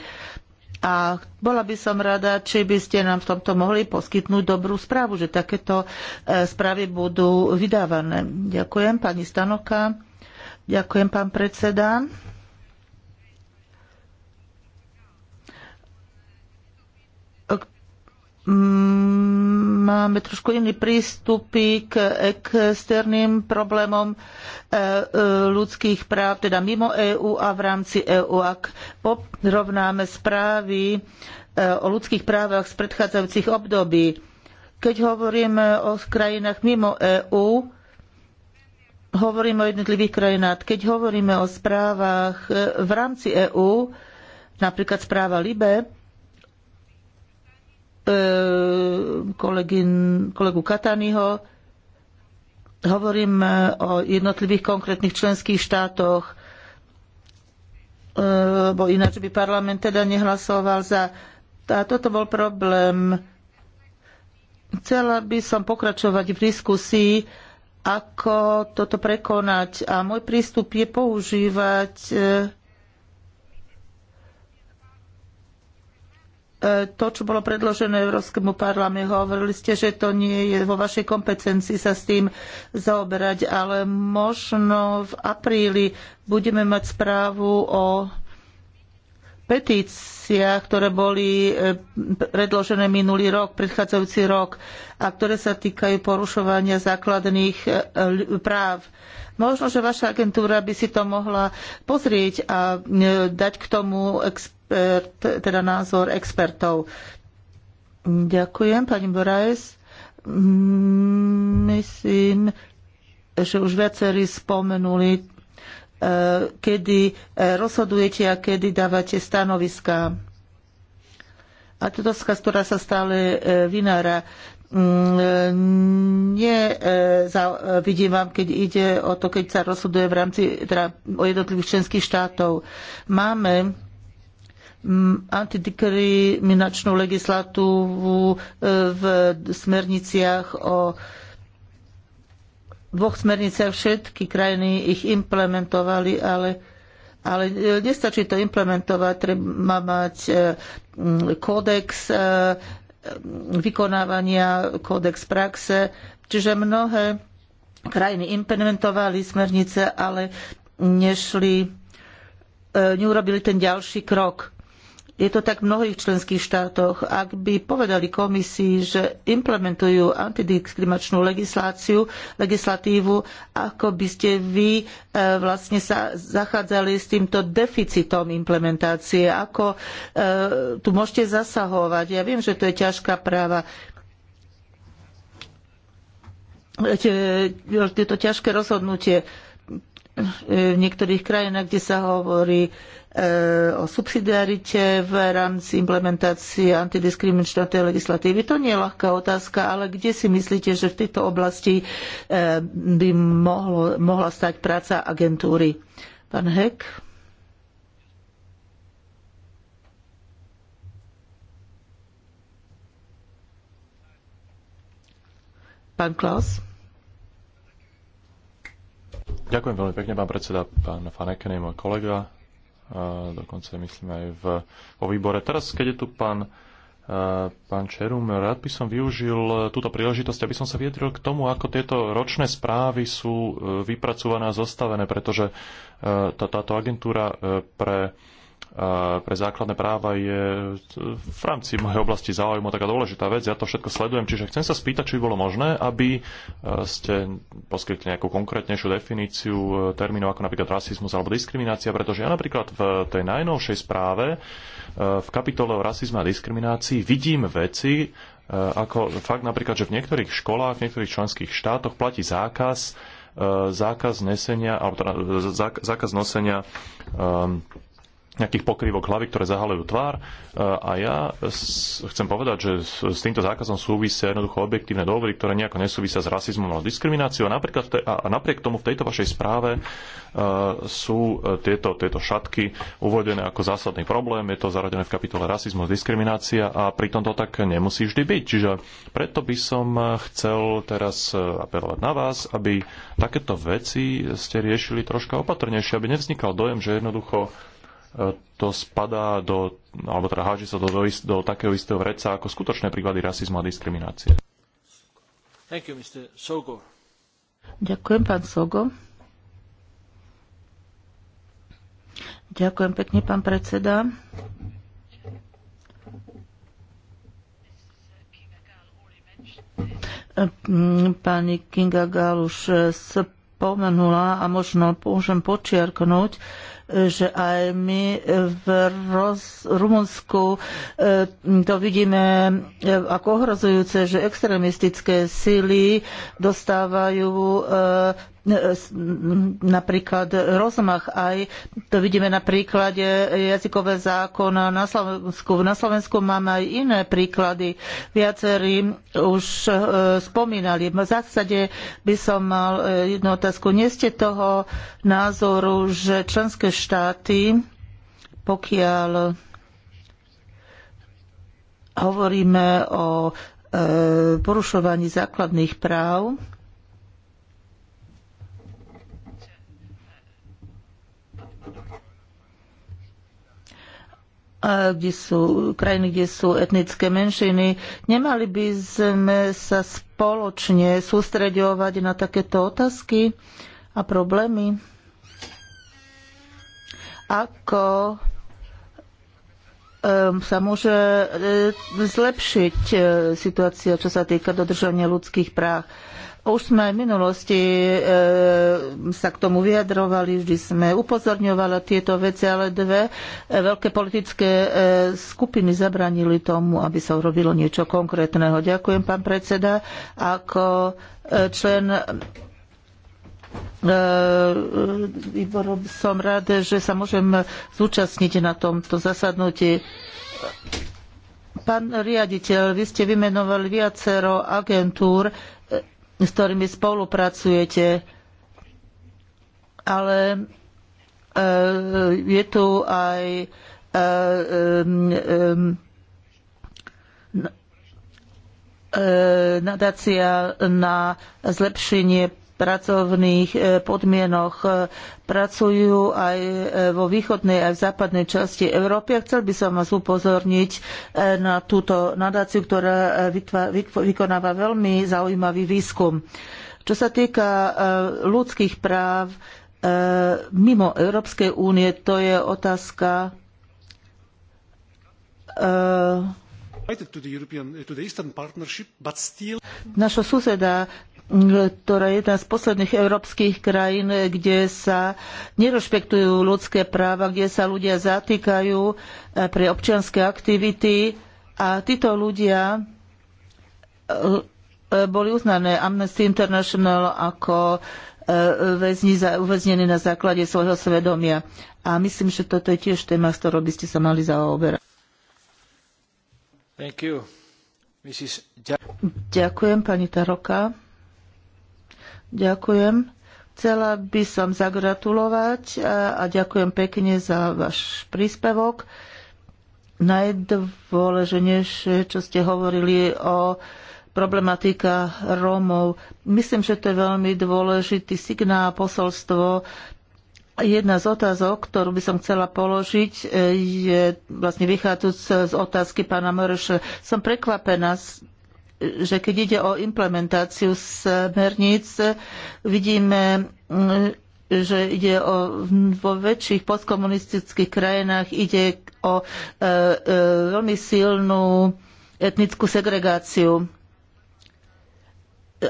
A bola by som rada, či by ste nám v tomto mohli poskytnúť dobrú správu, že takéto e, správy budú vydávané. Ďakujem, pani Stanoka. Ďakujem, pán predseda. Mm, máme trošku iný prístupy k externým problémom e, e, ľudských práv, teda mimo EÚ a v rámci EÚ. Ak porovnáme správy e, o ľudských právach z predchádzajúcich období, keď hovoríme o krajinách mimo EÚ, hovoríme o jednotlivých krajinách. Keď hovoríme o správach v rámci EÚ, napríklad správa Libe, E, kolegu Kataniho. Hovorím e, o jednotlivých konkrétnych členských štátoch, e, bo ináč by parlament teda nehlasoval za... A toto bol problém. Chcela by som pokračovať v diskusii, ako toto prekonať. A môj prístup je používať E, to, čo bolo predložené Európskemu parlamentu. Hovorili ste, že to nie je vo vašej kompetencii sa s tým zaoberať, ale možno v apríli budeme mať správu o petíciách, ktoré boli e, predložené minulý rok, predchádzajúci rok a ktoré sa týkajú porušovania základných e, práv. Možno, že vaša agentúra by si to mohla pozrieť a dať k tomu expertov expert, teda názor expertov. Ďakujem, pani Boraes. Myslím, že už viacerí spomenuli, e, kedy e, rozhodujete a kedy dávate stanoviská. A to doska, ktorá sa stále e, vynára mm, nie vidím vám, keď ide o to, keď sa rozhoduje v rámci teda o jednotlivých členských štátov. Máme Mm, antidiskriminačnú legislatívu e, v smerniciach o dvoch smerniciach všetky krajiny ich implementovali, ale, ale e, nestačí to implementovať, treba mať e, mm, kódex vykonávania, kódex praxe. Čiže mnohé krajiny implementovali smernice, ale nešli, neurobili ten ďalší krok je to tak v mnohých členských štátoch. Ak by povedali komisii, že implementujú antidiskriminačnú legisláciu, legislatívu, ako by ste vy e, vlastne sa zachádzali s týmto deficitom implementácie, ako e, tu môžete zasahovať. Ja viem, že to je ťažká práva, je to ťažké rozhodnutie v niektorých krajinách, kde sa hovorí, Eh, o subsidiarite v rámci implementácie antidiskriminačnej legislatívy. To nie je ľahká otázka, ale kde si myslíte, že v tejto oblasti eh, by mohlo, mohla stať práca agentúry? Pán Hek? Pán Klaus? Ďakujem veľmi pekne, pán predseda. Pán Fanekene, môj kolega dokonca myslím aj v, vo výbore. Teraz, keď je tu pán, e, pán Čerum, rád by som využil e, túto príležitosť, aby som sa vyjadril k tomu, ako tieto ročné správy sú e, vypracované a zostavené, pretože tá, táto agentúra pre pre základné práva je v rámci mojej oblasti záujmu taká dôležitá vec. Ja to všetko sledujem, čiže chcem sa spýtať, či by bolo možné, aby e, ste poskytli nejakú konkrétnejšiu definíciu e, termínov ako napríklad rasizmus alebo diskriminácia, pretože ja napríklad v tej najnovšej správe e, v kapitole o rasizme a diskriminácii vidím veci, ako fakt napríklad, že v niektorých školách, v niektorých členských štátoch platí zákaz zákaz nesenia, alebo teda zákaz nosenia um, nejakých pokrývok hlavy, ktoré zahalujú tvár. E, a ja chcem povedať, že s týmto zákazom súvisia jednoducho objektívne dôvody, ktoré nejako nesúvisia s rasizmom alebo diskrimináciou. A, napríklad, a napriek tomu v tejto vašej správe e, sú e, tieto, tieto šatky uvedené ako zásadný problém. Je to zaradené v kapitole rasizmus, diskriminácia a pritom to tak nemusí vždy byť. Čiže preto by som chcel teraz apelovať na vás, aby takéto veci ste riešili troška opatrnejšie, aby nevznikal dojem, že jednoducho to spadá do, alebo teda háži sa to do, do, do takého istého vreca ako skutočné príklady rasizmu a diskriminácie. Thank you, Mr. Sogo. Ďakujem, pán Sogo. Ďakujem pekne, pán predseda. Mm, pani Kinga Gál už eh, spomenula a možno môžem počiarknúť, že aj my v Roz, Rumunsku e, to vidíme e, ako ohrozujúce, že extrémistické síly dostávajú e, E, napríklad rozmach. Aj to vidíme na príklade jazykové zákona na Slovensku. Na Slovensku máme aj iné príklady. Viacerí už e, spomínali. V zásade by som mal e, jednu otázku. Nie ste toho názoru, že členské štáty, pokiaľ hovoríme o porušovaní základných práv, kde sú krajiny, kde sú etnické menšiny. Nemali by sme sa spoločne sústreďovať na takéto otázky a problémy? Ako sa môže e, zlepšiť e, situácia, čo sa týka dodržania ľudských práv. Už sme v minulosti e, sa k tomu vyjadrovali, vždy sme upozorňovali tieto veci, ale dve veľké politické e, skupiny zabranili tomu, aby sa urobilo niečo konkrétneho. Ďakujem, pán predseda. Ako e, člen e, výboru e, som rád, že sa môžem zúčastniť na tomto zasadnutí. Pán riaditeľ, vy ste vymenovali viacero agentúr, s ktorými spolupracujete. Ale e, je tu aj e, e, nadácia na zlepšenie pracovných e, podmienoch e, pracujú aj e, vo východnej, aj v západnej časti Európy. A chcel by som vás upozorniť na túto nadáciu, ktorá vykonáva veľmi zaujímavý výskum. Čo sa týka ľudských práv mimo Európskej únie, to je otázka našho suseda ktorá je jedna z posledných európskych krajín, kde sa nerešpektujú ľudské práva, kde sa ľudia zatýkajú eh, pre občianske aktivity a títo ľudia eh, eh, boli uznané Amnesty International ako väzni uväznení na základe svojho svedomia. A myslím, že toto je tiež téma, s ktorou by ste sa mali zaoberať. Ďakujem, pani Taroka. Ďakujem. Chcela by som zagratulovať e, a ďakujem pekne za váš príspevok. Najdôležitejšie, čo ste hovorili o problematika Rómov. Myslím, že to je veľmi dôležitý signál, posolstvo. Jedna z otázok, ktorú by som chcela položiť, e, je vlastne vychádzajúc z otázky pána Moreša. Som prekvapená z že keď ide o implementáciu smerníc, vidíme, že ide o, vo väčších postkomunistických krajinách ide o e, e, veľmi silnú etnickú segregáciu.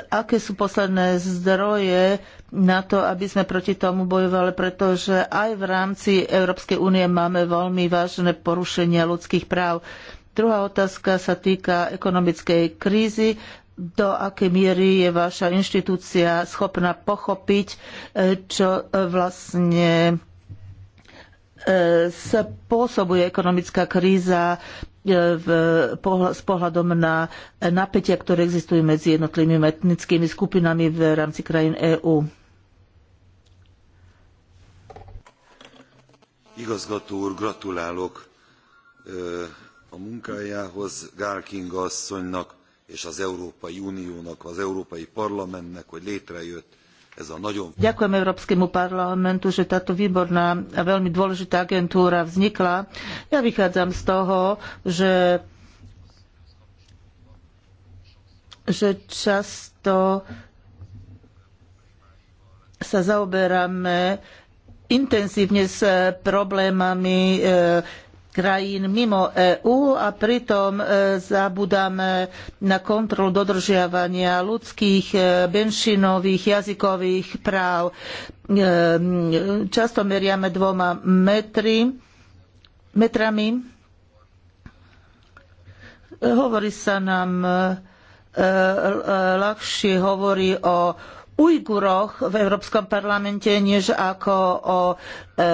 Aké sú posledné zdroje na to, aby sme proti tomu bojovali, pretože aj v rámci Európskej únie máme veľmi vážne porušenia ľudských práv. E, Druhá otázka sa týka ekonomickej krízy. Do akej miery je vaša inštitúcia schopná pochopiť, e, čo e, vlastne e, spôsobuje ekonomická kríza v, s pohľadom na napätia, ktoré existujú medzi jednotlivými etnickými skupinami v rámci krajín EÚ. Igazgató úr, gratulálok a munkájához Gál Kinga asszonynak és az Európai Uniónak, az Európai Parlamentnek, hogy létrejött ez a nagyon... Ďakujem Európskemu parlamentu, že táto výborná a veľmi dôležitá agentúra vznikla. Ja vychádzam z toho, že že často sa zaoberáme intenzívne s problémami e, krajín mimo EÚ a pritom e, zabudáme na kontrolu dodržiavania ľudských, e, menšinových, jazykových práv. E, často meriame dvoma metry, metrami. Hovorí sa nám ľahšie hovorí o Ujguroch v Európskom parlamente, než ako o e, e,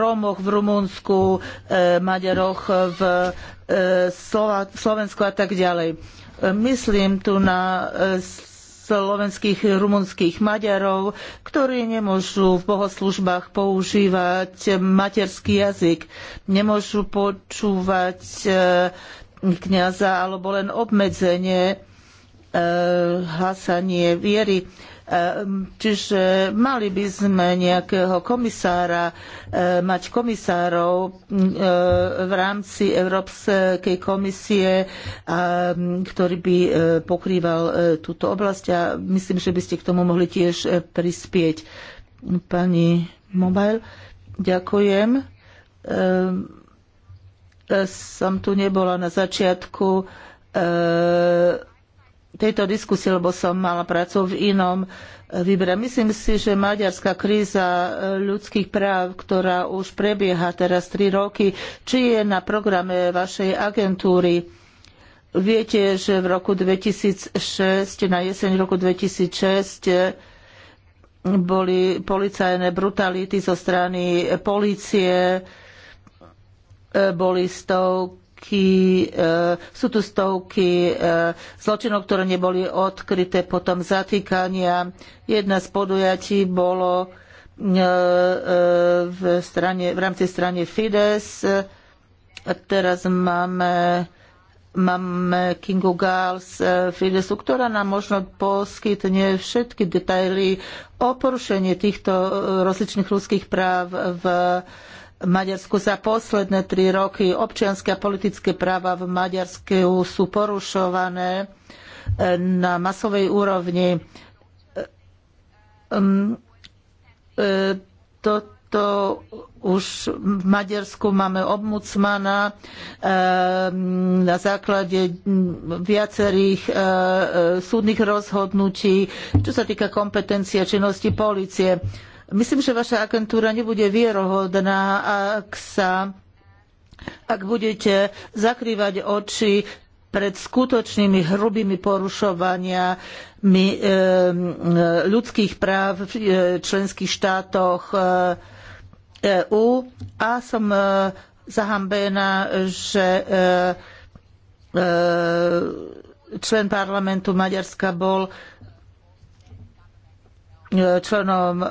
Rómoch v Rumunsku, e, Maďaroch v e, Slova, Slovensku a tak ďalej. Myslím tu na e, slovenských, rumunských Maďarov, ktorí nemôžu v bohoslužbách používať materský jazyk, nemôžu počúvať e, kňaza alebo len obmedzenie E, hlásanie viery. E, čiže mali by sme nejakého komisára, e, mať komisárov v rámci Európskej komisie, ktorý by pokrýval túto oblasť a myslím, že by ste k tomu mohli tiež prispieť. Pani Mobile, ďakujem. Som tu nebola na začiatku tejto diskusii, lebo som mala prácu v inom výbere. Myslím si, že maďarská kríza ľudských práv, ktorá už prebieha teraz tri roky, či je na programe vašej agentúry. Viete, že v roku 2006, na jeseň roku 2006, boli policajné brutality zo strany polície, boli stovky stovky, e, sú tu stovky e, zločinov, ktoré neboli odkryté, potom zatýkania. Jedna z podujatí bolo e, v, strane, v rámci strany Fides. Teraz máme máme Kingu Gals Fidesu, ktorá nám možno poskytne všetky detaily o porušení týchto rozličných ľudských práv v Maďarsku za posledné tri roky. Občianske a politické práva v Maďarsku sú porušované eh, na masovej úrovni. Eh, mm, eh, toto už v Maďarsku máme obmucmana na základe viacerých súdnych rozhodnutí, čo sa týka kompetencie činnosti polície Myslím, že vaša agentúra nebude vierohodná, ak sa ak budete zakrývať oči pred skutočnými hrubými porušovaniami eh, eh, ľudských práv v eh, členských štátoch EÚ. E A som zahambená, že člen parlamentu Maďarska bol E, členom e,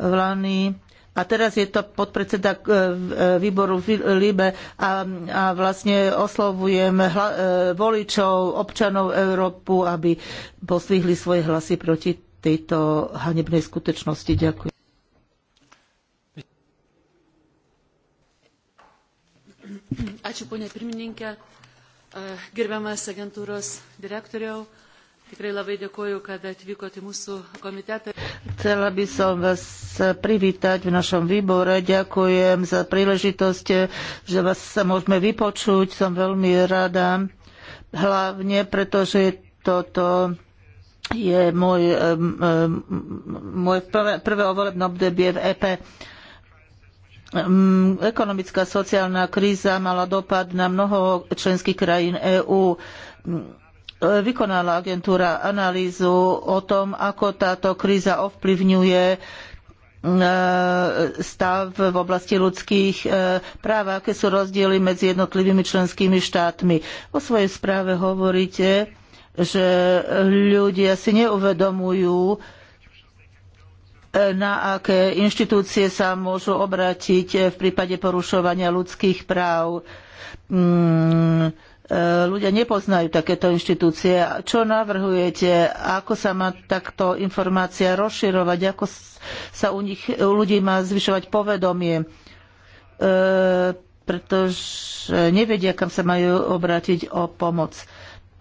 Vlany a teraz je to podpredseda e, výboru Libe a, a vlastne oslovujem hla, voličov, občanov Európu, aby posvihli svoje hlasy proti tejto hanebnej skutočnosti. Ďakujem. Ačiū, ponia pirmininkė, gerbiamas agentūros direktoriau. Tikrai labai kad atvykote mūsų komitetą. Chcela by som vás privítať v našom výbore. Ďakujem za príležitosť, že vás sa môžeme vypočuť. Som veľmi rada, hlavne pretože toto je môj, môj prvé, prvé volebné obdobie v EP. Ekonomická sociálna kríza mala dopad na mnoho členských krajín EÚ E, vykonala agentúra analýzu o tom, ako táto kríza ovplyvňuje e, stav v oblasti ľudských e, práv, aké sú rozdiely medzi jednotlivými členskými štátmi. Vo svojej správe hovoríte, že ľudia si neuvedomujú, na aké inštitúcie sa môžu obrátiť v prípade porušovania ľudských práv. Mm, E, ľudia nepoznajú takéto inštitúcie. Čo navrhujete? Ako sa má takto informácia rozširovať? Ako sa u, nich, u ľudí má zvyšovať povedomie? E, pretože nevedia, kam sa majú obrátiť o pomoc.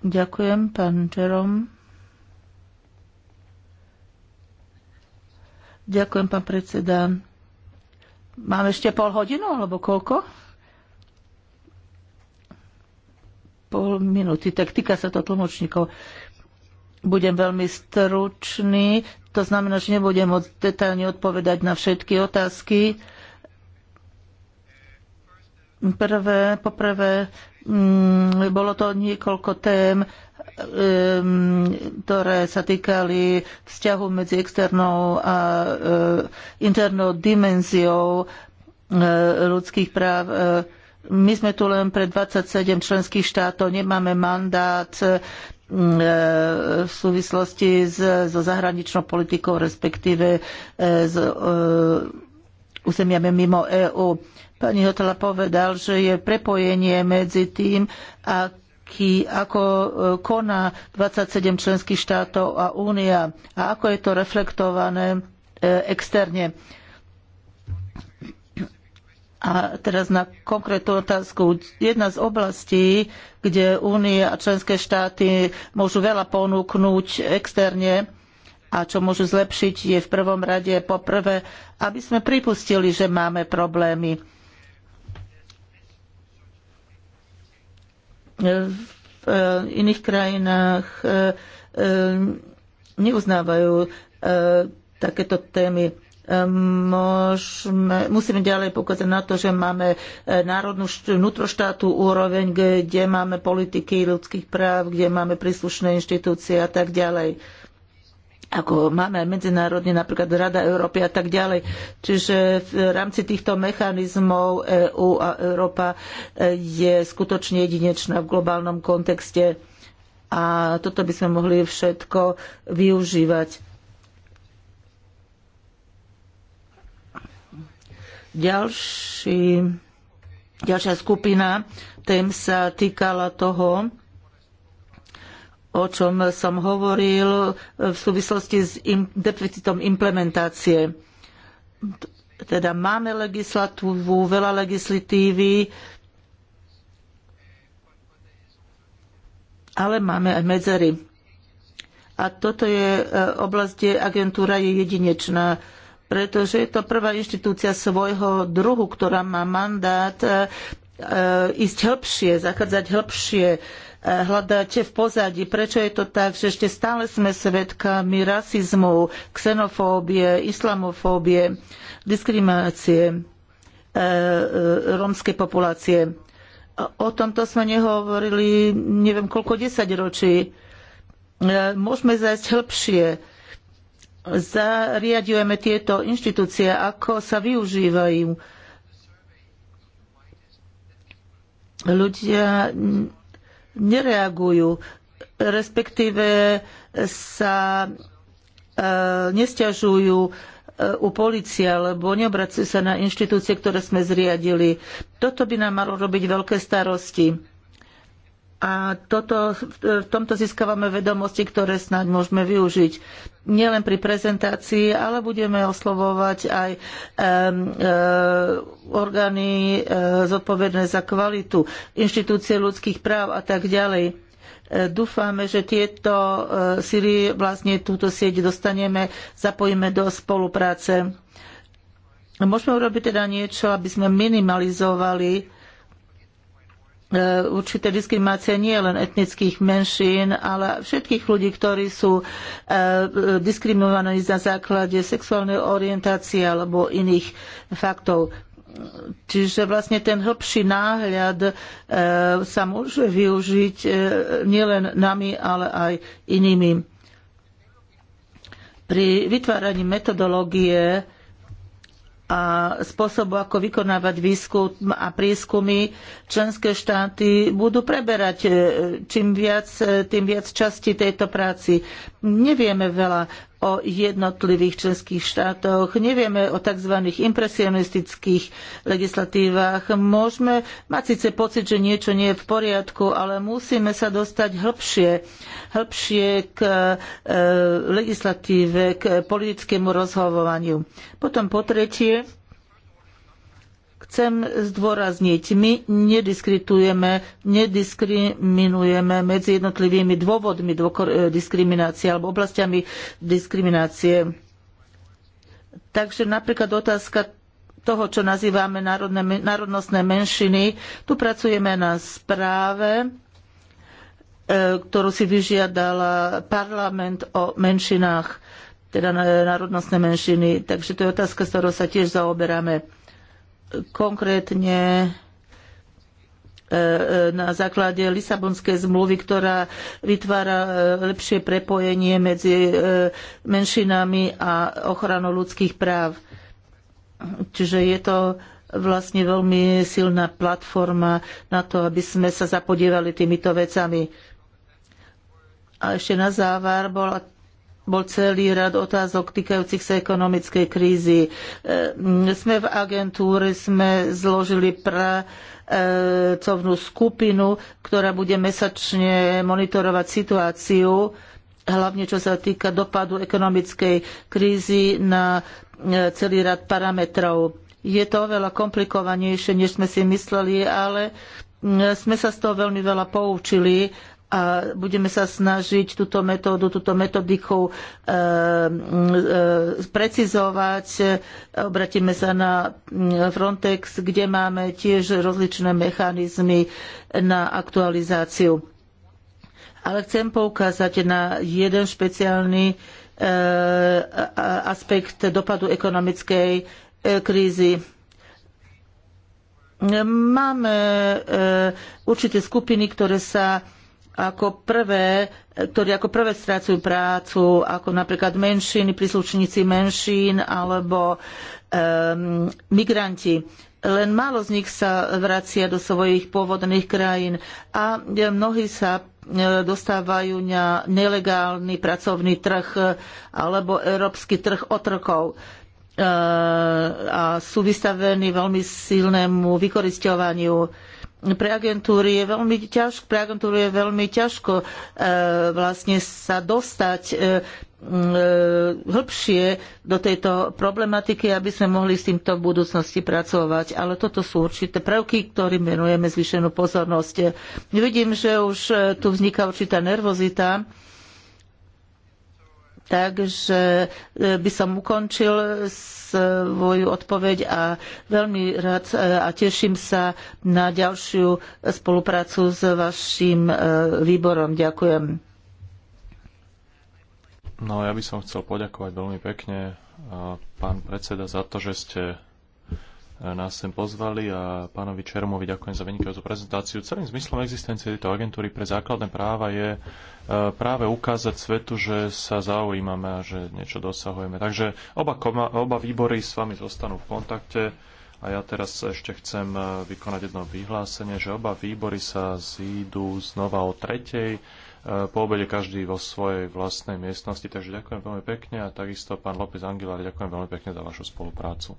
Ďakujem, pán Čerom. Ďakujem, pán predseda. Mám ešte pol hodinu, alebo koľko? pol minúty, tak týka sa to tlmočníkov. Budem veľmi stručný, to znamená, že nebudem moc detailne odpovedať na všetky otázky. Prvé, poprvé, mm, bolo to niekoľko tém, mm, ktoré sa týkali vzťahu medzi externou a e, internou dimenziou e, ľudských práv e, my sme tu len pre 27 členských štátov, nemáme mandát e, v súvislosti so zahraničnou politikou, respektíve e, s e, územiami mimo EÚ. Pani Hotela povedal, že je prepojenie medzi tým, aký, ako koná 27 členských štátov a únia a ako je to reflektované externe. A teraz na konkrétnu otázku. Jedna z oblastí, kde Únie a členské štáty môžu veľa ponúknuť externe a čo môžu zlepšiť, je v prvom rade poprvé, aby sme pripustili, že máme problémy. V e, iných krajinách e, e, neuznávajú takéto témy Môžeme, musíme ďalej pokazať na to, že máme e, národnú vnútroštátu úroveň, kde máme politiky ľudských práv, kde máme príslušné inštitúcie a tak ďalej ako máme aj medzinárodne, napríklad Rada Európy a tak ďalej. Čiže v rámci týchto mechanizmov EÚ EU a Európa e, je skutočne jedinečná v globálnom kontexte a toto by sme mohli všetko využívať. Ďalší, ďalšia skupina tém sa týkala toho, o čom som hovoril v súvislosti s deficitom implementácie. Teda máme legislatívu, veľa legislatívy, ale máme aj medzery. A toto je e, oblasť, kde agentúra je jedinečná pretože je to prvá inštitúcia svojho druhu, ktorá má mandát e, e, ísť hĺbšie, zachádzať hĺbšie, e, hľadať v pozadí. Prečo je to tak, že ešte stále sme svedkami rasizmu, xenofóbie, islamofóbie, diskriminácie rómskej populácie. O tomto sme nehovorili neviem koľko desaťročí. Môžeme zajsť hĺbšie zariadujeme tieto inštitúcie, ako sa využívajú. Ľudia nereagujú, respektíve sa e, nestiažujú e, u polície, alebo neobracujú sa na inštitúcie, ktoré sme zriadili. Toto by nám malo robiť veľké starosti a toto, v tomto získavame vedomosti, ktoré snáď môžeme využiť nielen pri prezentácii, ale budeme oslovovať aj eh, orgány eh, zodpovedné za kvalitu, inštitúcie ľudských práv a tak ďalej. Eh, dúfame, že tieto síly, vlastne túto sieť dostaneme, zapojíme do spolupráce. Môžeme urobiť teda niečo, aby sme minimalizovali E, určité diskriminácie nie len etnických menšín, ale všetkých ľudí, ktorí sú e, diskriminovaní na základe sexuálnej orientácie alebo iných faktov. Čiže vlastne ten hĺbší náhľad e, sa môže využiť nielen nami, ale aj inými. Pri vytváraní metodológie a spôsobu, ako vykonávať výskum a prieskumy, členské štáty budú preberať e, čím viac, e, tým viac časti tejto práci. Nevieme veľa o jednotlivých členských štátoch, nevieme o tzv. impresionistických legislatívach. Môžeme mať síce pocit, že niečo nie je v poriadku, ale musíme sa dostať hĺbšie, hĺbšie k e, legislatíve, k politickému rozhovovaniu. Potom po tretie, Chcem zdôrazniť, my nediskritujeme, nediskriminujeme medzi jednotlivými dôvodmi eh, diskriminácie alebo oblastiami diskriminácie. Takže napríklad otázka toho, čo nazývame národnostné menšiny. Tu pracujeme na správe, eh, ktorú si vyžiadal parlament o menšinách, teda národnostné menšiny. Takže to je otázka, s ktorou sa tiež zaoberáme konkrétne e, e, na základe Lisabonskej zmluvy, ktorá vytvára e, lepšie prepojenie medzi menšinami a ochranou ľudských práv. Čiže je to vlastne veľmi silná platforma na to, aby sme sa zapodievali týmito vecami. A ešte na záver bola bol celý rad otázok týkajúcich sa ekonomickej krízy. E, sme v agentúre, sme zložili pra covnú skupinu, ktorá bude mesačne monitorovať situáciu, hlavne čo sa týka dopadu ekonomickej krízy na e, celý rad parametrov. Je to oveľa komplikovanejšie, než sme si mysleli, ale e, sme sa z toho veľmi veľa poučili a budeme sa snažiť túto metódu, túto metodiku e, e, precizovať. Obratíme sa na mm, Frontex, kde máme tiež rozličné mechanizmy na aktualizáciu. Ale chcem poukázať na jeden špeciálny e, aspekt dopadu ekonomickej e, krízy máme e, určité skupiny, ktoré sa ako prvé, ktorí ako prvé strácajú prácu, ako napríklad menšiny, príslušníci menšín alebo um, migranti. Len málo z nich sa vracia do svojich pôvodných krajín a e, mnohí sa e, dostávajú na nelegálny pracovný trh e, alebo európsky trh otrokov a sú vystavení veľmi silnému vykorisťovaniu pre agentúry je veľmi ťažko, pre agentúru je veľmi ťažko e, vlastne sa dostať e, e, hĺbšie do tejto problematiky, aby sme mohli s týmto v budúcnosti pracovať. Ale toto sú určité prvky, ktorým venujeme zvýšenú pozornosť. Vidím, že už e, tu vzniká určitá nervozita. Takže e, by som ukončil svoju odpoveď a veľmi rád e, a teším sa na ďalšiu spoluprácu s vašim e, výborom. Ďakujem. No ja by som chcel poďakovať veľmi pekne pán predseda za to, že ste nás sem pozvali a pánovi Čermovi ďakujem za vynikajúcu prezentáciu. Celým zmyslom existencie tejto agentúry pre základné práva je e, práve ukázať svetu, že sa zaujímame a že niečo dosahujeme. Takže oba, koma, oba výbory s vami zostanú v kontakte a ja teraz ešte chcem e, vykonať jedno vyhlásenie, že oba výbory sa zídu znova o tretej e, po obede každý vo svojej vlastnej miestnosti. Takže ďakujem veľmi pekne a takisto pán López Angilar, ďakujem veľmi pekne za vašu spoluprácu.